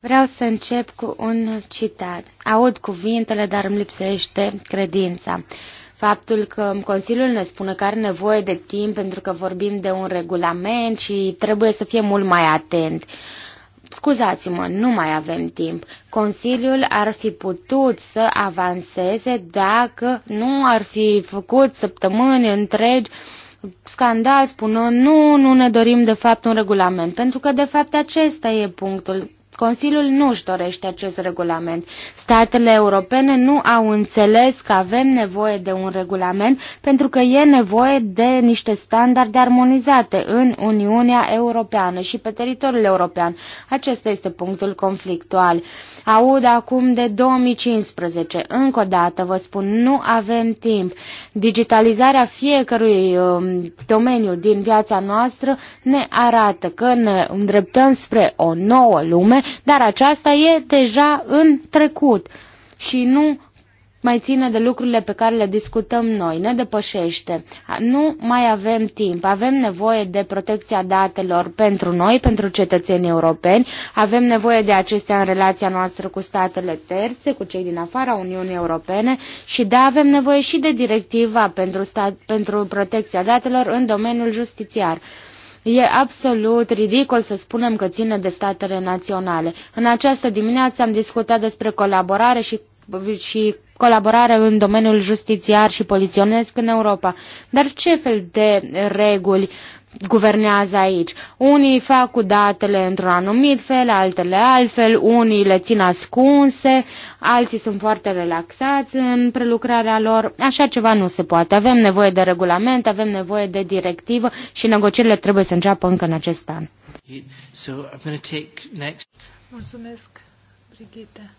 Vreau să încep cu un citat. Aud cuvintele, dar îmi lipsește credința. Faptul că Consiliul ne spune că are nevoie de timp pentru că vorbim de un regulament și trebuie să fie mult mai atent. Scuzați-mă, nu mai avem timp. Consiliul ar fi putut să avanseze dacă nu ar fi făcut săptămâni întregi scandal spună nu, nu ne dorim de fapt un regulament, pentru că de fapt acesta e punctul Consiliul nu își dorește acest regulament. Statele europene nu au înțeles că avem nevoie de un regulament pentru că e nevoie de niște standarde armonizate în Uniunea Europeană și pe teritoriul european. Acesta este punctul conflictual. Aud acum de 2015. Încă o dată vă spun, nu avem timp. Digitalizarea fiecărui um, domeniu din viața noastră ne arată că ne îndreptăm spre o nouă lume dar aceasta e deja în trecut și nu mai ține de lucrurile pe care le discutăm noi, ne depășește. Nu mai avem timp, avem nevoie de protecția datelor pentru noi, pentru cetățenii europeni, avem nevoie de acestea în relația noastră cu statele terțe, cu cei din afara Uniunii Europene și da, avem nevoie și de directiva pentru, stat, pentru protecția datelor în domeniul justițiar. E absolut ridicol să spunem că ține de statele naționale. În această dimineață am discutat despre colaborare și și colaborare în domeniul justițiar și poliționesc în Europa. Dar ce fel de reguli guvernează aici. Unii fac cu datele într-un anumit fel, altele altfel, unii le țin ascunse, alții sunt foarte relaxați în prelucrarea lor. Așa ceva nu se poate. Avem nevoie de regulament, avem nevoie de directivă și negocierile trebuie să înceapă încă în acest an. So I'm going to take next. Mulțumesc, Brigitte.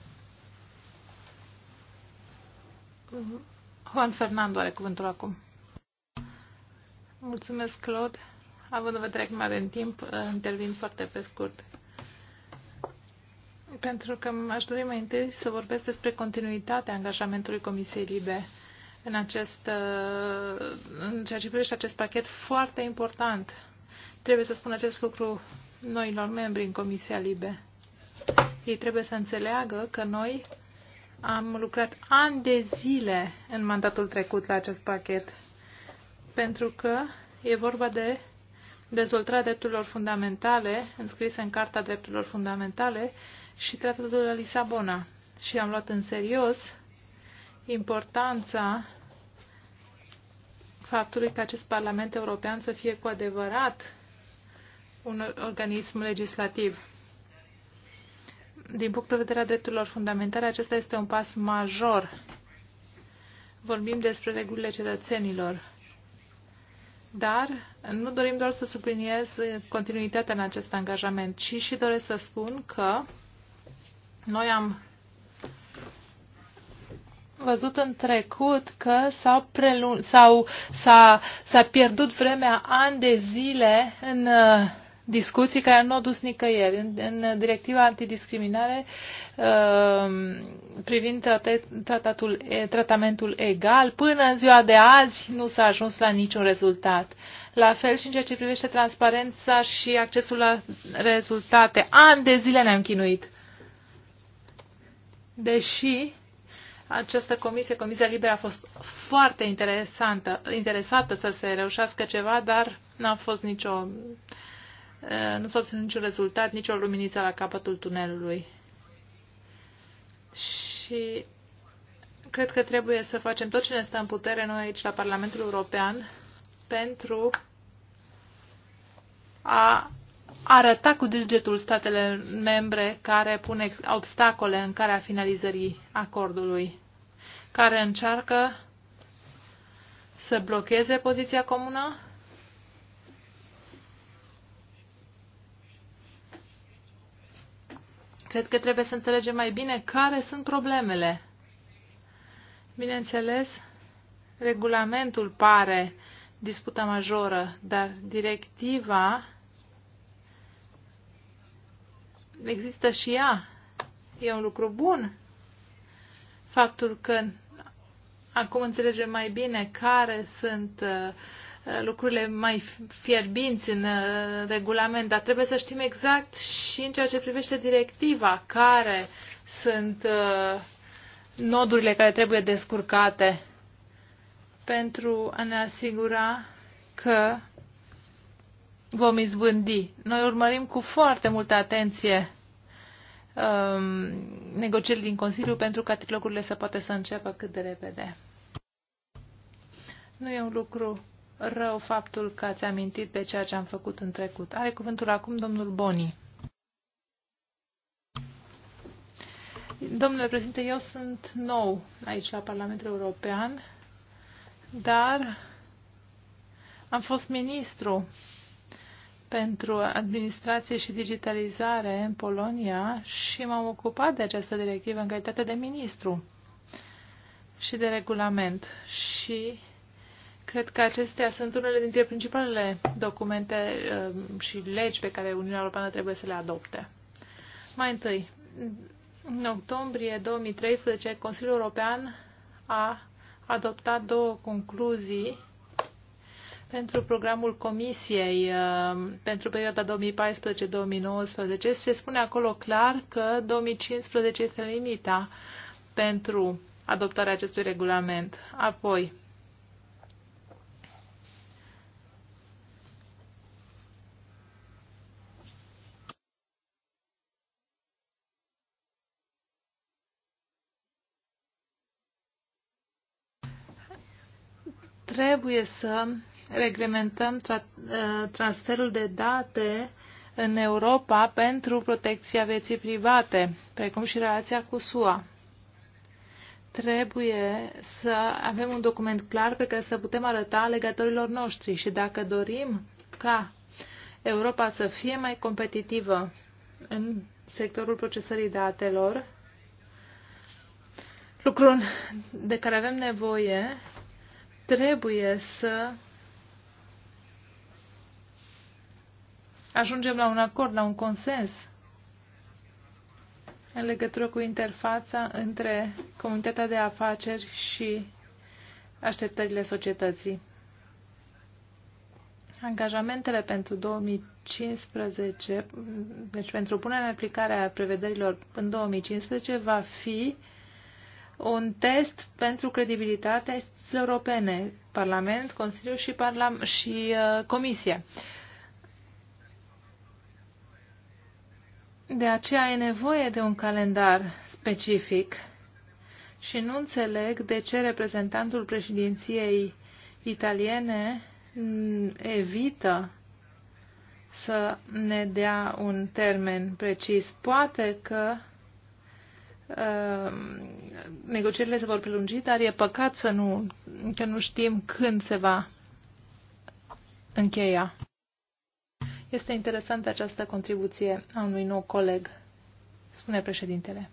Juan Fernando are cuvântul acum. Mulțumesc, Claude având în vedere că mai avem timp, uh, intervin foarte pe scurt. Pentru că aș dori mai întâi să vorbesc despre continuitatea angajamentului Comisiei Libe în, acest, uh, în ceea ce privește acest pachet foarte important. Trebuie să spun acest lucru noilor membri în Comisia Libe. Ei trebuie să înțeleagă că noi am lucrat ani de zile în mandatul trecut la acest pachet, pentru că e vorba de dezvoltarea drepturilor fundamentale, înscrisă în Carta Drepturilor Fundamentale și Tratatul de la Lisabona. Și am luat în serios importanța faptului că acest Parlament European să fie cu adevărat un organism legislativ. Din punct de vedere a drepturilor fundamentale, acesta este un pas major. Vorbim despre regulile cetățenilor dar nu dorim doar să subliniez continuitatea în acest angajament, ci și doresc să spun că noi am văzut în trecut că s-a, s s-a, s-a pierdut vremea ani de zile în uh, discuții care nu au dus nicăieri. În, în directiva antidiscriminare uh, privind trate, tratatul, tratamentul egal, până în ziua de azi nu s-a ajuns la niciun rezultat. La fel și în ceea ce privește transparența și accesul la rezultate. Ani de zile ne-am chinuit. Deși această comisie, Comisia Liberă, a fost foarte interesantă, interesată să se reușească ceva, dar n-a fost nicio uh, Uh, nu s-a obținut niciun rezultat, nicio luminiță la capătul tunelului. Și cred că trebuie să facem tot ce ne stă în putere noi aici la Parlamentul European pentru a arăta cu degetul statele membre care pune obstacole în calea finalizării acordului, care încearcă să blocheze poziția comună Cred că trebuie să înțelegem mai bine care sunt problemele. Bineînțeles, regulamentul pare disputa majoră, dar directiva există și ea. E un lucru bun. Faptul că acum înțelegem mai bine care sunt uh, lucrurile mai fierbinți în uh, regulament, dar trebuie să știm exact și în ceea ce privește directiva, care sunt uh, nodurile care trebuie descurcate pentru a ne asigura că vom izbândi. Noi urmărim cu foarte multă atenție um, negocierile din Consiliu pentru ca trilogurile să poată să înceapă cât de repede. Nu e un lucru rău faptul că ați amintit de ceea ce am făcut în trecut. Are cuvântul acum domnul Boni. Domnule președinte, eu sunt nou aici la Parlamentul European, dar am fost ministru pentru administrație și digitalizare în Polonia și m-am ocupat de această directivă în calitate de ministru și de regulament. Și Cred că acestea sunt unele dintre principalele documente um, și legi pe care Uniunea Europeană trebuie să le adopte. Mai întâi, în octombrie 2013, Consiliul European a adoptat două concluzii pentru programul Comisiei um, pentru perioada 2014-2019. Se spune acolo clar că 2015 este limita pentru adoptarea acestui regulament. Apoi, trebuie să reglementăm tra uh, transferul de date în Europa pentru protecția vieții private, precum și relația cu SUA. Trebuie să avem un document clar pe care să putem arăta alegătorilor noștri și dacă dorim ca Europa să fie mai competitivă în sectorul procesării datelor, Lucrul de care avem nevoie Trebuie să ajungem la un acord, la un consens în legătură cu interfața între comunitatea de afaceri și așteptările societății. Angajamentele pentru 2015, deci pentru punerea în aplicare a prevederilor în 2015, va fi un test pentru credibilitatea instituțiilor europene, Parlament, Consiliu și, Parlam și uh, Comisie. De aceea e nevoie de un calendar specific și nu înțeleg de ce reprezentantul președinției italiene evită să ne dea un termen precis. Poate că Ehm, negocierile se vor prelungi, dar e păcat să nu, că nu știm când se va încheia. Este interesantă această contribuție a unui nou coleg, spune președintele.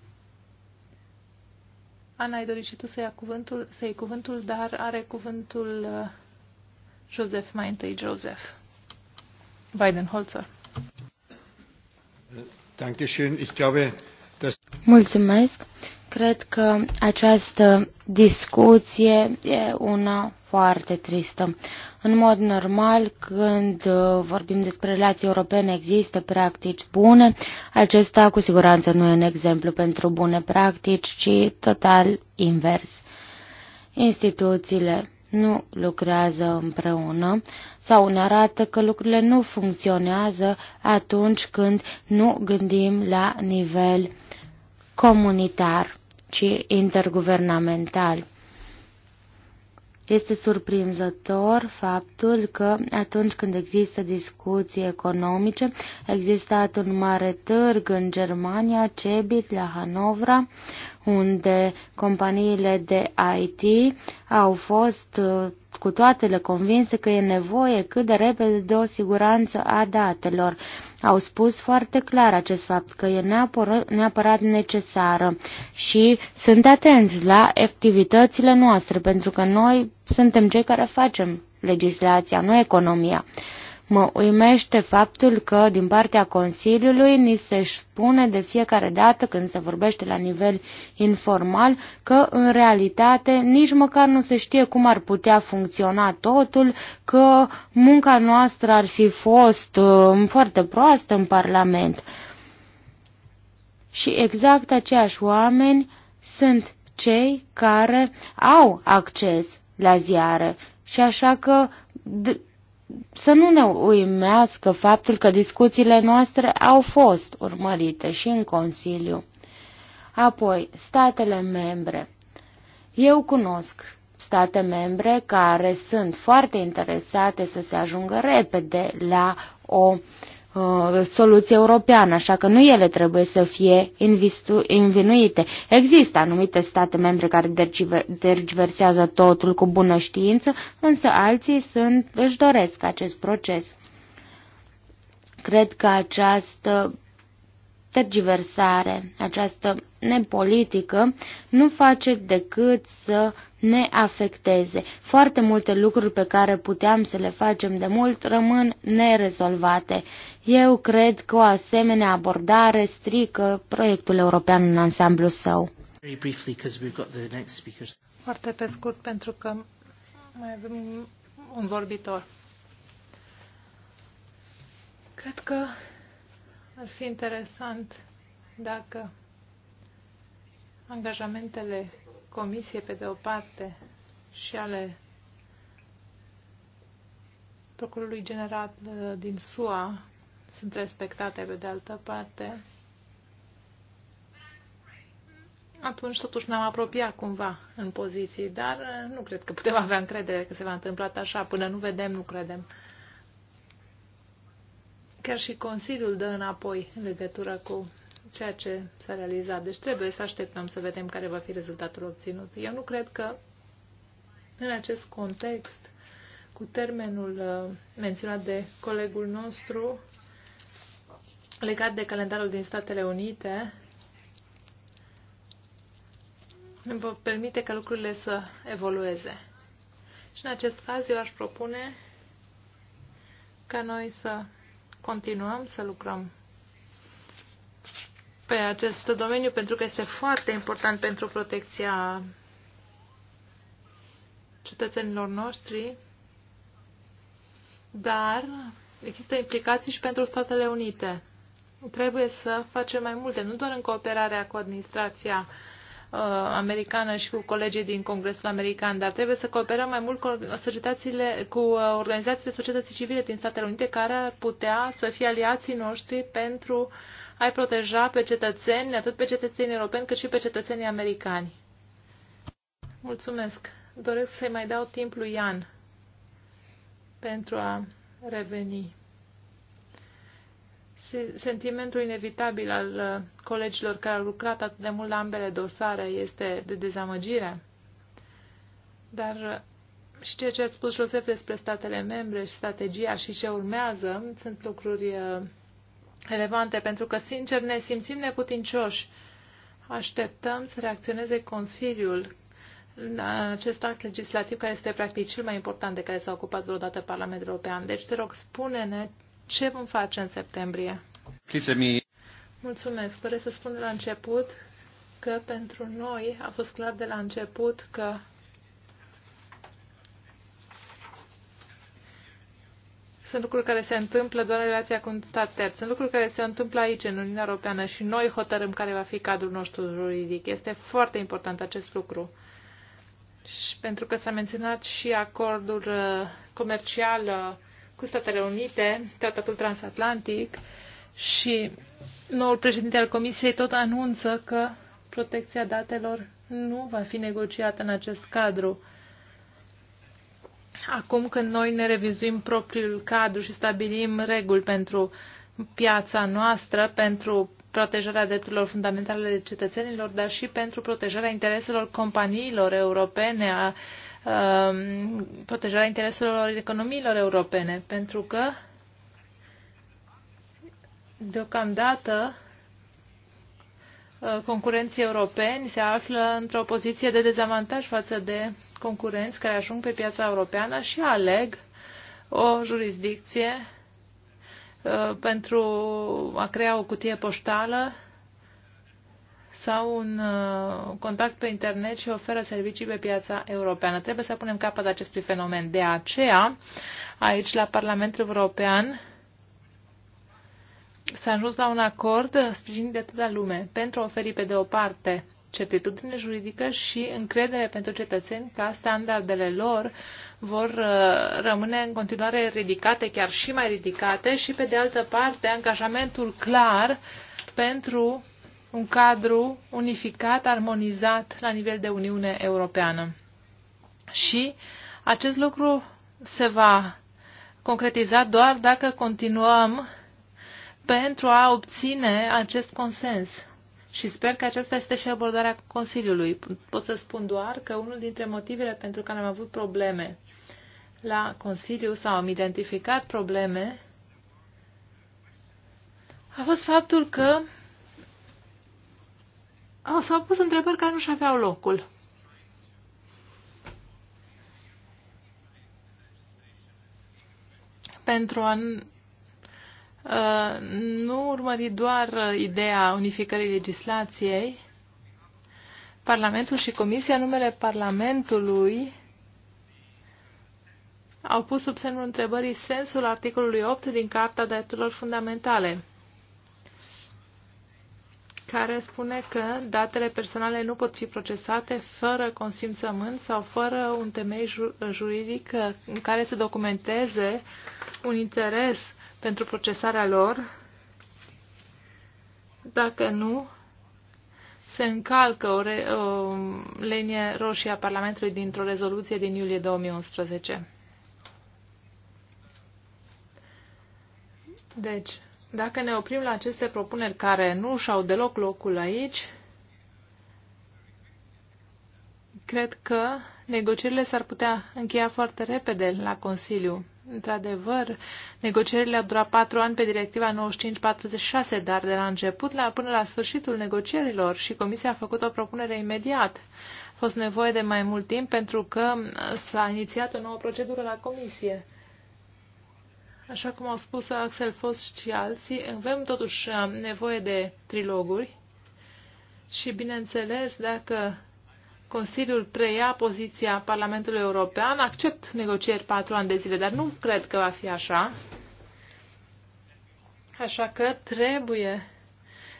Ana, ai dorit și tu să, ia cuvântul, să iei cuvântul, dar are cuvântul uh, Joseph, mai întâi Joseph. Weidenholzer. Dankeschön. Ich glaube, Mulțumesc. Cred că această discuție e una foarte tristă. În mod normal, când uh, vorbim despre relații europene, există practici bune. Acesta cu siguranță nu e un exemplu pentru bune practici, ci total invers. Instituțiile nu lucrează împreună sau ne arată că lucrurile nu funcționează atunci când nu gândim la nivel comunitar, ci interguvernamental. Este surprinzător faptul că atunci când există discuții economice, a existat un mare târg în Germania, Cebit, la Hanovra, unde companiile de IT au fost uh, cu toate le convinse că e nevoie cât de repede de o siguranță a datelor. Au spus foarte clar acest fapt, că e neapărat, neapărat necesară și sunt atenți la activitățile noastre, pentru că noi suntem cei care facem legislația, nu economia. Mă uimește faptul că din partea Consiliului ni se spune de fiecare dată când se vorbește la nivel informal că în realitate nici măcar nu se știe cum ar putea funcționa totul, că munca noastră ar fi fost uh, foarte proastă în Parlament. Și exact aceiași oameni sunt cei care au acces la ziare și așa că să nu ne uimească faptul că discuțiile noastre au fost urmărite și în Consiliu. Apoi, statele membre. Eu cunosc state membre care sunt foarte interesate să se ajungă repede la o Uh, soluție europeană, așa că nu ele trebuie să fie învinuite. Există anumite state membre care tergiversează totul cu bună știință, însă alții sunt, își doresc acest proces. Cred că această tergiversare, această nepolitică nu face decât să ne afecteze. Foarte multe lucruri pe care puteam să le facem de mult rămân nerezolvate. Eu cred că o asemenea abordare strică proiectul european în ansamblu său. Foarte pe scurt, pentru că mai avem un vorbitor. Cred că ar fi interesant dacă angajamentele Comisiei pe de o parte și ale Procurorului General uh, din SUA sunt respectate pe de altă parte, atunci totuși ne-am apropiat cumva în poziții, dar uh, nu cred că putem avea încredere că se va întâmpla așa. Până nu vedem, nu credem. Chiar și Consiliul dă înapoi în legătură cu ceea ce s-a realizat. Deci trebuie să așteptăm să vedem care va fi rezultatul obținut. Eu nu cred că în acest context, cu termenul uh, menționat de colegul nostru, Legat de calendarul din Statele Unite, ne vă permite ca lucrurile să evolueze. Și în acest caz eu aș propune ca noi să continuăm să lucrăm pe acest domeniu pentru că este foarte important pentru protecția cetățenilor noștri, dar există implicații și pentru Statele Unite trebuie să facem mai multe, nu doar în cooperarea cu administrația uh, americană și cu colegii din Congresul American, dar trebuie să cooperăm mai mult cu, societățile, cu uh, organizațiile societății civile din Statele Unite care ar putea să fie aliații noștri pentru a-i proteja pe cetățeni, atât pe cetățenii europeni cât și pe cetățenii americani. Mulțumesc. Doresc să-i mai dau timp lui Ian pentru a reveni. Sentimentul inevitabil al uh, colegilor care au lucrat atât de mult la ambele dosare este de dezamăgire. Dar uh, și ceea ce ați spus, Josef, despre statele membre și strategia și ce urmează sunt lucruri uh, relevante, pentru că, sincer, ne simțim neputincioși. Așteptăm să reacționeze Consiliul în acest act legislativ care este practic cel mai important de care s-a ocupat vreodată Parlamentul European. Deci, te rog, spune-ne ce vom face în septembrie. Mulțumesc. Doresc să spun de la început că pentru noi a fost clar de la început că sunt lucruri care se întâmplă doar în relația cu un stat terț. Sunt lucruri care se întâmplă aici, în Uniunea Europeană, și noi hotărâm care va fi cadrul nostru juridic. Este foarte important acest lucru. Și pentru că s-a menționat și acordul uh, comercial uh, cu Statele Unite, Tratatul Transatlantic și noul președinte al Comisiei tot anunță că protecția datelor nu va fi negociată în acest cadru. Acum când noi ne revizuim propriul cadru și stabilim reguli pentru piața noastră, pentru protejarea drepturilor fundamentale ale cetățenilor, dar și pentru protejarea intereselor companiilor europene, a uh, Um, protejarea intereselor economiilor europene, pentru că deocamdată uh, concurenții europeni se află într-o poziție de dezavantaj față de concurenți care ajung pe piața europeană și aleg o jurisdicție uh, pentru a crea o cutie poștală sau un uh, contact pe internet și oferă servicii pe piața europeană. Trebuie să punem capăt acestui fenomen. De aceea, aici, la Parlamentul European, s-a ajuns la un acord sprijinit de atâta lume pentru a oferi, pe de o parte, certitudine juridică și încredere pentru cetățeni că standardele lor vor uh, rămâne în continuare ridicate, chiar și mai ridicate, și, pe de altă parte, angajamentul clar pentru un cadru unificat, armonizat la nivel de Uniune Europeană. Și acest lucru se va concretiza doar dacă continuăm pentru a obține acest consens. Și sper că aceasta este și abordarea Consiliului. Pot să spun doar că unul dintre motivele pentru care am avut probleme la Consiliu sau am identificat probleme a fost faptul că Ah, s-au pus întrebări care nu-și aveau locul. Pentru a uh, nu urmări doar ideea unificării legislației, Parlamentul și Comisia, numele Parlamentului, au pus sub semnul întrebării sensul articolului 8 din Carta Drepturilor Fundamentale care spune că datele personale nu pot fi procesate fără consimțământ sau fără un temei juridic uh, în care să documenteze un interes pentru procesarea lor. Dacă nu, se încalcă o, re, o linie roșie a Parlamentului dintr-o rezoluție din iulie 2011. Deci, dacă ne oprim la aceste propuneri care nu și-au deloc locul aici, cred că negocierile s-ar putea încheia foarte repede la Consiliu. Într-adevăr, negocierile au durat patru ani pe directiva 95-46, dar de la început la, până la sfârșitul negocierilor și Comisia a făcut o propunere imediat. A fost nevoie de mai mult timp pentru că s-a inițiat o nouă procedură la Comisie. Așa cum au spus Axel Foss și alții, avem totuși uh, nevoie de triloguri și, bineînțeles, dacă Consiliul preia poziția Parlamentului European, accept negocieri patru ani de zile, dar nu cred că va fi așa. Așa că trebuie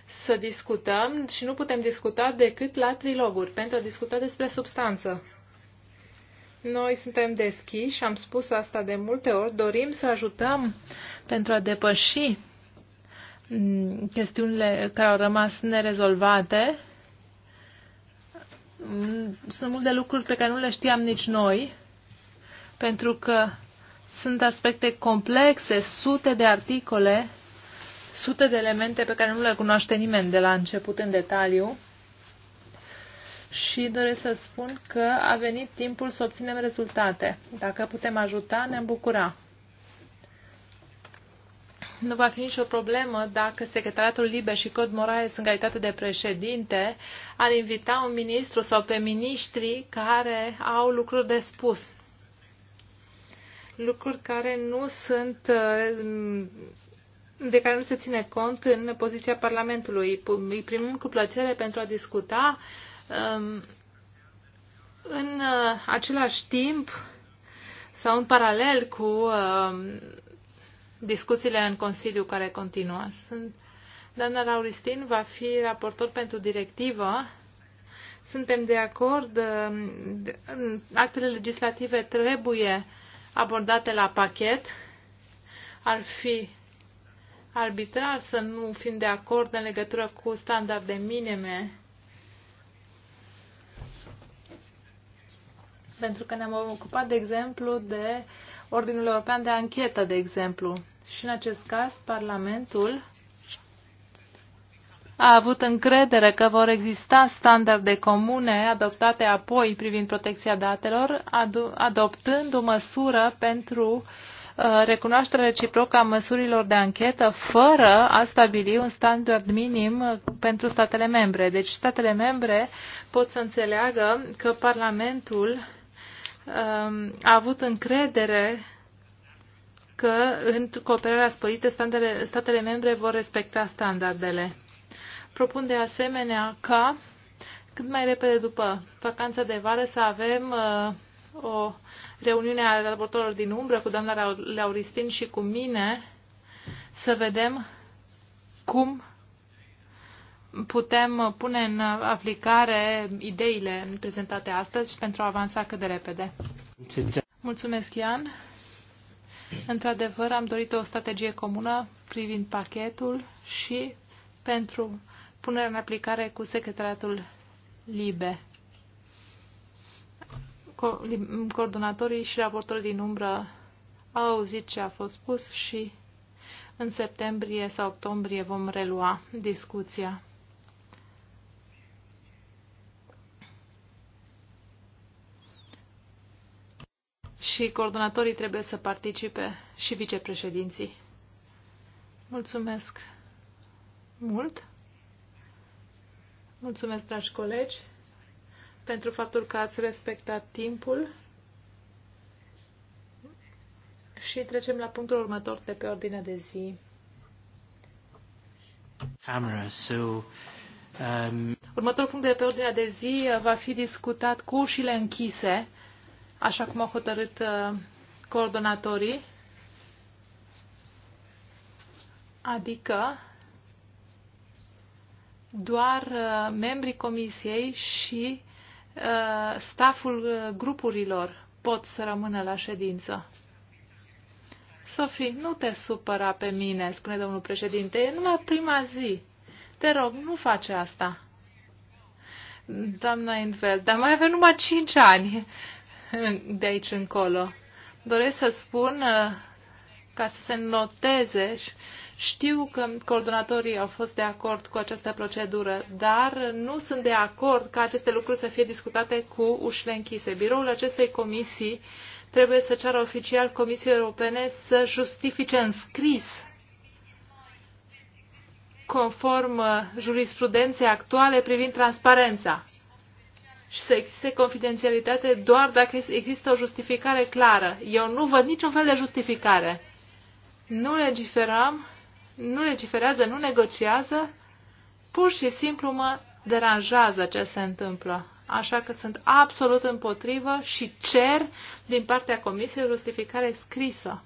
să discutăm și nu putem discuta decât la triloguri pentru a discuta despre substanță. Noi suntem deschiși, am spus asta de multe ori, dorim să ajutăm pentru a depăși mm, chestiunile care au rămas nerezolvate. Mm, sunt multe lucruri pe care nu le știam nici noi, pentru că sunt aspecte complexe, sute de articole, sute de elemente pe care nu le cunoaște nimeni de la început în detaliu și doresc să spun că a venit timpul să obținem rezultate. Dacă putem ajuta, ne-am bucura. Nu va fi nicio problemă dacă Secretariatul Liber și Cod Moraes, în calitate de președinte, ar invita un ministru sau pe miniștri care au lucruri de spus. Lucruri care nu sunt de care nu se ține cont în poziția Parlamentului. Îi primim cu plăcere pentru a discuta uh, Um, în uh, același timp, sau în paralel cu um, discuțiile în Consiliu care continuă, sunt Doamna Rauristin va fi raportor pentru directivă. Suntem de acord, um, actele legislative trebuie abordate la pachet. Ar fi arbitrar să nu fim de acord în legătură cu standarde minime pentru că ne-am ocupat, de exemplu, de Ordinul European de Anchetă, de exemplu. Și în acest caz, Parlamentul a avut încredere că vor exista standarde comune adoptate apoi privind protecția datelor, adoptând o măsură pentru uh, recunoaștere reciprocă a măsurilor de anchetă fără a stabili un standard minim pentru statele membre. Deci statele membre pot să înțeleagă că Parlamentul Um, a avut încredere că în cooperarea sporită statele, statele membre vor respecta standardele. Propun de asemenea ca cât mai repede după vacanța de vară să avem uh, o reuniune a raportorilor din umbră cu doamna Lauristin și cu mine să vedem cum putem pune în aplicare ideile prezentate astăzi pentru a avansa cât de repede. Mulțumesc, Ian. Într-adevăr, am dorit o strategie comună privind pachetul și pentru punerea în aplicare cu secretariatul LIBE. Co coordonatorii și raportorii din umbră au auzit ce a fost spus și în septembrie sau octombrie vom relua discuția. și coordonatorii trebuie să participe și vicepreședinții. Mulțumesc mult! Mulțumesc, dragi colegi, pentru faptul că ați respectat timpul. Și trecem la punctul următor de pe ordinea de zi. Camera, so, um... Următorul punct de pe ordinea de zi va fi discutat cu ușile închise așa cum au hotărât uh, coordonatorii, adică doar uh, membrii comisiei și uh, staful grupurilor pot să rămână la ședință. Sofie, nu te supăra pe mine, spune domnul președinte, e numai prima zi. Te rog, nu face asta. Doamna Invel, dar mai avem numai cinci ani de aici încolo. Doresc să spun, uh, ca să se noteze, știu că coordonatorii au fost de acord cu această procedură, dar nu sunt de acord ca aceste lucruri să fie discutate cu ușile închise. Biroul acestei comisii trebuie să ceară oficial Comisiei Europene să justifice în scris conform uh, jurisprudenței actuale privind transparența și să existe confidențialitate doar dacă există o justificare clară. Eu nu văd niciun fel de justificare. Nu legiferăm, nu legiferează, nu negociază, pur și simplu mă deranjează ce se întâmplă. Așa că sunt absolut împotrivă și cer din partea Comisiei justificare scrisă.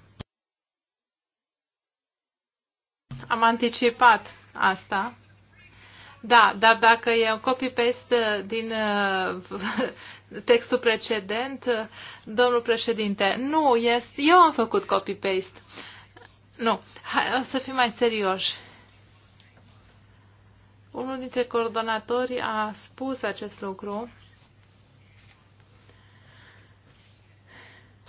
Am anticipat asta da, dar dacă e un copy-paste uh, din uh, textul precedent, uh, domnul președinte, nu, este, eu am făcut copy-paste. Nu, hai să fim mai serioși. Unul dintre coordonatori a spus acest lucru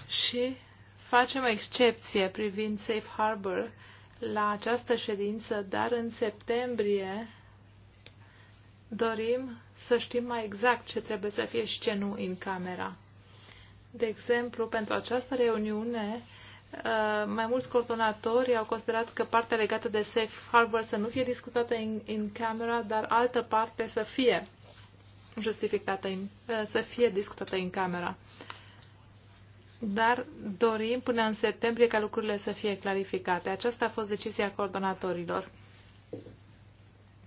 și facem o excepție privind Safe Harbor la această ședință, dar în septembrie dorim să știm mai exact ce trebuie să fie și ce nu în camera. De exemplu, pentru această reuniune, uh, mai mulți coordonatori au considerat că partea legată de Safe Harbor să nu fie discutată în camera, dar altă parte să fie justificată, in, uh, să fie discutată în camera. Dar dorim până în septembrie ca lucrurile să fie clarificate. Aceasta a fost decizia coordonatorilor.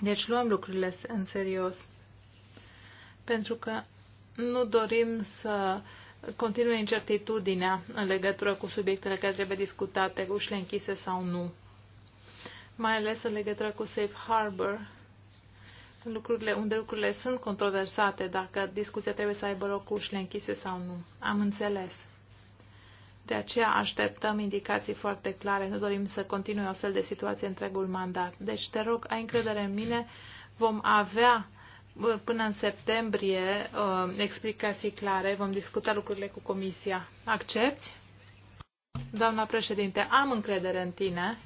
Deci luăm lucrurile în serios. Pentru că nu dorim să continue incertitudinea în legătură cu subiectele care trebuie discutate, cu ușile închise sau nu. Mai ales în legătură cu Safe Harbor, lucrurile, unde lucrurile sunt controversate, dacă discuția trebuie să aibă loc cu ușile închise sau nu. Am înțeles. De aceea așteptăm indicații foarte clare. Nu dorim să continue o astfel de situație întregul mandat. Deci te rog, ai încredere în mine. Vom avea până în septembrie ă, explicații clare. Vom discuta lucrurile cu Comisia. Accepti? Doamna președinte, am încredere în tine.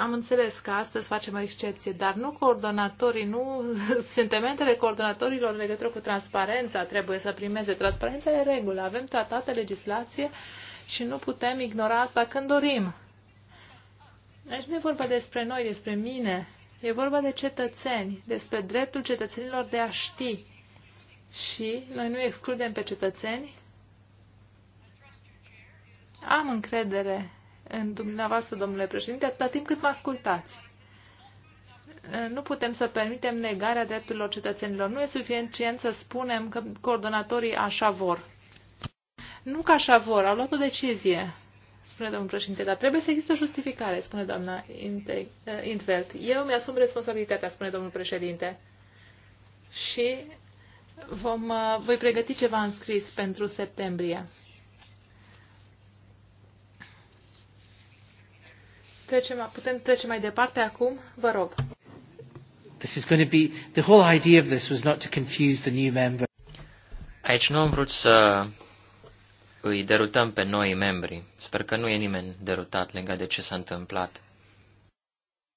Am înțeles că astăzi facem o excepție, dar nu coordonatorii, nu sentimentele coordonatorilor în legătură cu transparența trebuie să primeze. Transparența e regulă, avem tratate, legislație și nu putem ignora asta când dorim. Deci nu e vorba despre noi, despre mine, e vorba de cetățeni, despre dreptul cetățenilor de a ști. Și noi nu excludem pe cetățeni. Am încredere în dumneavoastră, domnule președinte, atâta timp cât mă ascultați. Nu putem să permitem negarea drepturilor cetățenilor. Nu e suficient să spunem că coordonatorii așa vor. Nu că așa vor, au luat o decizie, spune domnul președinte, dar trebuie să există justificare, spune doamna Intveld. Eu mi-asum responsabilitatea, spune domnul președinte. Și vom, voi pregăti ceva înscris pentru septembrie. Trecem, putem trece mai departe acum? Vă rog. This is going to be the whole idea of this was not to confuse the new member. Aici nu am vrut să îi derutăm pe noi membri. Sper că nu e nimeni derutat legat de ce s-a întâmplat.